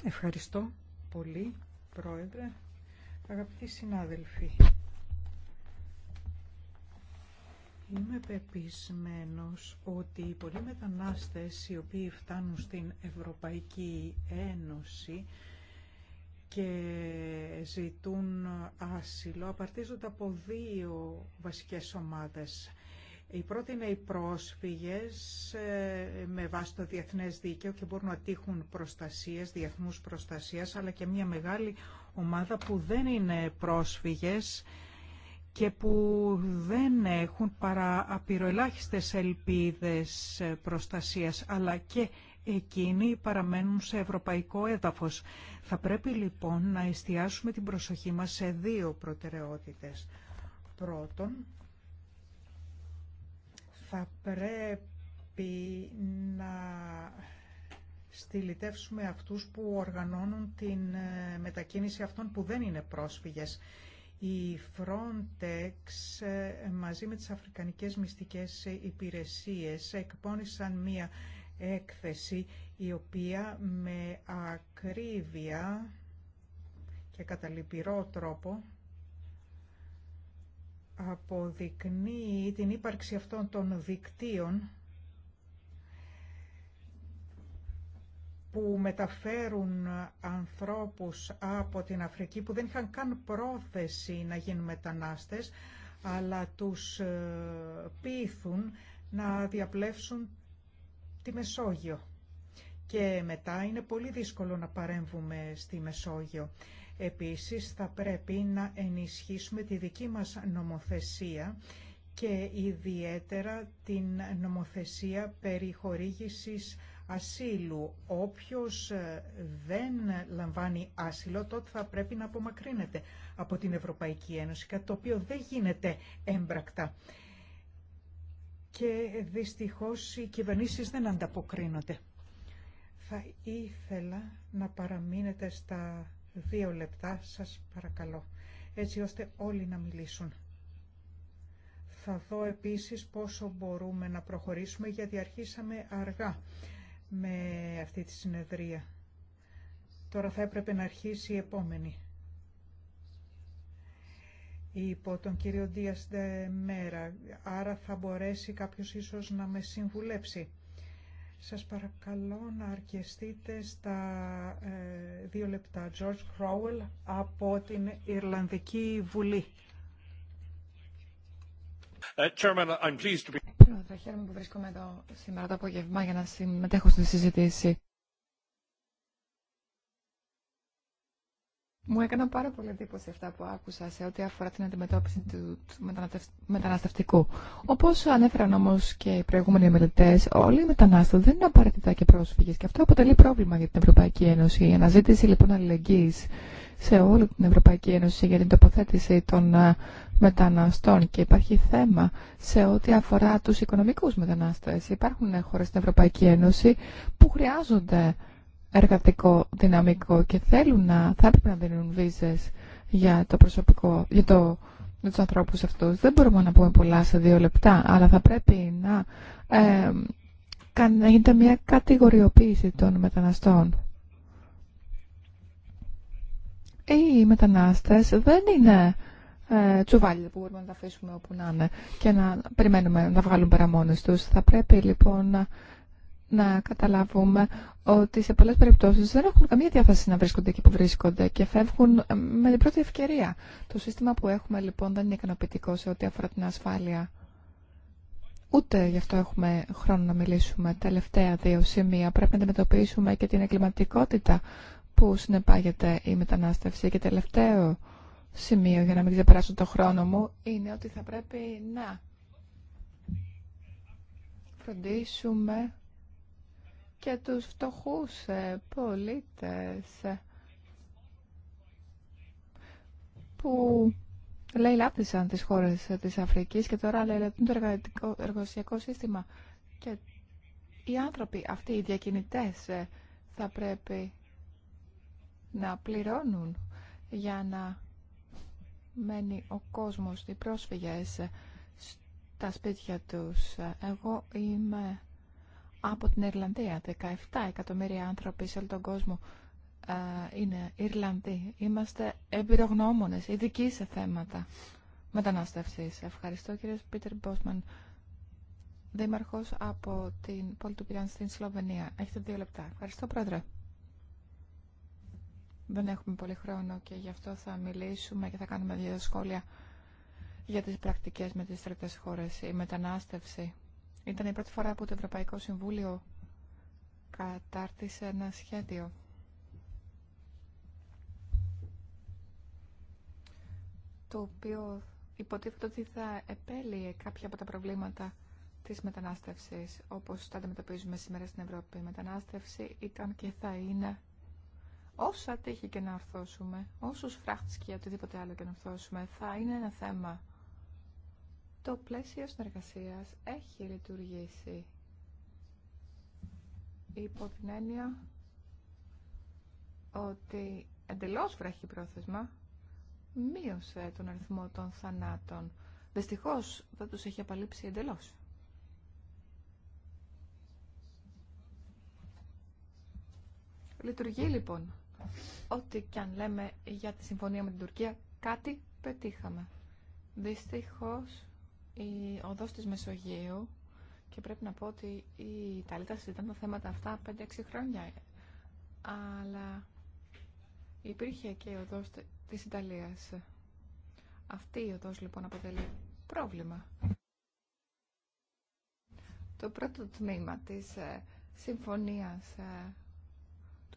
Ευχαριστώ πολύ, Πρόεδρε. Αγαπητοί συνάδελφοι, Είμαι πεπισμένος ότι οι πολλοί μετανάστες οι οποίοι φτάνουν στην Ευρωπαϊκή Ένωση και ζητούν άσυλο απαρτίζονται από δύο βασικές ομάδες. Η πρώτη είναι οι πρόσφυγες ε, με βάση το διεθνές δίκαιο και μπορούν να τύχουν προστασίες, διεθνούς προστασίας, αλλά και μια μεγάλη ομάδα που δεν είναι πρόσφυγες, και που δεν έχουν παρά απειροελάχιστες ελπίδες προστασίας, αλλά και εκείνοι παραμένουν σε ευρωπαϊκό έδαφος. Θα πρέπει λοιπόν να εστιάσουμε την προσοχή μας σε δύο προτεραιότητες. Πρώτον, θα πρέπει να στυλιτεύσουμε αυτούς που οργανώνουν την μετακίνηση αυτών που δεν είναι πρόσφυγες η Frontex ε, μαζί με τις Αφρικανικές Μυστικές Υπηρεσίες εκπώνησαν μία έκθεση η οποία με ακρίβεια και καταλυπηρό τρόπο αποδεικνύει την ύπαρξη αυτών των δικτύων που μεταφέρουν ανθρώπους από την Αφρική που δεν είχαν καν πρόθεση να γίνουν μετανάστες, αλλά τους ε, πείθουν να διαπλέψουν τη Μεσόγειο. Και μετά είναι πολύ δύσκολο να παρέμβουμε στη Μεσόγειο. Επίσης θα πρέπει να ενισχύσουμε τη δική μας νομοθεσία και ιδιαίτερα την νομοθεσία περιχορήγησης ασύλου. Όποιος ε, δεν λαμβάνει άσυλο τότε θα πρέπει να απομακρύνεται από την Ευρωπαϊκή Ένωση, κάτι το οποίο δεν γίνεται έμπρακτα. Και δυστυχώς οι κυβερνήσεις δεν ανταποκρίνονται. Θα ήθελα να παραμείνετε στα δύο λεπτά, σας παρακαλώ, έτσι ώστε όλοι να μιλήσουν. Θα δω επίσης πόσο μπορούμε να προχωρήσουμε γιατί αρχίσαμε αργά με αυτή τη συνεδρία. Τώρα θα έπρεπε να αρχίσει η επόμενη. Υπό τον κύριο Δίας Μέρα, άρα θα μπορέσει κάποιος ίσως να με συμβουλέψει. Σας παρακαλώ να αρκεστείτε στα ε, δύο λεπτά. George Crowell από την Ιρλανδική Βουλή. Uh, chairman, I'm pleased θα χαίρομαι που βρίσκομαι εδώ σήμερα το απόγευμα για να συμμετέχω στη συζήτηση. Μου έκανα πάρα πολύ εντύπωση αυτά που άκουσα σε ό,τι αφορά την αντιμετώπιση του, μεταναστευτικού. Όπω ανέφεραν όμω και οι προηγούμενοι μελετέ, όλοι οι μετανάστε δεν είναι απαραίτητα και πρόσφυγε. Και αυτό αποτελεί πρόβλημα για την Ευρωπαϊκή Ένωση. Η αναζήτηση λοιπόν αλληλεγγύη σε όλη την Ευρωπαϊκή Ένωση για την τοποθέτηση των ε, μεταναστών και υπάρχει θέμα σε ό,τι αφορά τους οικονομικούς μετανάστες. Υπάρχουν χώρες στην Ευρωπαϊκή Ένωση που χρειάζονται εργατικό δυναμικό και θέλουν να, θα έπρεπε να δίνουν βίζες για το προσωπικό, για τους ανθρώπους αυτούς. Δεν μπορούμε να πούμε πολλά σε δύο λεπτά, αλλά θα πρέπει να, ε, να γίνεται μια κατηγοριοποίηση των μεταναστών. Ε, οι μετανάστες δεν είναι ε, που μπορούμε να τα αφήσουμε όπου να είναι και να περιμένουμε να βγάλουν πέρα μόνες τους. Θα πρέπει λοιπόν να, καταλάβουμε ότι σε πολλές περιπτώσεις δεν έχουν καμία διάθεση να βρίσκονται εκεί που βρίσκονται και φεύγουν ε, με την πρώτη ευκαιρία. Το σύστημα που έχουμε λοιπόν δεν είναι ικανοποιητικό σε ό,τι αφορά την ασφάλεια. Ούτε γι' αυτό έχουμε χρόνο να μιλήσουμε. Τελευταία δύο σημεία πρέπει να αντιμετωπίσουμε και την εγκληματικότητα που συνεπάγεται η μετανάστευση. Και τελευταίο σημείο, για να μην ξεπεράσω το χρόνο μου, είναι ότι θα πρέπει να φροντίσουμε και τους φτωχούς ε, πολίτες ε, που λάπτισαν τις χώρες ε, της Αφρικής και τώρα λαιλαπτούν το εργασιακό σύστημα. Και οι άνθρωποι αυτοί, οι διακινητές, θα πρέπει να πληρώνουν για να μένει ο κόσμος, οι πρόσφυγες στα σπίτια τους. Εγώ είμαι από την Ιρλανδία. 17 εκατομμύρια άνθρωποι σε όλο τον κόσμο ε, είναι Ιρλανδοί. Είμαστε εμπειρογνώμονες, ειδικοί σε θέματα μετανάστευσης. Ευχαριστώ κύριε Πίτερ Μπόσμαν, δήμαρχος από την πόλη του Πυράν στην Σλοβενία. Έχετε δύο λεπτά. Ευχαριστώ πρόεδρε. Δεν έχουμε πολύ χρόνο και γι' αυτό θα μιλήσουμε και θα κάνουμε δύο σχόλια για τις πρακτικές με τις τρίτες χώρες. Η μετανάστευση ήταν η πρώτη φορά που το Ευρωπαϊκό Συμβούλιο κατάρτισε ένα σχέδιο. το οποίο υποτίθεται ότι θα επέλυε κάποια από τα προβλήματα της μετανάστευσης, όπως τα αντιμετωπίζουμε σήμερα στην Ευρώπη. Η μετανάστευση ήταν και θα είναι όσα τύχη και να αρθώσουμε, όσους φράχτες και οτιδήποτε άλλο και να αρθώσουμε, θα είναι ένα θέμα. Το πλαίσιο συνεργασία έχει λειτουργήσει υπό την έννοια ότι εντελώς βράχει πρόθεσμα μείωσε τον αριθμό των θανάτων. Δυστυχώς δεν τους έχει απαλείψει εντελώς. Λειτουργεί λοιπόν Ό,τι και αν λέμε για τη συμφωνία με την Τουρκία, κάτι πετύχαμε. Δυστυχώς, η οδός της Μεσογείου, και πρέπει να πω ότι η Ιταλία ήταν τα θέματα αυτά 5-6 χρόνια, αλλά υπήρχε και η οδός της Ιταλίας. Αυτή η οδός λοιπόν αποτελεί πρόβλημα. Το πρώτο τμήμα της ε, συμφωνίας ε,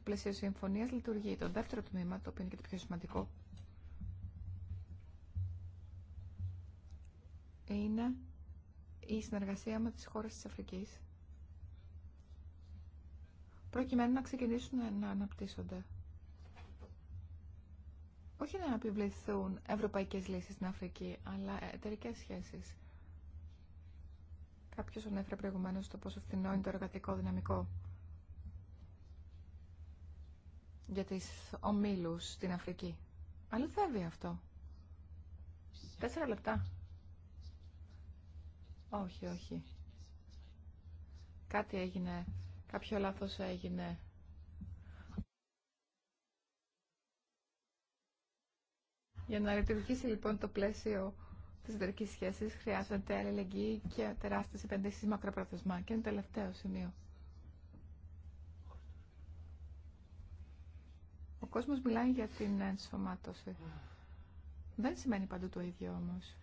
του πλαισίου συμφωνία λειτουργεί. Το δεύτερο τμήμα, το οποίο είναι και το πιο σημαντικό, είναι η συνεργασία με τις χώρες της Αφρικής προκειμένου να ξεκινήσουν να αναπτύσσονται. Όχι να επιβληθούν ευρωπαϊκές λύσεις στην Αφρική, αλλά εταιρικέ σχέσεις. Κάποιος ανέφερε προηγουμένως το πόσο φθηνό είναι το εργατικό δυναμικό. για τις ομίλους στην Αφρική. Αληθεύει αυτό. Τέσσερα λεπτά. Όχι, όχι. Κάτι έγινε, κάποιο λάθος έγινε. Για να λειτουργήσει λοιπόν το πλαίσιο της εταιρικής σχέσης χρειάζονται αλληλεγγύη και τεράστιες επενδύσεις μακροπρόθεσμα. Και είναι το τελευταίο σημείο. κόσμος μιλάει για την ενσωμάτωση. Δεν σημαίνει παντού το ίδιο όμως.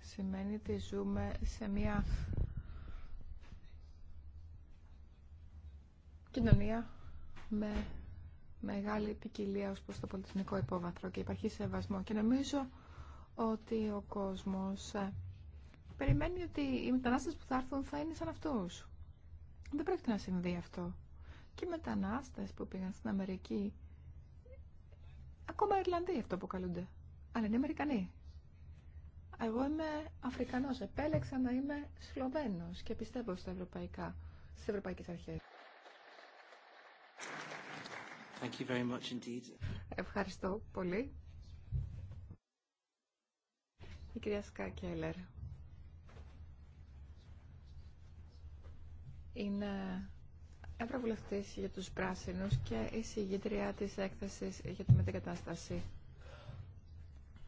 Σημαίνει ότι ζούμε σε μια κοινωνία με μεγάλη ποικιλία ως προς το πολιτισμικό υπόβαθρο και υπάρχει σεβασμό. Και νομίζω ότι ο κόσμος ε, περιμένει ότι οι μετανάστες που θα έρθουν θα είναι σαν αυτούς. Δεν πρέπει να συμβεί αυτό και μετανάστες που πήγαν στην Αμερική. Ακόμα Ιρλανδοί αυτό που καλούνται. Αλλά είναι Αμερικανοί. Εγώ είμαι Αφρικανός. Επέλεξα να είμαι Σλοβαίνος και πιστεύω στα ευρωπαϊκά, στις ευρωπαϊκές αρχές. Thank you very much indeed. Ευχαριστώ πολύ. Η κυρία Σκάκελερ. Είναι Ευρωβουλευτή για τους πράσινου και εισηγήτρια τη έκθεση για τη μετεγκατάσταση.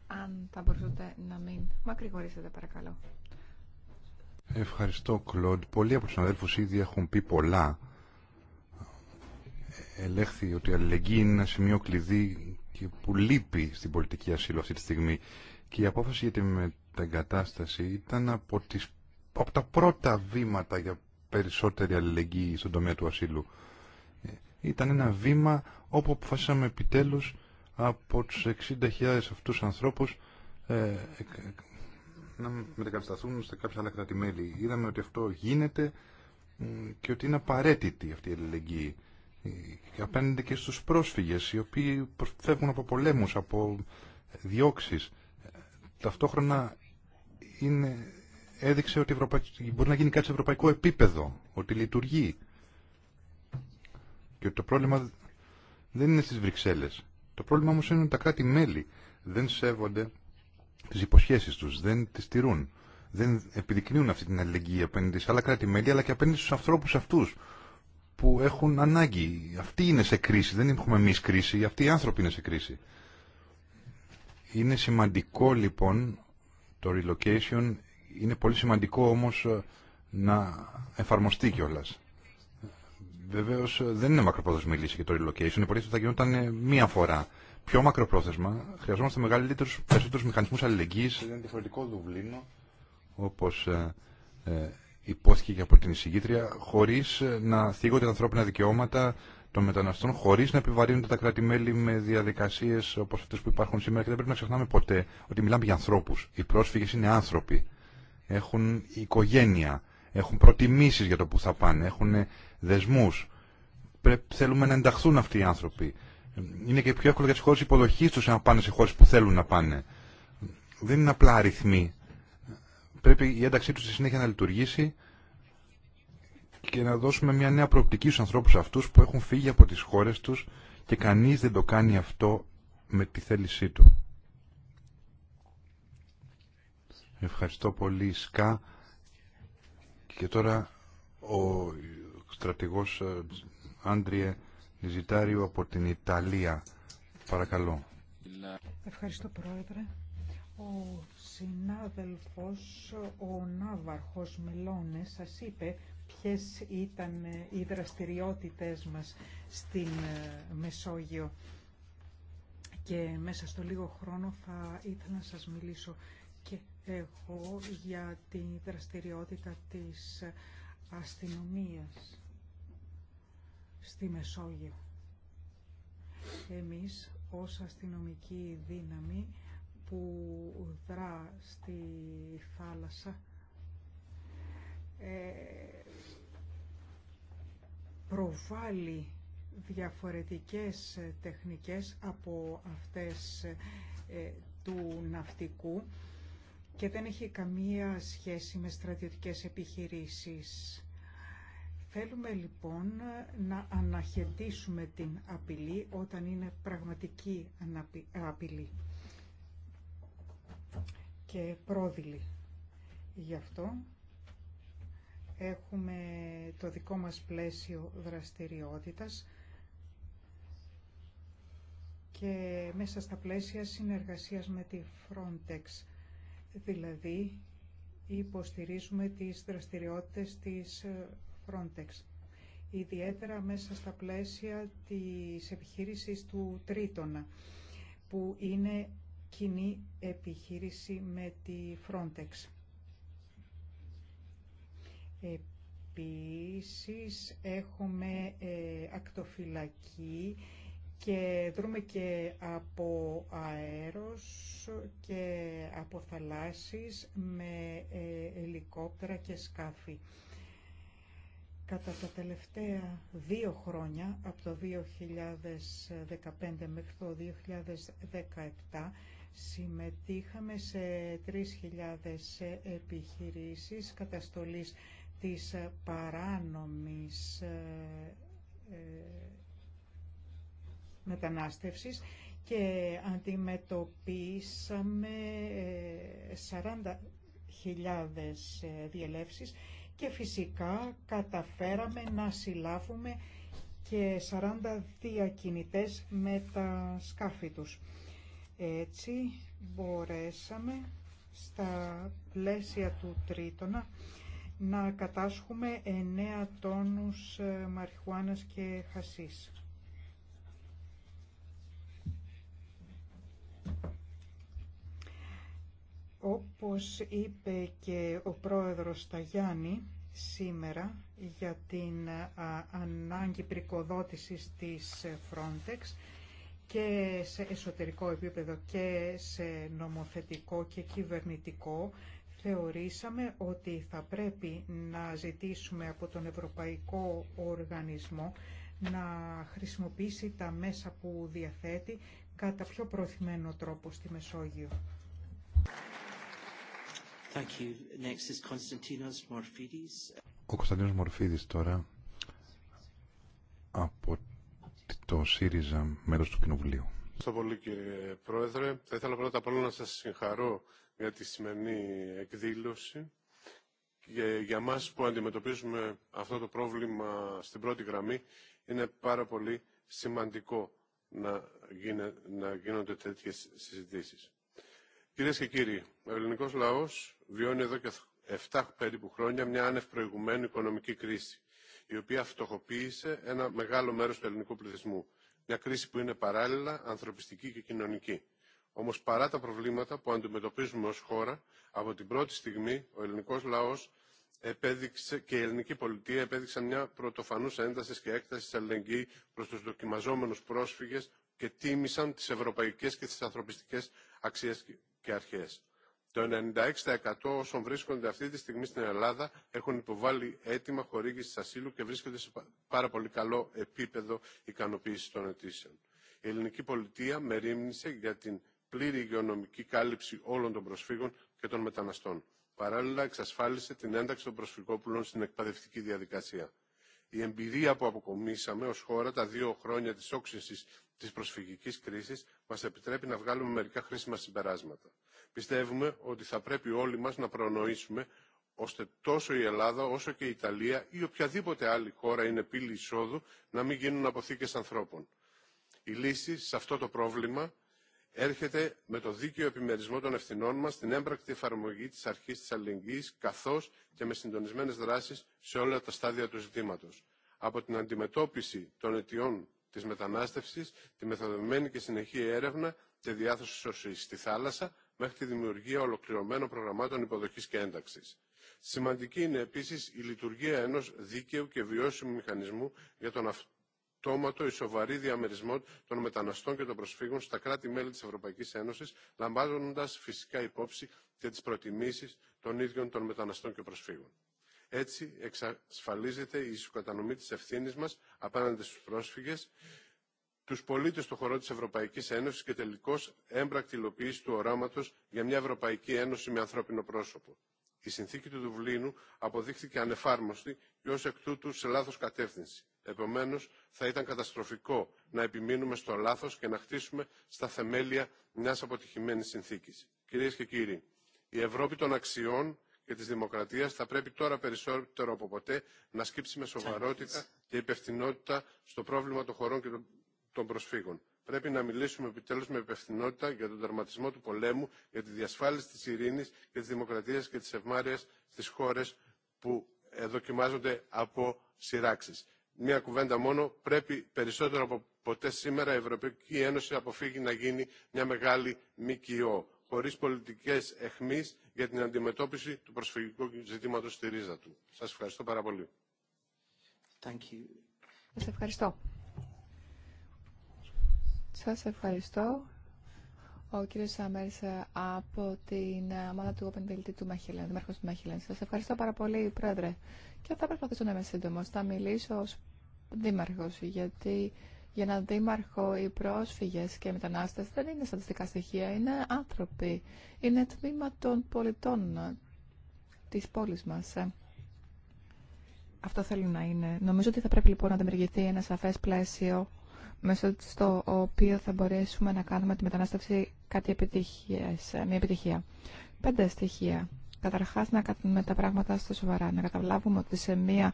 Αν θα μπορούσατε να μην μακρηγορήσετε παρακαλώ. Ευχαριστώ Κλοντ. Πολλοί από του αδέλφου ήδη έχουν πει πολλά. Ελέγχθη ότι η αλληλεγγύη είναι ένα σημείο κλειδί και που λείπει στην πολιτική ασύλου αυτή τη στιγμή και η απόφαση για τη μετεγκατάσταση ήταν από, από τα πρώτα βήματα για περισσότερη αλληλεγγύη στον τομέα του ασύλου. Ε, ήταν ένα βήμα όπου αποφάσισαμε επιτέλους από τους 60.000 αυτούς ανθρώπους ε, να μετακατασταθούν σε κάποια άλλα Είδαμε ότι αυτό γίνεται και ότι είναι απαραίτητη αυτή η αλληλεγγύη. Ε, απέναντι και στους πρόσφυγες, οι οποίοι φεύγουν από πολέμους, από διώξεις. Ε, ταυτόχρονα είναι έδειξε ότι μπορεί να γίνει κάτι σε ευρωπαϊκό επίπεδο, ότι λειτουργεί. Και ότι το πρόβλημα δεν είναι στις Βρυξέλλες. Το πρόβλημα όμως είναι ότι τα κράτη-μέλη δεν σέβονται τις υποσχέσεις τους, δεν τις τηρούν. Δεν επιδεικνύουν αυτή την αλληλεγγύη απέναντι σε άλλα κράτη-μέλη, αλλά και απέναντι στους ανθρώπους αυτούς που έχουν ανάγκη. Αυτοί είναι σε κρίση, δεν έχουμε εμεί κρίση, αυτοί οι άνθρωποι είναι σε κρίση. Είναι σημαντικό λοιπόν το relocation είναι πολύ σημαντικό όμως ε, να εφαρμοστεί κιόλα. Βεβαίω ε, δεν είναι μακροπρόθεσμη λύση και το relocation. Υποτίθεται θα γινόταν ε, μία φορά. Πιο μακροπρόθεσμα χρειαζόμαστε μεγαλύτερου περισσότερου μηχανισμού αλληλεγγύη Είναι ένα διαφορετικό Δουβλίνο, όπω ε, ε, υπόθηκε και από την εισηγήτρια, χωρί να θίγονται τα ανθρώπινα δικαιώματα των μεταναστών, χωρί να επιβαρύνονται τα κράτη-μέλη με διαδικασίε όπω αυτέ που υπάρχουν σήμερα. Και δεν πρέπει να ξεχνάμε ποτέ ότι μιλάμε για ανθρώπου. Οι πρόσφυγε είναι άνθρωποι έχουν οικογένεια, έχουν προτιμήσεις για το που θα πάνε, έχουν δεσμούς. Πρέπει, θέλουμε να ενταχθούν αυτοί οι άνθρωποι. Είναι και πιο εύκολο για τις χώρες υποδοχής τους να πάνε σε χώρες που θέλουν να πάνε. Δεν είναι απλά αριθμοί. Πρέπει η ένταξή τους στη συνέχεια να λειτουργήσει και να δώσουμε μια νέα προοπτική στους ανθρώπους αυτούς που έχουν φύγει από τις χώρες τους και κανείς δεν το κάνει αυτό με τη θέλησή του. Ευχαριστώ πολύ Σκά. Και τώρα ο στρατηγός ε, Άντριε Λιζιτάριου από την Ιταλία. Παρακαλώ. Ευχαριστώ Πρόεδρε. Ο συνάδελφος, ο Ναύαρχος Μελώνες σας είπε ποιες ήταν ε, οι δραστηριότητες μας στην ε, Μεσόγειο. Και μέσα στο λίγο χρόνο θα ήθελα να σας μιλήσω και εγώ για τη δραστηριότητα της αστυνομίας στη Μεσόγειο. Εμείς ως αστυνομική δύναμη που δρά στη θάλασσα ε, προβάλλει διαφορετικές τεχνικές από αυτές ε, του ναυτικού και δεν έχει καμία σχέση με στρατιωτικές επιχειρήσεις. Θέλουμε λοιπόν να αναχαιτήσουμε την απειλή όταν είναι πραγματική απειλή και πρόδειλη. Γι' αυτό έχουμε το δικό μας πλαίσιο δραστηριότητας και μέσα στα πλαίσια συνεργασίας με τη Frontex δηλαδή υποστηρίζουμε τις δραστηριότητες της ε, Frontex, ιδιαίτερα μέσα στα πλαίσια της επιχείρησης του Τρίτονα, που είναι κοινή επιχείρηση με τη Frontex. Επίσης έχουμε ε, ακτοφυλακή και δρούμε και από αέρος και από θαλάσσεις με ε, ελικόπτερα και σκάφη. Κατά τα τελευταία δύο χρόνια, από το 2015 μέχρι το 2017, συμμετείχαμε σε 3.000 ε, επιχειρήσεις καταστολής της παράνομης ε, μετανάστευσης και αντιμετωπίσαμε 40.000 ε, ε, διελεύσεις και φυσικά καταφέραμε να συλλάβουμε και 40 διακινητές με τα σκάφη τους. Έτσι μπορέσαμε στα πλαίσια του Τρίτονα να κατάσχουμε 9 τόνους ε, μαριχουάνας και χασίς. Όπως είπε και ο πρόεδρος Σταγιάννη σήμερα για την ανάγκη πρικοδότησης της Frontex και σε εσωτερικό επίπεδο και σε νομοθετικό και κυβερνητικό, θεωρήσαμε ότι θα πρέπει να ζητήσουμε από τον Ευρωπαϊκό Οργανισμό να χρησιμοποιήσει τα μέσα που διαθέτει κατά πιο προθυμένο τρόπο στη Μεσόγειο. Ο Κωνσταντίνος Μορφίδης τώρα από το ΣΥΡΙΖΑ μέλος του Κοινοβουλίου. Ευχαριστώ πολύ κύριε Πρόεδρε. Θα ήθελα πρώτα απ' όλα να σας συγχαρώ για τη σημερινή εκδήλωση. Για, για μας που αντιμετωπίζουμε αυτό το πρόβλημα στην πρώτη γραμμή είναι πάρα πολύ σημαντικό να, να γίνονται τέτοιες συζητήσεις. Κυρίες και κύριοι, ο ελληνικός λαός βιώνει εδώ και 7 περίπου χρόνια μια άνευ προηγουμένου οικονομική κρίση, η οποία φτωχοποίησε ένα μεγάλο μέρος του ελληνικού πληθυσμού. Μια κρίση που είναι παράλληλα ανθρωπιστική και κοινωνική. Όμως παρά τα προβλήματα που αντιμετωπίζουμε ως χώρα, από την πρώτη στιγμή ο ελληνικός λαός και η ελληνική πολιτεία επέδειξαν μια πρωτοφανούς ένταση και έκταση αλληλεγγύη προς τους δοκιμαζόμενους πρόσφυγες και τίμησαν τις ευρωπαϊκές και τις ανθρωπιστικές αξίες και αρχές. Το 96% όσων βρίσκονται αυτή τη στιγμή στην Ελλάδα έχουν υποβάλει αίτημα χορήγηση ασύλου και βρίσκονται σε πάρα πολύ καλό επίπεδο ικανοποίηση των αιτήσεων. Η ελληνική πολιτεία μερίμνησε για την πλήρη υγειονομική κάλυψη όλων των προσφύγων και των μεταναστών. Παράλληλα, εξασφάλισε την ένταξη των προσφυγόπουλων στην εκπαιδευτική διαδικασία. Η εμπειρία που αποκομίσαμε ω χώρα τα δύο χρόνια τη όξυνση τη προσφυγική κρίση μα επιτρέπει να βγάλουμε μερικά χρήσιμα συμπεράσματα. Πιστεύουμε ότι θα πρέπει όλοι μας να προνοήσουμε ώστε τόσο η Ελλάδα όσο και η Ιταλία ή οποιαδήποτε άλλη χώρα είναι πύλη εισόδου να μην γίνουν αποθήκες ανθρώπων. Η λύση σε αυτό το πρόβλημα έρχεται με το δίκαιο επιμερισμό των ευθυνών μας στην έμπρακτη εφαρμογή της αρχής της αλληλεγγύης καθώς και με συντονισμένες δράσεις σε όλα τα στάδια του ζητήματος. Από την αντιμετώπιση των αιτιών της μετανάστευσης, τη μεθοδομένη και συνεχή έρευνα και διάθεση στη θάλασσα, μέχρι τη δημιουργία ολοκληρωμένων προγραμμάτων υποδοχής και ένταξης. Σημαντική είναι επίσης η λειτουργία ενός δίκαιου και βιώσιμου μηχανισμού για τον αυτόματο ή σοβαρή διαμερισμό των μεταναστών και των προσφύγων στα κράτη-μέλη της Ευρωπαϊκής Ένωσης, λαμβάνοντας φυσικά υπόψη και τις προτιμήσεις των ίδιων των μεταναστών και προσφύγων. Έτσι εξασφαλίζεται η ισοκατανομή της ευθύνης μας απέναντι στους πρόσφυγες του πολίτε στον χώρο τη Ευρωπαϊκή Ένωση και τελικώ έμπρακτη υλοποίηση του οράματο για μια Ευρωπαϊκή Ένωση με ανθρώπινο πρόσωπο. Η συνθήκη του Δουβλίνου αποδείχθηκε ανεφάρμοστη και ω εκ τούτου σε λάθο κατεύθυνση. Επομένω, θα ήταν καταστροφικό να επιμείνουμε στο λάθο και να χτίσουμε στα θεμέλια μια αποτυχημένη συνθήκη. Κυρίε και κύριοι, η Ευρώπη των αξιών και τη δημοκρατία θα πρέπει τώρα περισσότερο από ποτέ να σκύψει με σοβαρότητα και υπευθυνότητα στο πρόβλημα των χωρών και των των προσφύγων. Πρέπει να μιλήσουμε επιτέλου με υπευθυνότητα για τον τερματισμό του πολέμου, για τη διασφάλιση τη ειρήνη και τη δημοκρατία και τη ευμάρεια στι χώρε που ε, δοκιμάζονται από σειράξει. Μία κουβέντα μόνο, πρέπει περισσότερο από ποτέ σήμερα η Ευρωπαϊκή Ένωση αποφύγει να γίνει μια μεγάλη ΜΚΟ, χωρί πολιτικέ εχμής για την αντιμετώπιση του προσφυγικού ζητήματο στη ρίζα του. Σα ευχαριστώ πάρα πολύ. Thank you. Σας ευχαριστώ. Σας ευχαριστώ. Ο κύριος Σαμέρς ε, από την ομάδα του Open Delta του Μαχιλέν. δημάρχος του Μαχιλέν. Σας ευχαριστώ πάρα πολύ, Πρόεδρε. Και θα προσπαθήσω να είμαι σύντομο. Θα μιλήσω ως δήμαρχος, γιατί για έναν δήμαρχο οι πρόσφυγες και οι μετανάστες δεν είναι στατιστικά στοιχεία, είναι άνθρωποι. Είναι τμήμα των πολιτών της πόλης μας. Αυτό θέλει να είναι. Νομίζω ότι θα πρέπει λοιπόν να δημιουργηθεί ένα σαφές πλαίσιο μέσω στο οποίο θα μπορέσουμε να κάνουμε τη μετανάστευση κάτι επιτυχίες, ε, μια επιτυχία. Πέντε στοιχεία. υπάρχει ανάγκη να κάνουμε τα πράγματα στο σοβαρά, να καταλάβουμε ότι σε μια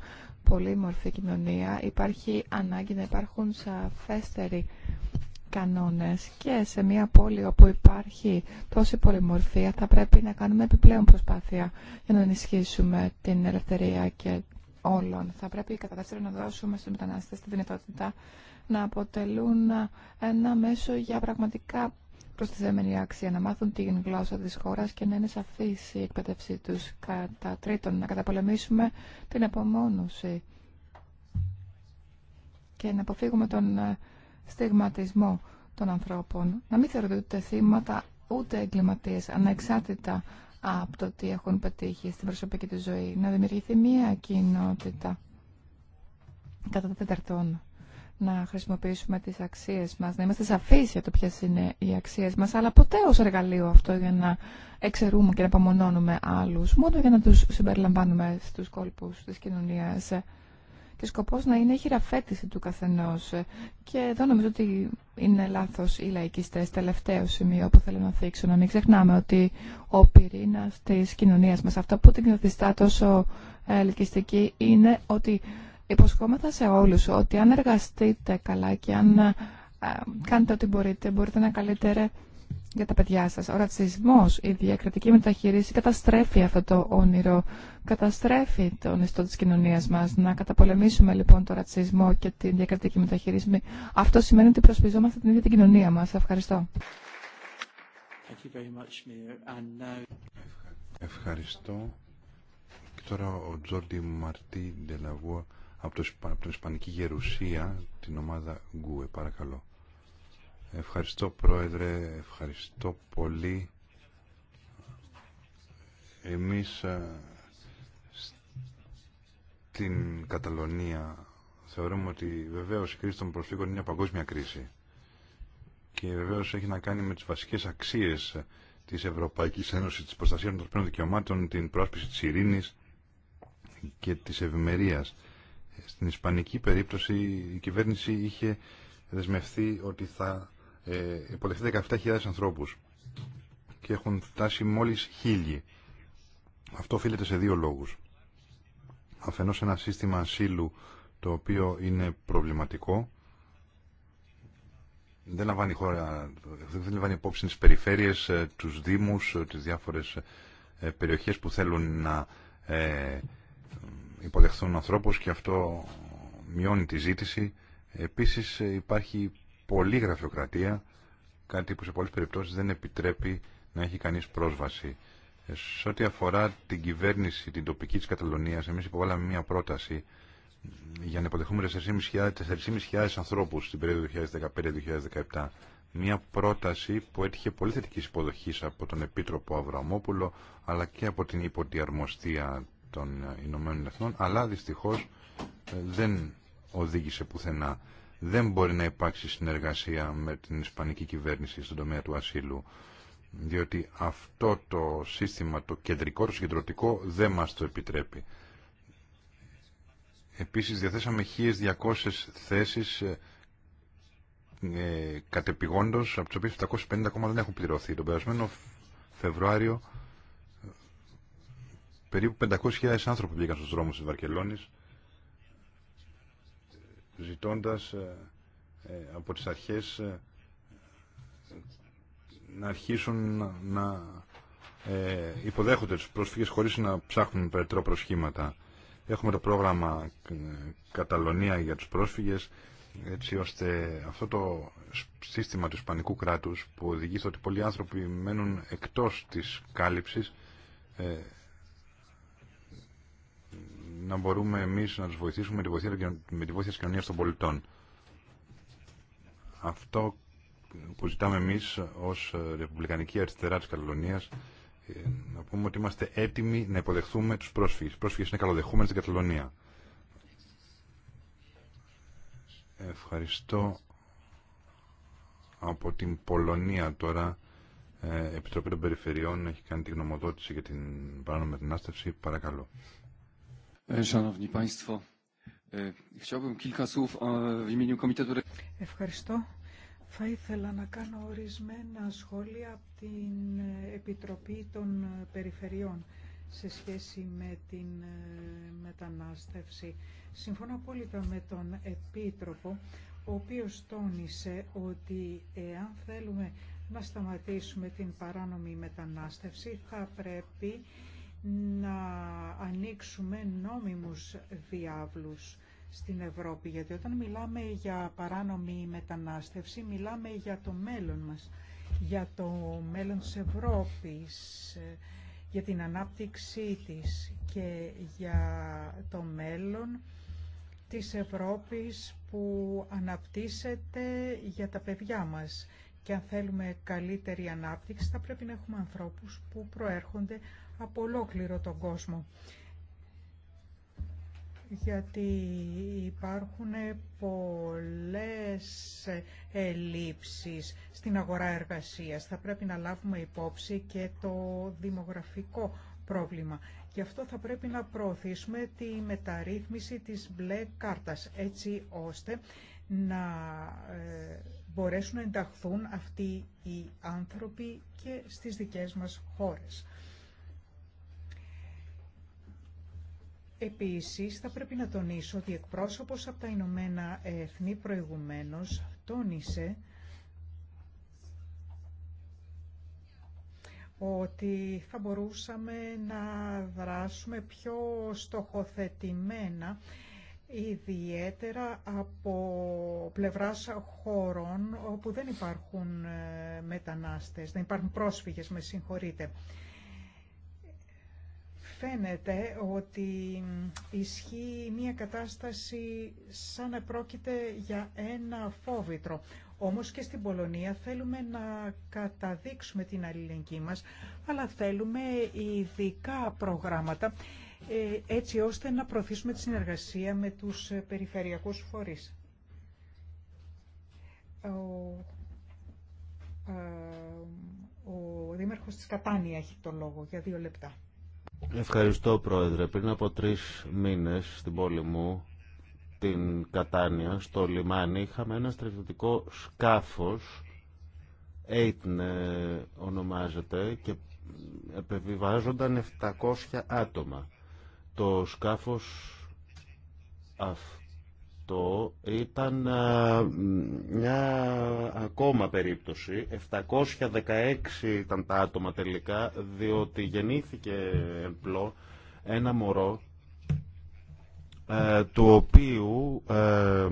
πολύμορφη κοινωνία υπάρχει ανάγκη να υπάρχουν σαφέστεροι κανόνες και σε μια πόλη όπου υπάρχει τόση πολυμορφία θα πρέπει να κάνουμε επιπλέον προσπάθεια για να ενισχύσουμε την ελευθερία και όλων. Θα πρέπει κατά δεύτερο να δώσουμε στους μετανάστες τη δυνατότητα να αποτελούν ένα μέσο για πραγματικά προστιθέμενη άξια, να μάθουν την γλώσσα της χώρας και να είναι σαφής η εκπαίδευσή τους. Κατά τρίτον, να καταπολεμήσουμε την απομόνωση και να αποφύγουμε τον ε, στιγματισμό των ανθρώπων. Να μην θεωρούνται ούτε θύματα, ούτε εγκληματίες, ανεξάρτητα από το τι έχουν πετύχει στην προσωπική του ζωή. Να δημιουργηθεί μία κοινότητα κατά τέταρτον να χρησιμοποιήσουμε τις αξίες μας, να είμαστε σαφείς για το ποιε είναι οι αξίες μας, αλλά ποτέ ως εργαλείο αυτό για να εξαιρούμε και να απομονώνουμε άλλους, μόνο για να τους συμπεριλαμβάνουμε στους κόλπους της κοινωνίας. Και σκοπός να είναι η χειραφέτηση του καθενός. Και εδώ νομίζω ότι είναι λάθος οι λαϊκιστές. Τελευταίο σημείο που θέλω να θίξω, να μην ξεχνάμε ότι ο πυρήνας της κοινωνίας μας, αυτό που την καθιστά τόσο ελκυστική, είναι ότι Υποσχόμεθα σε όλους ότι αν εργαστείτε καλά και αν ε, κάνετε ό,τι μπορείτε, μπορείτε να καλύτερε για τα παιδιά σας. Ο ρατσισμός, η διακριτική μεταχείριση καταστρέφει αυτό το όνειρο, καταστρέφει τον ιστό της κοινωνίας μας. Να καταπολεμήσουμε λοιπόν το ρατσισμό και την διακρατική μεταχείριση. Αυτό σημαίνει ότι προσπιζόμαστε την ίδια την κοινωνία μας. Ευχαριστώ. Ευχαριστώ. Και τώρα ο Τζόρντι Μαρτί Ντελαβούα από, την Ισπανική Γερουσία, την ομάδα Γκουε, παρακαλώ. Ευχαριστώ Πρόεδρε, ευχαριστώ πολύ. Εμείς ε, στην Καταλωνία θεωρούμε ότι βεβαίως η κρίση των προσφύγων είναι μια παγκόσμια κρίση και βεβαίως έχει να κάνει με τις βασικές αξίες της Ευρωπαϊκής Ένωσης, της προστασίας των τροπίνων δικαιωμάτων, την πρόσπιση της ειρήνης και της ευημερίας. Στην ισπανική περίπτωση η κυβέρνηση είχε δεσμευθεί ότι θα ε, υποδεχθεί 17.000 ανθρώπους και έχουν φτάσει μόλις χίλιοι. Αυτό οφείλεται σε δύο λόγους. Αφενός ένα σύστημα ασύλου το οποίο είναι προβληματικό δεν λαμβάνει, χώρα, δεν λαμβάνει υπόψη τις περιφέρειες, ε, τους δήμους, ε, τις διάφορες ε, περιοχές που θέλουν να υποδεχθούν ανθρώπους και αυτό μειώνει τη ζήτηση. Επίσης υπάρχει πολλή γραφειοκρατία, κάτι που σε πολλές περιπτώσεις δεν επιτρέπει να έχει κανείς πρόσβαση. Σε ό,τι αφορά την κυβέρνηση, την τοπική της Καταλωνίας, εμείς υποβάλαμε μια πρόταση για να υποδεχθούμε 4.500 ανθρώπους στην περίοδο 2015-2017. Μια πρόταση που έτυχε πολύ θετική υποδοχή από τον Επίτροπο Αβραμόπουλο αλλά και από την υποδιαρμοστία των ε, Ηνωμένων Εθνών, αλλά δυστυχώς ε, δεν οδήγησε πουθενά. Δεν μπορεί να υπάρξει συνεργασία με την Ισπανική κυβέρνηση στον τομέα του ασύλου, διότι αυτό το σύστημα, το κεντρικό, το συγκεντρωτικό, δεν μας το επιτρέπει. Επίσης διαθέσαμε 1.200 θέσεις ε, ε, κατεπηγόντως, από τις οποίες 750 ακόμα δεν έχουν πληρωθεί. Τον περασμένο Φεβρουάριο περίπου 500.000 άνθρωποι βγήκαν στους δρόμους της Βαρκελόνης ζητώντας ε, ε, από τις αρχές ε, να αρχίσουν να υποδέχονται τους πρόσφυγες χωρίς να ψάχνουν περαιτέρω προσχήματα. Έχουμε το πρόγραμμα Καταλωνία για τους πρόσφυγες έτσι ώστε αυτό το σύστημα του Ισπανικού κράτους που οδηγεί στο ότι πολλοί άνθρωποι μένουν εκτός της κάλυψης να μπορούμε εμείς να τους βοηθήσουμε με τη βοήθεια, της κοινωνίας των πολιτών. Αυτό που ζητάμε εμείς ως Ρεπουμπλικανική Αριστερά της Καταλωνίας ε, να πούμε ότι είμαστε έτοιμοι να υποδεχθούμε τους πρόσφυγες. Οι πρόσφυγες είναι καλοδεχούμενοι στην Καταλωνία. Ευχαριστώ από την Πολωνία τώρα. Ε, Επιτροπή των Περιφερειών έχει κάνει τη γνωμοδότηση για την παράνομη μετανάστευση. Παρακαλώ. Ευχαριστώ. Θα ήθελα να κάνω ορισμένα σχόλια από την ε, Επιτροπή των ε, Περιφερειών σε σχέση με την ε, μετανάστευση. Συμφωνώ απόλυτα με τον Επίτροπο, ο οποίος τόνισε ότι εάν θέλουμε να σταματήσουμε την παράνομη μετανάστευση θα πρέπει να ανοίξουμε νόμιμους διάβλους στην Ευρώπη, γιατί όταν μιλάμε για παράνομη μετανάστευση, μιλάμε για το μέλλον μας, για το μέλλον της Ευρώπης, για την ανάπτυξή της και για το μέλλον της Ευρώπης που αναπτύσσεται για τα παιδιά μας. Και αν θέλουμε καλύτερη ανάπτυξη θα πρέπει να έχουμε ανθρώπους που προέρχονται από ολόκληρο τον κόσμο γιατί υπάρχουν πολλές ελλείψεις στην αγορά εργασίας. Θα πρέπει να λάβουμε υπόψη και το δημογραφικό πρόβλημα. Γι' αυτό θα πρέπει να προωθήσουμε τη μεταρρύθμιση της μπλε κάρτας, έτσι ώστε να ε, μπορέσουν να ενταχθούν αυτοί οι άνθρωποι και στις δικές μας χώρες. Επίσης, θα πρέπει να τονίσω ότι εκπρόσωπος από τα Ηνωμένα Έθνη προηγουμένως τόνισε ότι θα μπορούσαμε να δράσουμε πιο στοχοθετημένα ιδιαίτερα από πλευράς χωρών όπου δεν υπάρχουν ε, μετανάστες, δεν υπάρχουν πρόσφυγες, με συγχωρείτε φαίνεται ότι ισχύει μια κατάσταση σαν να πρόκειται για ένα φόβητρο. Όμως και στην Πολωνία θέλουμε να καταδείξουμε την αλληλεγγύη μας, αλλά θέλουμε ειδικά προγράμματα ε, έτσι ώστε να προωθήσουμε τη συνεργασία με τους περιφερειακούς φορείς. Ο, ο Δήμαρχος της Κατάνια έχει το λόγο για δύο λεπτά. Ευχαριστώ Πρόεδρε. Πριν από τρεις μήνες στην πόλη μου, την Κατάνια, στο λιμάνι, είχαμε ένα στρατιωτικό σκάφος, Έιτνε ονομάζεται, και επεβιβάζονταν 700 άτομα. Το σκάφος αυτό αυτό ήταν ε, μια ακόμα περίπτωση. 716 ήταν τα άτομα τελικά, διότι γεννήθηκε εμπλό ένα μωρό ε, του οποίου ε,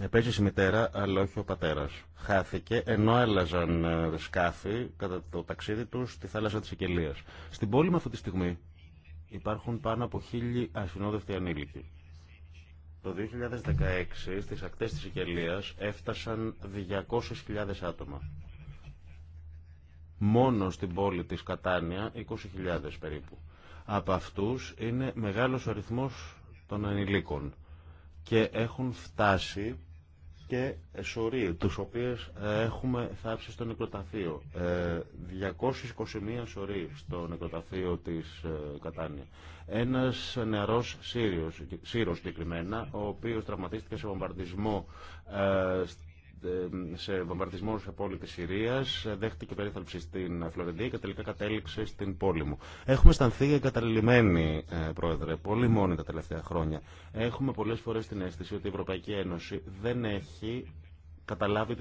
επέζησε η μητέρα αλλά όχι ο πατέρας. Χάθηκε ενώ άλλαζαν σκάφη κατά το ταξίδι τους στη θάλασσα της Εκελίας. Στην πόλη με αυτή τη στιγμή υπάρχουν πάνω από χίλιοι ασυνόδευτοι ανήλικοι. Το 2016 στις ακτές της Ικελίας έφτασαν 200.000 άτομα. Μόνο στην πόλη της Κατάνια 20.000 περίπου. Από αυτούς είναι μεγάλος αριθμός των ανηλίκων και έχουν φτάσει και σωροί, τους οποίες ε, έχουμε θάψει στο νεκροταφείο. 221 ε, σωροί στο νεκροταφείο της ε, Κατάνια. Ένας νεαρός Σύριος, Σύρος συγκεκριμένα, ο οποίος τραυματίστηκε σε βομβαρδισμό ε, σε βομβαρδισμούς σε πόλη της Συρίας, ε, δέχτηκε περίθαλψη στην Φλωρεντία και τελικά κατέληξε στην πόλη μου. Έχουμε αισθανθεί εγκαταλειμμένοι, ε, Πρόεδρε, πολύ μόνοι τα τελευταία χρόνια. Έχουμε πολλές φορές την αίσθηση ότι η Ευρωπαϊκή Ένωση δεν έχει καταλάβει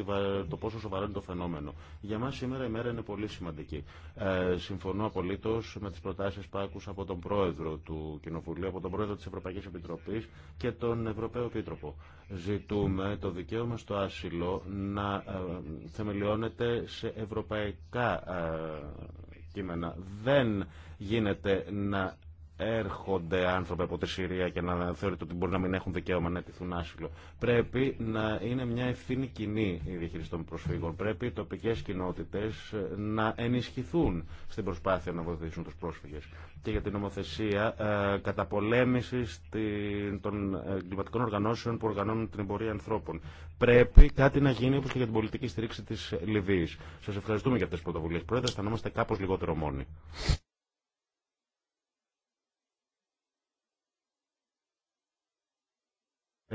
το πόσο σοβαρό είναι το φαινόμενο. Για μας σήμερα η μέρα είναι πολύ σημαντική. Ε, συμφωνώ απολύτω, με τις προτάσεις που άκουσα από τον πρόεδρο του Κοινοβουλίου, από τον πρόεδρο της Ευρωπαϊκής Επιτροπής και τον Ευρωπαίο Επίτροπο. Ζητούμε το δικαίωμα στο άσυλο να ε, θεμελιώνεται σε ευρωπαϊκά ε, κείμενα. Δεν γίνεται να έρχονται άνθρωποι από τη Συρία και να θεωρείται ότι μπορεί να μην έχουν δικαίωμα να αιτηθούν άσυλο. Πρέπει να είναι μια ευθύνη κοινή η διαχείριση των προσφύγων. Πρέπει οι τοπικέ κοινότητε ε, να ενισχυθούν στην προσπάθεια να βοηθήσουν του πρόσφυγε. Και για την νομοθεσία ε, καταπολέμηση των εγκληματικών οργανώσεων που οργανώνουν την εμπορία ανθρώπων. Πρέπει κάτι να γίνει όπω και για την πολιτική στήριξη τη Λιβύη. Σα ευχαριστούμε για αυτέ τι πρωτοβουλίε. Πρόεδρε, αισθανόμαστε κάπω λιγότερο μόνοι.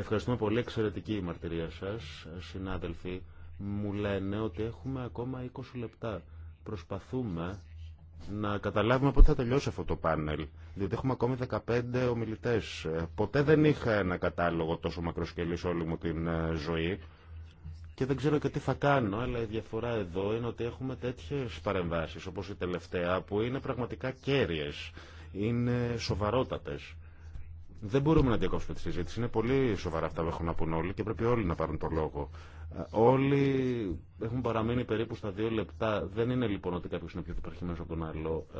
Ευχαριστούμε πολύ. Εξαιρετική η μαρτυρία σας, συνάδελφοι. Μου λένε ότι έχουμε ακόμα 20 λεπτά. Προσπαθούμε να καταλάβουμε πότε θα τελειώσει αυτό το πάνελ. Διότι έχουμε ακόμη 15 ομιλητέ. Ποτέ δεν είχα ένα κατάλογο τόσο μακροσκελή όλη μου την ε, ζωή. Και δεν ξέρω και τι θα κάνω, αλλά η διαφορά εδώ είναι ότι έχουμε τέτοιε παρεμβάσει όπω η τελευταία που είναι πραγματικά κέρυε. Είναι σοβαρότατε. Δεν μπορούμε να διακόψουμε τη συζήτηση. Είναι πολύ σοβαρά αυτά που έχουν να πούν όλοι και πρέπει όλοι να πάρουν το λόγο. Ε, όλοι έχουν παραμείνει περίπου στα δύο λεπτά. Δεν είναι λοιπόν ότι κάποιο είναι πιο πειθαρχημένο από τον άλλο. Ε,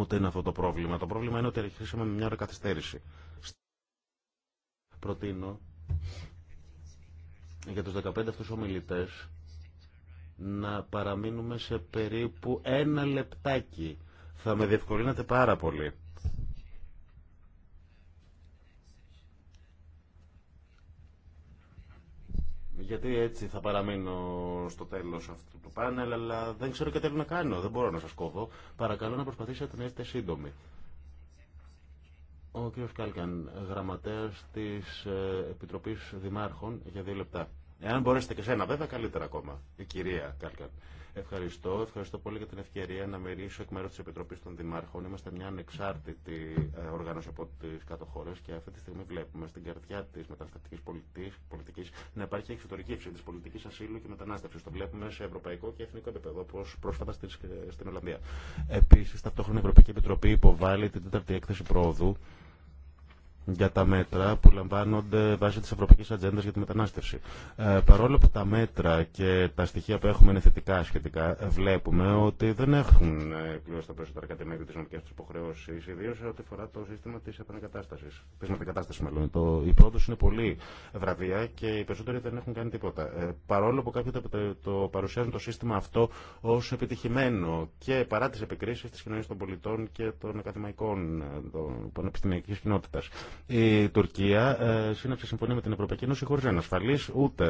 ούτε είναι αυτό το πρόβλημα. Το πρόβλημα είναι ότι αρχίσαμε με μια ώρα καθυστέρηση. Προτείνω για τους 15 αυτούς ομιλητές να παραμείνουμε σε περίπου ένα λεπτάκι. Θα με διευκολύνατε πάρα πολύ. γιατί έτσι θα παραμείνω στο τέλο αυτού του πάνελ, αλλά δεν ξέρω τι να κάνω. Δεν μπορώ να σα κόβω. Παρακαλώ να προσπαθήσετε να είστε σύντομοι. Ο κ. Κάλκαν, γραμματέα τη ε, Επιτροπή Δημάρχων, για δύο λεπτά. Εάν μπορέσετε και σένα, βέβαια, καλύτερα ακόμα. Η κυρία Κάλκαν. Ευχαριστώ. Ευχαριστώ πολύ για την ευκαιρία να μιλήσω εκ μέρου τη Επιτροπή των Δημάρχων. Είμαστε μια ανεξάρτητη ε, οργάνωση από τι κάτω χώρε και αυτή τη στιγμή βλέπουμε στην καρδιά τη μεταναστευτική πολιτική να υπάρχει εξωτερική ύψη τη πολιτική ασύλου και μετανάστευση. Το βλέπουμε σε ευρωπαϊκό και εθνικό επίπεδο, όπω πρόσφατα στην Ολλανδία. Επίση, ταυτόχρονα η Ευρωπαϊκή Επιτροπή υποβάλλει την τέταρτη έκθεση προόδου για τα μέτρα που λαμβάνονται βάσει τη Ευρωπαϊκή Ατζέντα για τη μετανάστευση. Ε, παρόλο που τα μέτρα και τα στοιχεία που έχουμε είναι θετικά σχετικά, ε, βλέπουμε ότι δεν έχουν ε, πλήρως τα περισσότερα κατεμέρια της του υποχρεώση, υποχρεώσεις, ιδίως ό,τι αφορά το σύστημα τη επανακατάστασης. τη μετακατάσταση, μάλλον. Το, η πρόοδος είναι πολύ βραβεία και οι περισσότεροι δεν έχουν κάνει τίποτα. Ε, παρόλο που κάποιοι το, το παρουσιάζουν το σύστημα αυτό ω επιτυχημένο και παρά τι επικρίσει τη κοινωνία των πολιτών και των ακαδημαϊκών, ε, των πανεπιστημιακή κοινότητα. Η Τουρκία ε, σύναψε συμφωνία με την Ευρωπαϊκή Ένωση χωρί να ασφαλή ούτε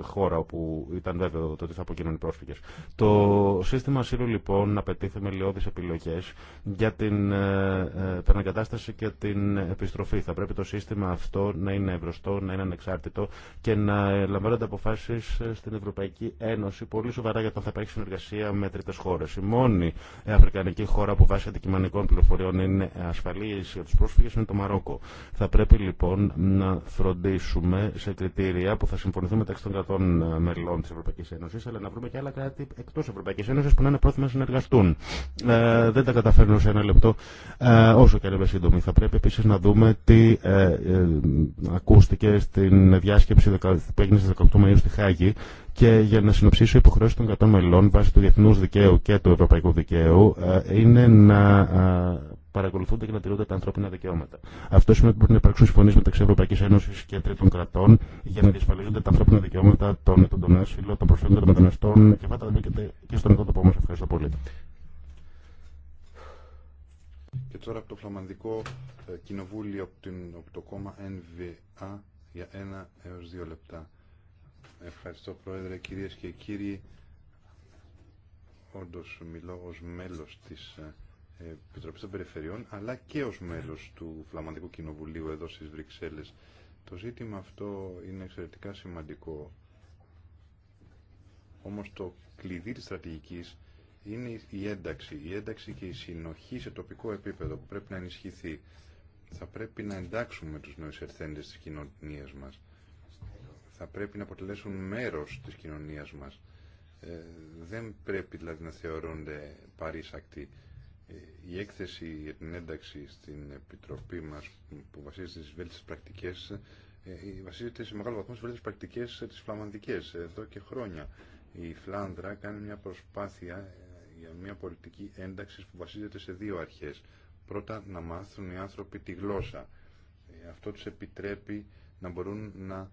χώρα όπου ήταν βέβαιο το ότι θα αποκίνουν οι πρόσφυγε. Το σύστημα ασύλου λοιπόν απαιτεί θεμελιώδει επιλογέ για την ε, ε, επανακατάσταση και την επιστροφή. Θα πρέπει το σύστημα αυτό να είναι ευρωστό, να είναι ανεξάρτητο και να λαμβάνονται αποφάσει στην Ευρωπαϊκή Ένωση πολύ σοβαρά για το θα υπάρχει συνεργασία με τρίτε χώρε. Η μόνη Αφρικανική χώρα που βάσει αντικειμενικών πληροφοριών είναι ασφαλή για του πρόσφυγε είναι το Μαρόκο. Θα πρέπει λοιπόν να φροντίσουμε σε κριτήρια που θα συμφωνηθούν μεταξύ των κρατών ε, μελών τη Ευρωπαϊκή Ένωση, αλλά να βρούμε και άλλα κράτη εκτό Ευρωπαϊκή Ένωση που να είναι πρόθυμα να συνεργαστούν. Ε, δεν τα καταφέρνω σε ένα λεπτό, ε, όσο και αν είμαι σύντομη. Θα πρέπει επίση να δούμε τι ε, ε, ακούστηκε στην διάσκεψη που έγινε στι 18 Μαου στη Χάγη και για να συνοψίσω υποχρεώσει των κρατών μελών βάσει του διεθνού δικαίου και του ευρωπαϊκού δικαίου ε, είναι να ε, παρακολουθούνται και να τηρούνται τα ανθρώπινα δικαιώματα. Αυτό σημαίνει ότι πρέπει να υπάρξουν συμφωνίε μεταξύ Ευρωπαϊκή Ένωση και τρίτων κρατών για να διασφαλίζονται τα ανθρώπινα δικαιώματα των ετών άσυλων, των προσφύγων, των μεταναστών και πάντα τα βρίσκεται και στον τοπό μα. Ευχαριστώ πολύ. Και τώρα από το Φλαμανδικό ε, Κοινοβούλιο, από, την, από το κόμμα NVA, για ένα έω δύο λεπτά. Ευχαριστώ Πρόεδρε, κυρίες και κύριοι. Όντως μιλώ ως μέλος της ε, Επιτροπή των Περιφερειών, αλλά και ως μέλο του Φλαμανδικού Κοινοβουλίου εδώ στις Βρυξέλλες. Το ζήτημα αυτό είναι εξαιρετικά σημαντικό. Όμως το κλειδί τη στρατηγικής είναι η ένταξη. Η ένταξη και η συνοχή σε τοπικό επίπεδο που πρέπει να ενισχυθεί. Θα πρέπει να εντάξουμε τους νέου ερθέντε της κοινωνία μας. Θα πρέπει να αποτελέσουν μέρος της κοινωνίας μα. Ε, δεν πρέπει δηλαδή να θεωρούνται παρήσακτοι η έκθεση για την ένταξη στην Επιτροπή μας που βασίζεται στις βέλτιστες πρακτικές ε, βασίζεται σε μεγάλο βαθμό στις βέλτιστες πρακτικές ε, της φλαμανδικές εδώ και χρόνια. Η Φλάνδρα κάνει μια προσπάθεια ε, για μια πολιτική ένταξη που βασίζεται σε δύο αρχές. Πρώτα να μάθουν οι άνθρωποι τη γλώσσα. Αυτό τους επιτρέπει να μπορούν να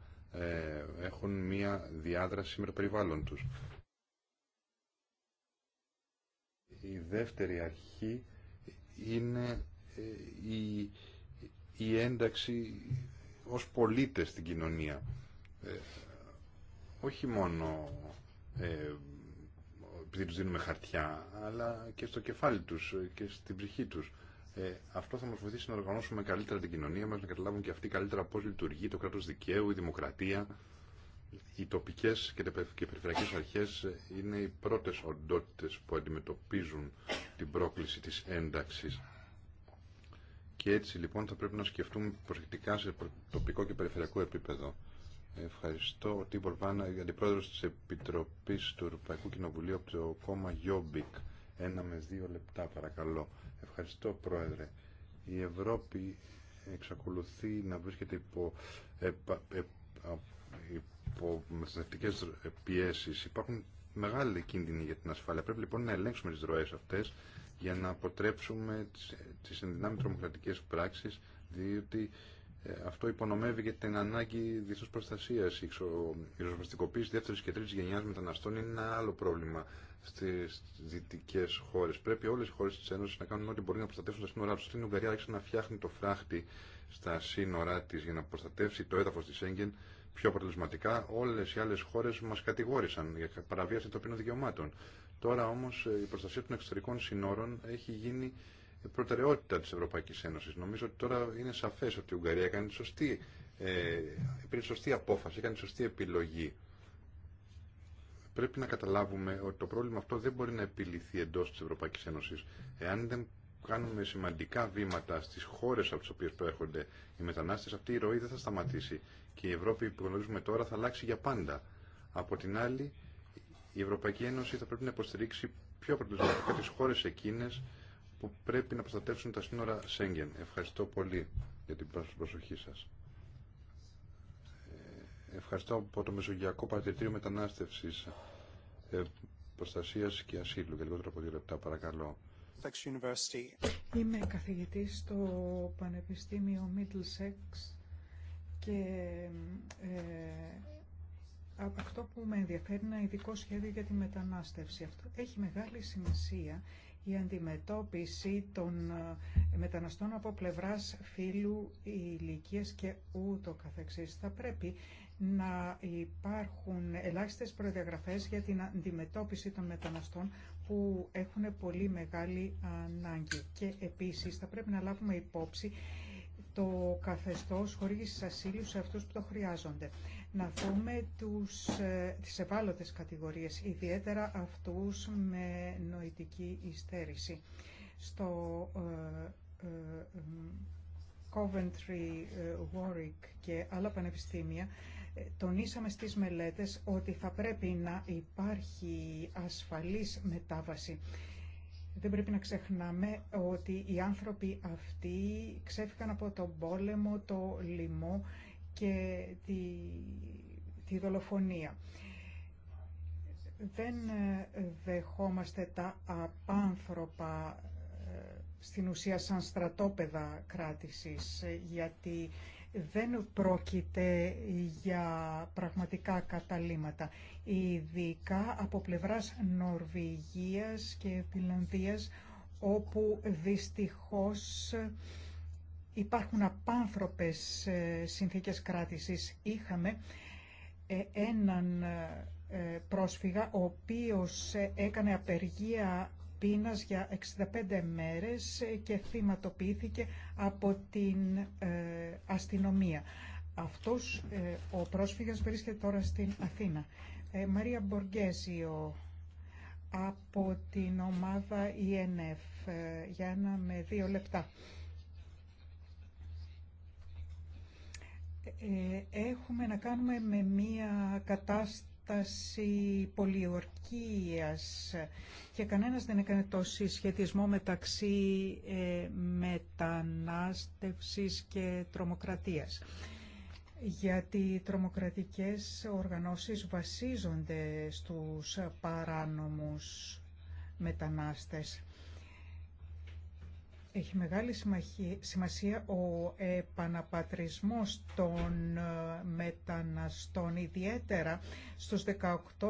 έχουν μια διάδραση με το περιβάλλον τους η δεύτερη αρχή είναι ε, η, η ένταξη ως πολίτες στην κοινωνία. Ε, όχι μόνο ε, επειδή τους δίνουμε χαρτιά, αλλά και στο κεφάλι τους και στην ψυχή τους. Ε, αυτό θα μας βοηθήσει να οργανώσουμε καλύτερα την κοινωνία μας, να καταλάβουν και αυτοί καλύτερα πώς λειτουργεί το κράτος δικαίου, η δημοκρατία οι τοπικές και οι περιφερειακές αρχές είναι οι πρώτες οντότητες που αντιμετωπίζουν την πρόκληση της ένταξης. Και έτσι λοιπόν θα πρέπει να σκεφτούμε προσεκτικά σε τοπικό και περιφερειακό επίπεδο. Ευχαριστώ ο Τίμπορ Βάνα, αντιπρόεδρος της Επιτροπής του Ευρωπαϊκού Κοινοβουλίου από το κόμμα Γιόμπικ. Ένα με δύο λεπτά παρακαλώ. Ευχαριστώ Πρόεδρε. Η Ευρώπη εξακολουθεί να βρίσκεται υπό υπό μεταναστευτικές πιέσεις υπάρχουν μεγάλη κίνδυνοι για την ασφάλεια. Πρέπει λοιπόν να ελέγξουμε τις ροές αυτές για να αποτρέψουμε τις ενδυνάμει τρομοκρατικές πράξεις διότι ε, αυτό υπονομεύει και την ανάγκη διεθνού προστασίας. Η ριζοσπαστικοποίηση δεύτερης και τρίτης γενιάς μεταναστών είναι ένα άλλο πρόβλημα στις δυτικέ χώρε. Πρέπει όλε οι χώρε τη Ένωση να κάνουν ό,τι μπορεί να προστατεύσουν τα σύνορά του. Στην Ουγγαρία άρχισε να φτιάχνει το φράχτη στα σύνορά τη για να προστατεύσει το έδαφο τη Σέγγεν πιο αποτελεσματικά. όλε οι άλλε χώρε μα κατηγόρησαν για παραβίαση των δικαιωμάτων. Τώρα όμω ε, η προστασία των εξωτερικών συνόρων έχει γίνει προτεραιότητα τη Ευρωπαϊκή Ένωση. Νομίζω ότι τώρα είναι σαφέ ότι η Ουγγαρία έκανε τη σωστή, ε, πήρε σωστή απόφαση, έκανε σωστή επιλογή. Πρέπει να καταλάβουμε ότι το πρόβλημα αυτό δεν μπορεί να επιληθεί εντός της Ευρωπαϊκής Ένωσης εάν δεν κάνουμε σημαντικά βήματα στις χώρες από τις οποίες προέρχονται οι μετανάστες, αυτή η ροή δεν θα σταματήσει και η Ευρώπη που γνωρίζουμε τώρα θα αλλάξει για πάντα. Από την άλλη, η Ευρωπαϊκή Ένωση θα πρέπει να υποστηρίξει πιο αποτελεσματικά τις χώρες εκείνες που πρέπει να προστατεύσουν τα σύνορα Σέγγεν. Ευχαριστώ πολύ για την προσοχή σας. Ε, ευχαριστώ από το Μεσογειακό Παρατηρητήριο Μετανάστευσης ε, Προστασίας και Ασύλου για λιγότερο από δύο λεπτά παρακαλώ. Είμαι καθηγητής στο Πανεπιστήμιο Middlesex και ε, αυτό που με ενδιαφέρει είναι ένα ειδικό σχέδιο για τη μετανάστευση. Αυτό έχει μεγάλη σημασία η αντιμετώπιση των ε, μεταναστών από πλευράς φύλου, ηλικία και ούτω καθεξής. Θα πρέπει να υπάρχουν ελάχιστες προδιαγραφές για την αντιμετώπιση των μεταναστών που έχουν πολύ μεγάλη ανάγκη. Και επίσης θα πρέπει να λάβουμε υπόψη το καθεστώς χορήγησης ασύλου σε αυτούς που το χρειάζονται. Να δούμε τους, ε, τις ευάλωτες κατηγορίες, ιδιαίτερα αυτούς με νοητική υστέρηση. Στο ε, ε, Coventry, Warwick και άλλα πανεπιστήμια τονίσαμε στις μελέτες ότι θα πρέπει να υπάρχει ασφαλής μετάβαση. Δεν πρέπει να ξεχνάμε ότι οι άνθρωποι αυτοί ξέφυγαν από τον πόλεμο, το λοιμό και τη, τη δολοφονία. Δεν ε, δεχόμαστε τα απάνθρωπα ε, στην ουσία σαν στρατόπεδα κράτησης, ε, γιατί δεν πρόκειται για πραγματικά καταλήματα. Ειδικά από πλευράς Νορβηγίας και Φιλανδίας, όπου δυστυχώς υπάρχουν απάνθρωπες ε, συνθήκες κράτησης. Είχαμε ε, έναν ε, πρόσφυγα ο οποίος έκανε απεργία πείνας για 65 μέρες και θυματοποιήθηκε από την ε, αστυνομία. Αυτός ε, ο πρόσφυγας βρίσκεται τώρα στην Αθήνα. Ε, Μαρία Μποργέζιο από την ομάδα ΙΕΝΕΦ για ένα με δύο λεπτά. Έχουμε να κάνουμε με μία κατάσταση κατάσταση πολιορκίας και κανένας δεν έκανε τόση σχετισμό μεταξύ ε, μετανάστευσης και τρομοκρατίας. Γιατί οι τρομοκρατικές οργανώσεις βασίζονται στους παράνομους μετανάστες. Έχει μεγάλη σημασία ο επαναπατρισμός των ε, μεταναστών, ιδιαίτερα στους 18.500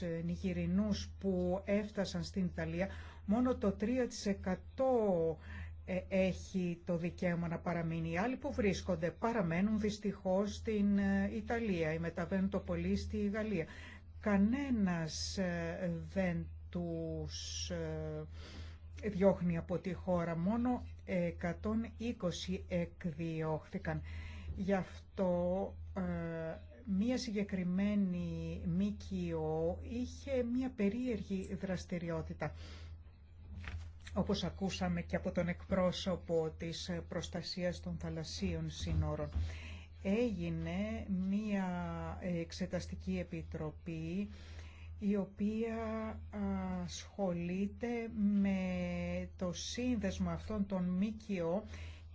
ε, Νιγηρινούς που έφτασαν στην Ιταλία, μόνο το 3% ε, έχει το δικαίωμα να παραμείνει. Οι άλλοι που βρίσκονται παραμένουν δυστυχώς στην Ιταλία ή μεταβαίνουν το πολύ στη Γαλλία. Κανένας δεν τους διώχνει από τη χώρα. Μόνο 120 εκδιώχθηκαν. Γι' αυτό ε, μία συγκεκριμένη ΜΚΟ είχε μία περίεργη δραστηριότητα. Όπως ακούσαμε και από τον εκπρόσωπο της προστασίας των θαλασσίων σύνορων. Έγινε μία εξεταστική επιτροπή η οποία ασχολείται με το σύνδεσμο αυτών των ΜΚΟ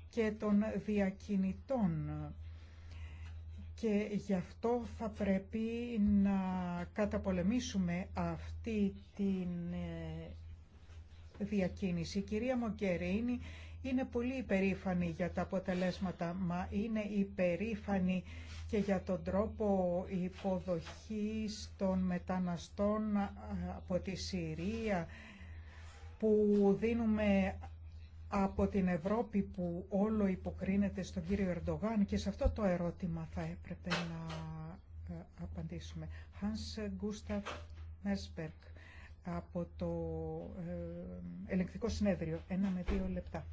και των διακινητών. Και γι' αυτό θα πρέπει να καταπολεμήσουμε αυτή τη ε, διακίνηση. κυρία Μοκερίνη είναι πολύ υπερήφανη για τα αποτελέσματα, μα είναι υπερήφανη και για τον τρόπο υποδοχής των μεταναστών από τη Συρία που δίνουμε από την Ευρώπη που όλο υποκρίνεται στον κύριο Ερντογάν και σε αυτό το ερώτημα θα έπρεπε να ε, απαντήσουμε. Hans Gustav Mersberg από το ε, ελεγκτικό συνέδριο. Ένα με δύο λεπτά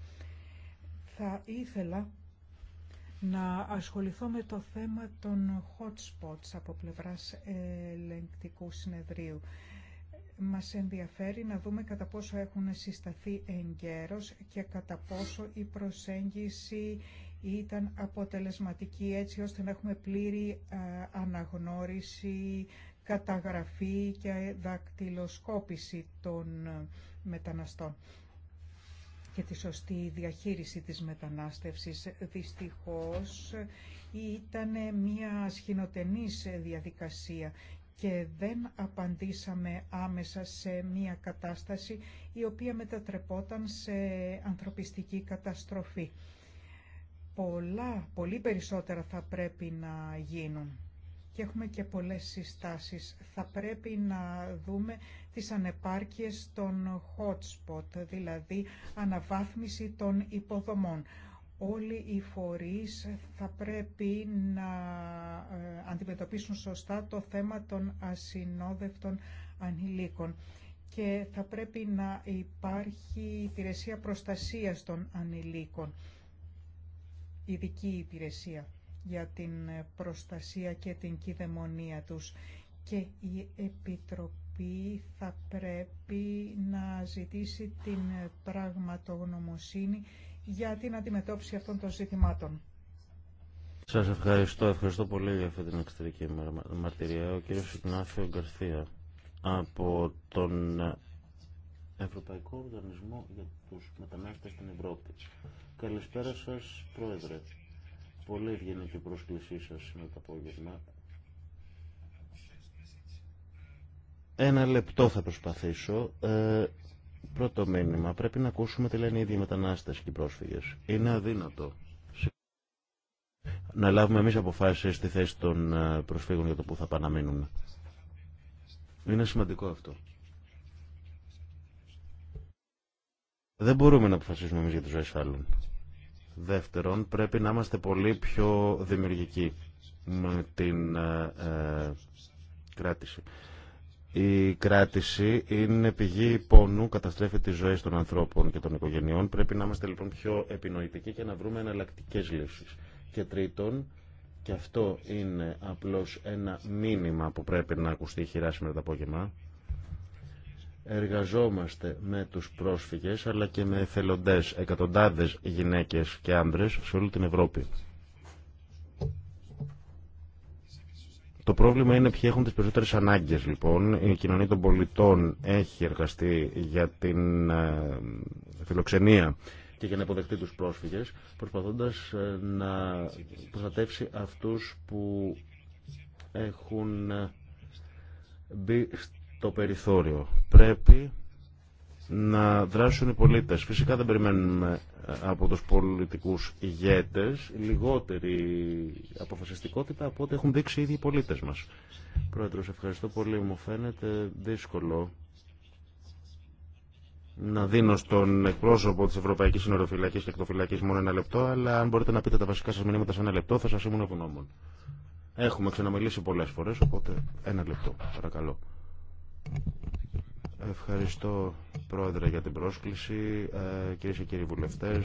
θα ήθελα να ασχοληθώ με το θέμα των hot spots από πλευράς ελεγκτικού συνεδρίου. Μας ενδιαφέρει να δούμε κατά πόσο έχουν συσταθεί εγκαίρως και κατά πόσο η προσέγγιση ήταν αποτελεσματική έτσι ώστε να έχουμε πλήρη ε, αναγνώριση, καταγραφή και δακτυλοσκόπηση των ε, μεταναστών και τη σωστή διαχείριση της μετανάστευσης. Δυστυχώς ήταν μια σχηνοτενής διαδικασία και δεν απαντήσαμε άμεσα σε μια κατάσταση η οποία μετατρεπόταν σε ανθρωπιστική καταστροφή. Πολλά, πολύ περισσότερα θα πρέπει να γίνουν και έχουμε και πολλές συστάσεις. Θα πρέπει να δούμε τις ανεπάρκειες των hotspot, δηλαδή αναβάθμιση των υποδομών. Όλοι οι φορείς θα πρέπει να ε, αντιμετωπίσουν σωστά το θέμα των ασυνόδευτων ανηλίκων και θα πρέπει να υπάρχει υπηρεσία προστασίας των ανηλίκων, ειδική υπηρεσία για την προστασία και την κυδαιμονία τους και η Επιτροπή θα πρέπει να ζητήσει την πραγματογνωμοσύνη για την αντιμετώπιση αυτών των ζητημάτων. Σας ευχαριστώ. Ευχαριστώ πολύ για αυτή την εξωτερική μαρτυρία. Ο κύριος Ιγνάσιο Γκαρθία από τον Ευρωπαϊκό Οργανισμό για τους Μετανάστες στην Ευρώπη. Καλησπέρα σας, Πρόεδρε. Πολύ ευγενική πρόσκλησή σας σήμερα το απόγευμα. Ένα λεπτό θα προσπαθήσω. Ε, πρώτο μήνυμα. Πρέπει να ακούσουμε τι λένε οι ίδιοι μετανάστες και οι πρόσφυγες. Είναι αδύνατο να λάβουμε εμείς αποφάσεις στη θέση των ε, προσφύγων για το που θα πάνε Είναι σημαντικό αυτό. Δεν μπορούμε να αποφασίσουμε εμείς για τους ζωές Δεύτερον, πρέπει να είμαστε πολύ πιο δημιουργικοί με την ε, ε κράτηση. Η κράτηση είναι πηγή πόνου, καταστρέφει τις ζωές των ανθρώπων και των οικογενειών. Πρέπει να είμαστε λοιπόν πιο επινοητικοί και να βρούμε εναλλακτικέ λύσεις. Και τρίτον, και αυτό είναι απλώς ένα μήνυμα που πρέπει να ακουστεί χειρά σήμερα το απόγευμα, εργαζόμαστε με τους πρόσφυγες αλλά και με εθελοντές, εκατοντάδες γυναίκες και άντρες σε όλη την Ευρώπη. Το πρόβλημα είναι ποιοι έχουν τις περισσότερες ανάγκες λοιπόν. Η κοινωνία των πολιτών έχει εργαστεί για την ε, φιλοξενία και για να υποδεχτεί τους πρόσφυγες, προσπαθώντας ε, να προστατεύσει αυτούς που έχουν ε, μπει στο περιθώριο. Πρέπει να δράσουν οι πολίτες. Φυσικά δεν περιμένουμε ε, από τους πολιτικούς ηγέτες λιγότερη αποφασιστικότητα από ό,τι έχουν δείξει οι ίδιοι οι πολίτες μας. Πρόεδρος, ευχαριστώ πολύ. Μου φαίνεται δύσκολο να δίνω στον εκπρόσωπο της Ευρωπαϊκής Συνοροφυλακής και Εκτοφυλακής μόνο ένα λεπτό, αλλά αν μπορείτε να πείτε τα βασικά σας μηνύματα σε ένα λεπτό θα σας ήμουν ευγνώμων. Έχουμε ξαναμιλήσει πολλές φορές, οπότε ένα λεπτό, παρακαλώ. Ευχαριστώ πρόεδρε για την πρόσκληση, ε, κυρίε και κύριοι βουλευτέ,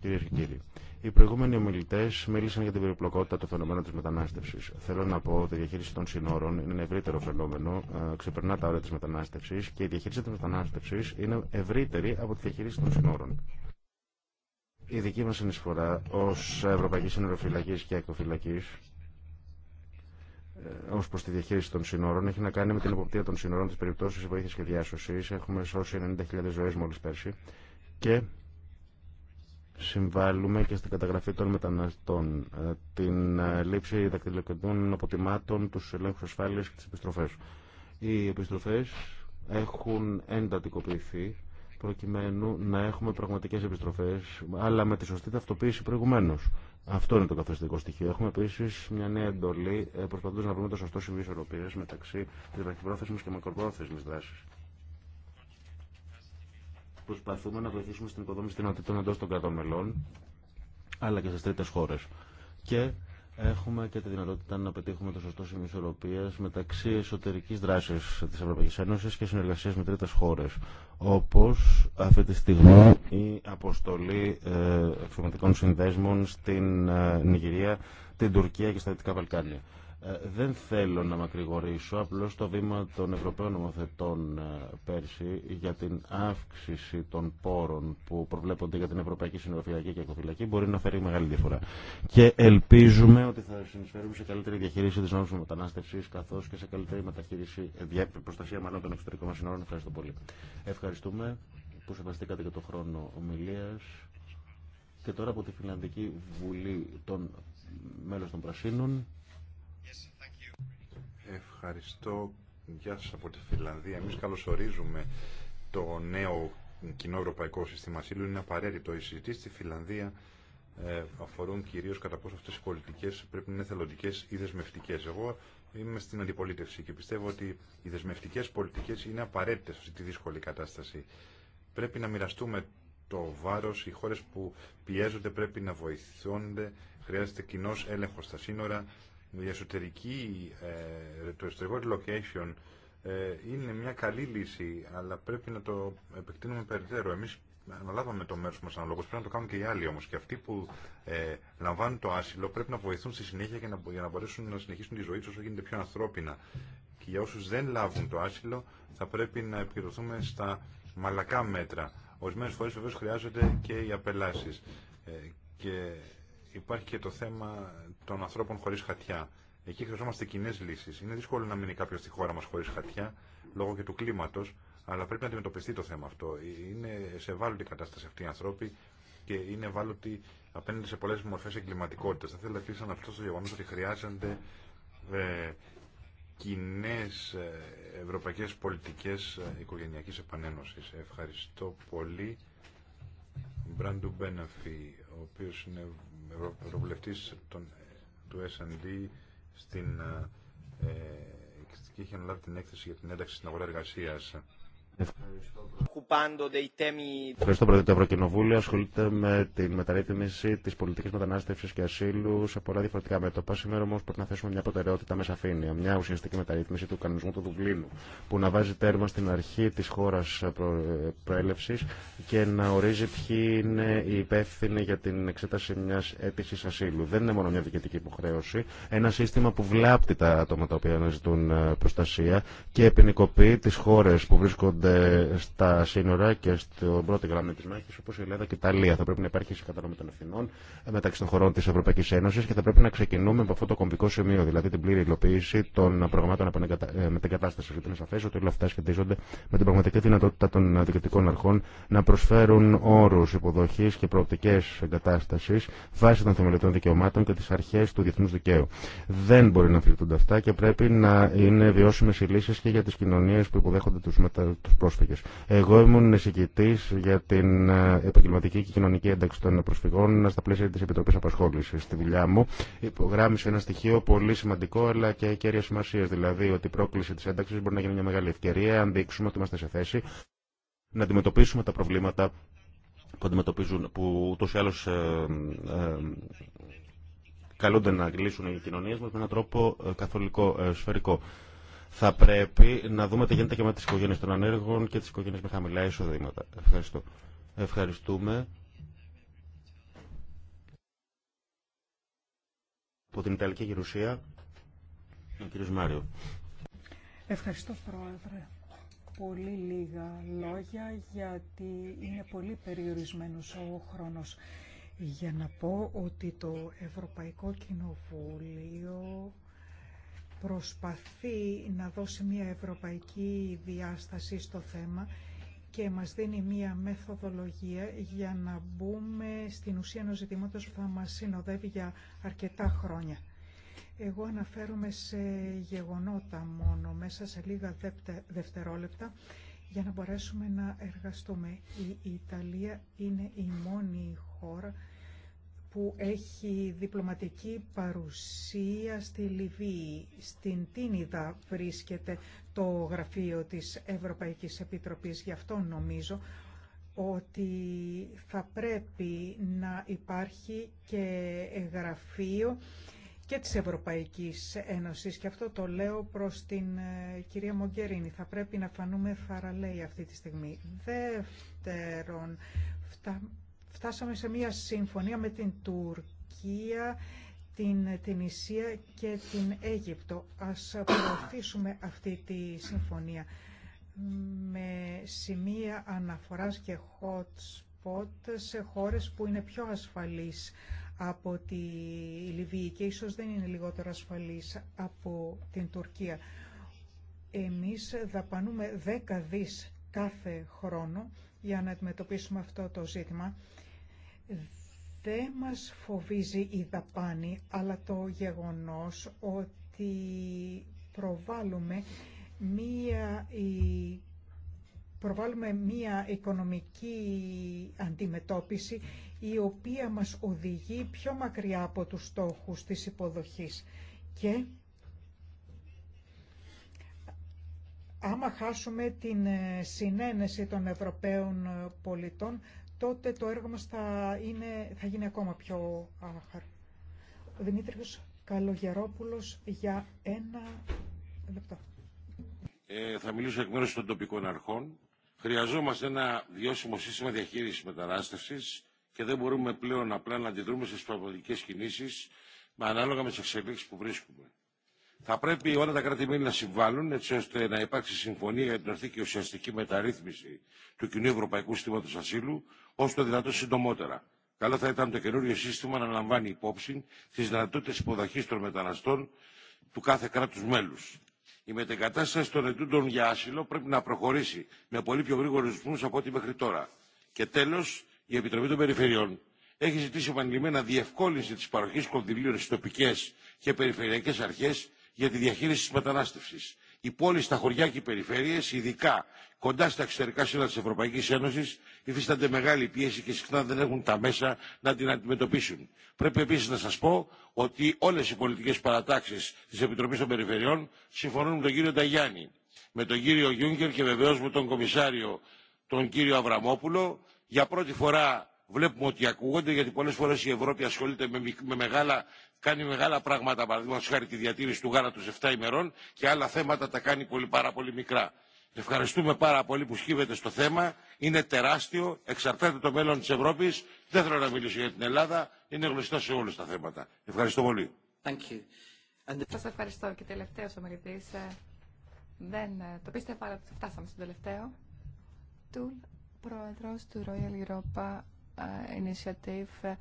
κυρίε και κύριοι. Οι προηγούμενοι ομιλητέ μίλησαν για την περιπλοκότητα του φαινομένου τη μετανάστευση. Θέλω να πω ότι η διαχείριση των συνόρων είναι ένα ευρύτερο φαινόμενο, ε, ξεπερνά τα όρια τη μετανάστευση και η διαχείριση τη μετανάστευση είναι ευρύτερη από τη διαχείριση των συνόρων. Η δική μα συνεισφορά ω Ευρωπαϊκή Συνοροφυλακή και Εκτοφυλακή ε, ω προ τη διαχείριση των σύνορων έχει να κάνει με την εποπτεία των σύνορων, τι περιπτώσει βοήθεια και διάσωση. Έχουμε σώσει 90.000 ζωέ μόλι πέρσι και συμβάλλουμε και στην καταγραφή των μεταναστών, ε, την ε, λήψη δακτυλοκεντρών αποτιμάτων, του ελέγχου ασφάλεια και τι επιστροφέ. Οι επιστροφέ έχουν εντατικοποιηθεί προκειμένου να έχουμε πραγματικές επιστροφές αλλά με τη σωστή ταυτοποίηση προηγουμένως αυτό είναι το καθοριστικό στοιχείο. Έχουμε επίση μια νέα εντολή ε, προσπαθώντα να βρούμε το σωστό σημείο ισορροπία μεταξύ τη βραχυπρόθεσμη και μακροπρόθεσμη δράση. Προσπαθούμε να βοηθήσουμε στην οικοδόμηση δυνατοτήτων εντό των κρατών μελών, αλλά και στι τρίτε χώρε. Και έχουμε και τη δυνατότητα να πετύχουμε το σωστό σημείο ισορροπία μεταξύ εσωτερική δράση τη Ευρωπαϊκή Ένωση και συνεργασία με τρίτε χώρε. Όπω αυτή τη στιγμή η αποστολή εξωματικών συνδέσμων στην ε, Νιγηρία, την Τουρκία και στα Δυτικά Βαλκάνια. Ε, δεν θέλω να μακρηγορήσω, απλώς το βήμα των Ευρωπαίων Νομοθετών ε, πέρσι για την αύξηση των πόρων που προβλέπονται για την Ευρωπαϊκή Συνοφυλακή και Εκοφυλακή μπορεί να φέρει μεγάλη διαφορά. Και ελπίζουμε ότι θα συνεισφέρουμε σε καλύτερη διαχείριση της νόμου μετανάστευσης καθώς και σε καλύτερη μεταχείριση, ε, προστασία μάλλον των εξωτερικών μας συνόρων. Ευχαριστώ πολύ. Ευχαριστούμε που σεβαστήκατε και το χρόνο ομιλία Και τώρα από τη Φιλανδική Βουλή των μέλος των Πρασίνων, Ευχαριστώ. Γεια σας από τη Φιλανδία. Εμείς καλωσορίζουμε το νέο κοινό ευρωπαϊκό σύστημα ασύλου. Είναι απαραίτητο. Οι συζητήσεις στη Φιλανδία ε, αφορούν κυρίως κατά πόσο αυτές οι πολιτικές πρέπει να είναι θελοντικές ή δεσμευτικές. Εγώ είμαι στην αντιπολίτευση και πιστεύω ότι οι δεσμευτικές πολιτικές είναι απαραίτητες σε αυτή τη δύσκολη κατάσταση. Πρέπει να μοιραστούμε το βάρος, οι χώρες που πιέζονται πρέπει να βοηθούνται. χρειάζεται κοινό έλεγχο στα σύνορα, η εσωτερική, ε, το εσωτερικό relocation ε, είναι μια καλή λύση, αλλά πρέπει να το επεκτείνουμε περιττέρω. Εμείς αναλάβαμε το μέρος μας αναλόγως, πρέπει να το κάνουν και οι άλλοι όμως. Και αυτοί που ε, λαμβάνουν το άσυλο πρέπει να βοηθούν στη συνέχεια και να, για να μπορέσουν να συνεχίσουν τη ζωή τους όσο γίνεται πιο ανθρώπινα. Και για όσους δεν λάβουν το άσυλο θα πρέπει να επικοινωθούμε στα μαλακά μέτρα. Ορισμένες φορές βεβαίως χρειάζονται και οι απελάσεις. Ε, και υπάρχει και το θέμα των ανθρώπων χωρί χατιά. Εκεί χρειαζόμαστε κοινέ λύσει. Είναι δύσκολο να μείνει κάποιο στη χώρα μα χωρί χατιά, λόγω και του κλίματο, αλλά πρέπει να αντιμετωπιστεί το θέμα αυτό. Είναι σε ευάλωτη κατάσταση αυτοί οι άνθρωποι και είναι ευάλωτοι απέναντι σε πολλέ μορφέ εγκληματικότητα. Θα ήθελα επίση να αναφερθώ στο γεγονό ότι χρειάζονται ε, κοινέ ε, ευρωπαϊκέ πολιτικέ ε, οικογενειακή επανένωση. Ευχαριστώ πολύ. Μπραντου ο οποίο είναι ευρωβουλευτής του S&D στην, ε, ε, και είχε αναλάβει την έκθεση για την ένταξη στην αγορά εργασίας. Ευχαριστώ, Πρόεδρε. Το Ευρωκοινοβούλιο ασχολείται με την μεταρρύθμιση τη πολιτική μετανάστευση και ασύλου σε πολλά διαφορετικά μέτωπα. Σήμερα όμω πρέπει να θέσουμε μια προτεραιότητα με σαφήνεια. Μια ουσιαστική μεταρρύθμιση του κανονισμού του Δουβλίνου, που να βάζει τέρμα στην αρχή τη χώρα προέλευση και να ορίζει ποιοι είναι οι υπεύθυνοι για την εξέταση μια αίτηση ασύλου. Δεν είναι μόνο μια διοικητική υποχρέωση. Ένα σύστημα που βλάπτει τα άτομα τα οποία αναζητούν ε, προστασία και ποινικοποιεί τι χώρε που βρίσκονται βρίσκονται στα σύνορα και στο πρώτο γραμμή τη μάχη, όπω η Ελλάδα και η Ιταλία. Θα πρέπει να υπάρχει συγκατανομή των ευθυνών ε, μεταξύ των χωρών τη Ευρωπαϊκή Ένωση και θα πρέπει να ξεκινούμε από αυτό το κομπικό σημείο, δηλαδή την πλήρη υλοποίηση των προγραμμάτων ε, μετεγκατάσταση. Γιατί είναι σαφέ ότι όλα αυτά σχετίζονται με την πραγματική δυνατότητα των διοικητικών αρχών να προσφέρουν όρου υποδοχή και προοπτικέ εγκατάσταση βάσει των θεμελιωτών δικαιωμάτων και τι αρχέ του διεθνού δικαίου. Δεν μπορεί να αμφιλητούνται αυτά και πρέπει να είναι βιώσιμε οι λύσει και για τι κοινωνίε που υποδέχονται του μετα... Εγώ ήμουν εισηγητή για την ε, επαγγελματική και κοινωνική ένταξη των προσφυγών στα πλαίσια τη Επιτροπή Απασχόλησης στη δουλειά μου. Υπογράμμισε ένα στοιχείο πολύ σημαντικό αλλά και κέρια σημασία, δηλαδή ότι η πρόκληση τη ένταξη μπορεί να γίνει μια μεγάλη ευκαιρία αν δείξουμε ότι είμαστε σε θέση να αντιμετωπίσουμε τα προβλήματα που αντιμετωπίζουν, που ούτως ή άλλω ε, ε, καλούνται να λύσουν οι κοινωνίε μα με έναν τρόπο καθολικό, ε, σφαιρικό θα πρέπει να δούμε τι γίνεται και με τις οικογένειε των ανέργων και τι οικογένειε με χαμηλά εισοδήματα. Ευχαριστώ. Ευχαριστούμε. Από την Ιταλική Γερουσία, ο κύριος Μάριο. Ευχαριστώ, Πρόεδρε. Πολύ λίγα λόγια, γιατί είναι πολύ περιορισμένος ο χρόνος. Για να πω ότι το Ευρωπαϊκό Κοινοβούλιο προσπαθεί να δώσει μια ευρωπαϊκή διάσταση στο θέμα και μας δίνει μια μεθοδολογία για να μπούμε στην ουσία ενός ζητήματος που θα μας συνοδεύει για αρκετά χρόνια. Εγώ αναφέρομαι σε γεγονότα μόνο μέσα σε λίγα δευτερόλεπτα για να μπορέσουμε να εργαστούμε. Η Ιταλία είναι η μόνη χώρα που έχει διπλωματική παρουσία στη Λιβύη. Στην Τίνιδα βρίσκεται το γραφείο της Ευρωπαϊκής Επιτροπής. Γι' αυτό νομίζω ότι θα πρέπει να υπάρχει και γραφείο και της Ευρωπαϊκής Ένωσης και αυτό το λέω προς την ε, κυρία Μογκερίνη. Θα πρέπει να φανούμε θαραλέοι αυτή τη στιγμή. Δεύτερον, φτα... Φτάσαμε σε μια συμφωνία με την Τουρκία, την Τινησία και την Αίγυπτο. Ας προωθήσουμε αυτή τη συμφωνία με σημεία αναφοράς και hot spot σε χώρες που είναι πιο ασφαλείς από τη Λιβύη και ίσως δεν είναι λιγότερο ασφαλής από την Τουρκία. Εμείς δαπανούμε δέκα δις κάθε χρόνο για να αντιμετωπίσουμε αυτό το ζήτημα δεν μας φοβίζει η δαπάνη, αλλά το γεγονός ότι προβάλλουμε μία, προβάλλουμε μία οικονομική αντιμετώπιση η οποία μας οδηγεί πιο μακριά από τους στόχους της υποδοχής. Και άμα χάσουμε την συνένεση των Ευρωπαίων πολιτών τότε το έργο μας θα, είναι, θα γίνει ακόμα πιο άχαρο. Ο Δημήτρης Καλογερόπουλος για ένα λεπτό. Ε, θα μιλήσω εκ μέρους των τοπικών αρχών. Χρειαζόμαστε ένα βιώσιμο σύστημα διαχείρισης μετανάστευσης και δεν μπορούμε πλέον απλά να αντιδρούμε στις πραγματικές κινήσεις με ανάλογα με τις εξελίξεις που βρίσκουμε. Θα πρέπει όλα τα κράτη-μέλη να συμβάλλουν έτσι ώστε να υπάρξει συμφωνία για την ορθή και ουσιαστική μεταρρύθμιση του κοινού Ευρωπαϊκού Συστήματο Ασύλου όσο το δυνατόν συντομότερα. Καλό θα ήταν το καινούριο σύστημα να λαμβάνει υπόψη τι δυνατότητε υποδοχή των μεταναστών του κάθε κράτου μέλου. Η μετεγκατάσταση των ετούντων για άσυλο πρέπει να προχωρήσει με πολύ πιο γρήγορου ρυθμού από ό,τι μέχρι τώρα. Και τέλο, η Επιτροπή των Περιφερειών έχει ζητήσει επανειλημμένα διευκόλυνση τη παροχή κονδυλίων στι τοπικέ και περιφερειακέ αρχέ για τη διαχείριση τη μετανάστευση. Οι πόλει στα χωριά και οι περιφέρειε, ειδικά κοντά στα εξωτερικά σύνορα τη Ευρωπαϊκή Ένωση, υφίστανται μεγάλη πίεση και συχνά δεν έχουν τα μέσα να την αντιμετωπίσουν. Πρέπει επίση να σα πω ότι όλε οι πολιτικέ παρατάξει τη Επιτροπή των Περιφερειών συμφωνούν με τον κύριο Ταγιάννη, με τον κύριο Γιούγκερ και βεβαίω με τον Κομισάριο τον κύριο Αβραμόπουλο. Για πρώτη φορά βλέπουμε ότι ακούγονται, γιατί πολλέ φορέ η Ευρώπη ασχολείται με μεγάλα κάνει μεγάλα πράγματα, παραδείγματο χάρη τη διατήρηση του γάλα του 7 ημερών και άλλα θέματα τα κάνει πολύ, πάρα πολύ μικρά. Ευχαριστούμε πάρα πολύ που σκύβεται στο θέμα. Είναι τεράστιο, εξαρτάται το μέλλον τη Ευρώπη. Δεν θέλω να μιλήσω για την Ελλάδα, είναι γνωστό σε όλου τα θέματα. Ευχαριστώ πολύ. Thank Σα ευχαριστώ και τελευταίο ο ε, Δεν ε, το πίστευα, αλλά φτάσαμε στο τελευταίο. Τουλ, πρόεδρο του Royal Europa ε, Initiative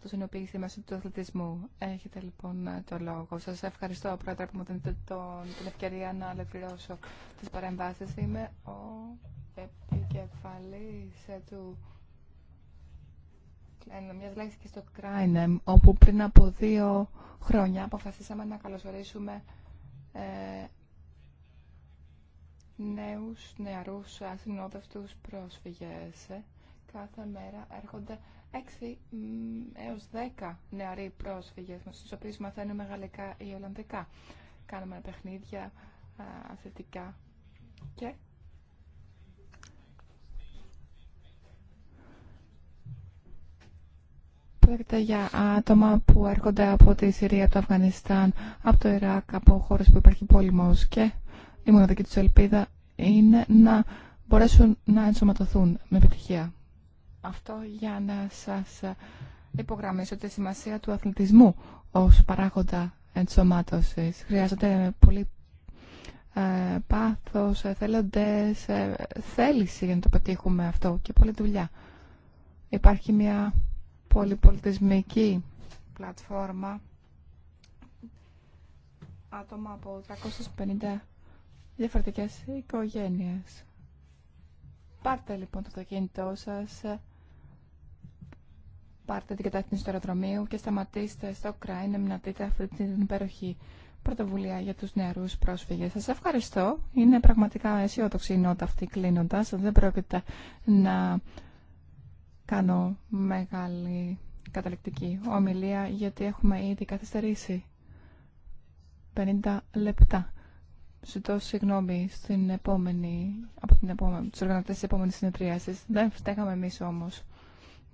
το ενοποίηση μέσω του αθλητισμού. Έχετε λοιπόν το λόγο. Σας ευχαριστώ πρόεδρε που μου δίνετε την ευκαιρία να ολοκληρώσω τις παρεμβάσεις. Είμαι ο επικεφαλής ε, του μια λέξη και στο Κράινεμ, όπου πριν από δύο χρόνια αποφασίσαμε να καλωσορίσουμε ε, νέους, νεαρούς, ασυνόδευτους ε, πρόσφυγες. Κάθε μέρα έρχονται Έξι έως 10 νεαροί πρόσφυγες, με τους οποίους μαθαίνουμε γαλλικά ή ολλανδικά. Κάνουμε παιχνίδια, αθλητικά και... Πρόκειται για άτομα που έρχονται από τη Συρία, από το Αφγανιστάν, από το Ιράκ, από χώρες που υπάρχει πόλεμος και η μοναδική τους ελπίδα είναι να μπορέσουν να ενσωματωθούν με επιτυχία. Αυτό για να σας υπογραμμίσω τη σημασία του αθλητισμού ως παράγοντα ενσωμάτωσης. Χρειάζονται πολύ ε, πάθος, θέλοντες, ε, θέληση για να το πετύχουμε αυτό και πολλή δουλειά. Υπάρχει μια πολυπολιτισμική πλατφόρμα άτομα από 350 διαφορετικές οικογένειες. Πάρτε λοιπόν το κινητό σας ε, πάρτε την κατεύθυνση του αεροδρομίου και σταματήστε στο Κράινεμ να δείτε αυτή την υπέροχη πρωτοβουλία για τους νεαρούς πρόσφυγες. Σας ευχαριστώ. Είναι πραγματικά αισιόδοξη η νότα αυτή κλείνοντας. Δεν πρόκειται να κάνω μεγάλη καταληκτική ομιλία γιατί έχουμε ήδη καθυστερήσει 50 λεπτά. Ζητώ συγγνώμη στην επόμενη, από την επόμενη, τους οργανωτές της επόμενης συνεδρίασης. Δεν φταίγαμε εμείς όμως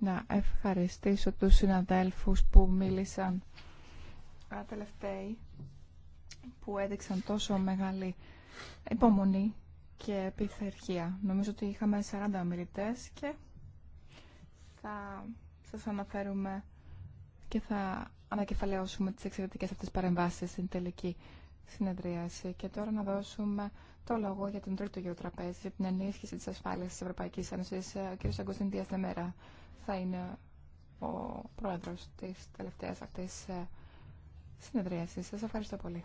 να ευχαριστήσω τους συναδέλφους που μίλησαν τα τελευταίοι που έδειξαν τόσο μεγάλη υπομονή και επιθερχία. Νομίζω ότι είχαμε 40 ομιλητές και θα σας αναφέρουμε και θα ανακεφαλαιώσουμε τις εξαιρετικές αυτές παρεμβάσεις στην τελική συνεδρίαση. Και τώρα να δώσουμε το λόγο για τον τρίτο γεωτραπέζι, για την ενίσχυση της ασφάλειας της Ευρωπαϊκής Ένωσης, ο κ. Αγκουστίν Διασδεμέρα θα είναι ο πρόεδρος της τελευταίας αυτής ε, συνεδρίασης. Σας ευχαριστώ πολύ.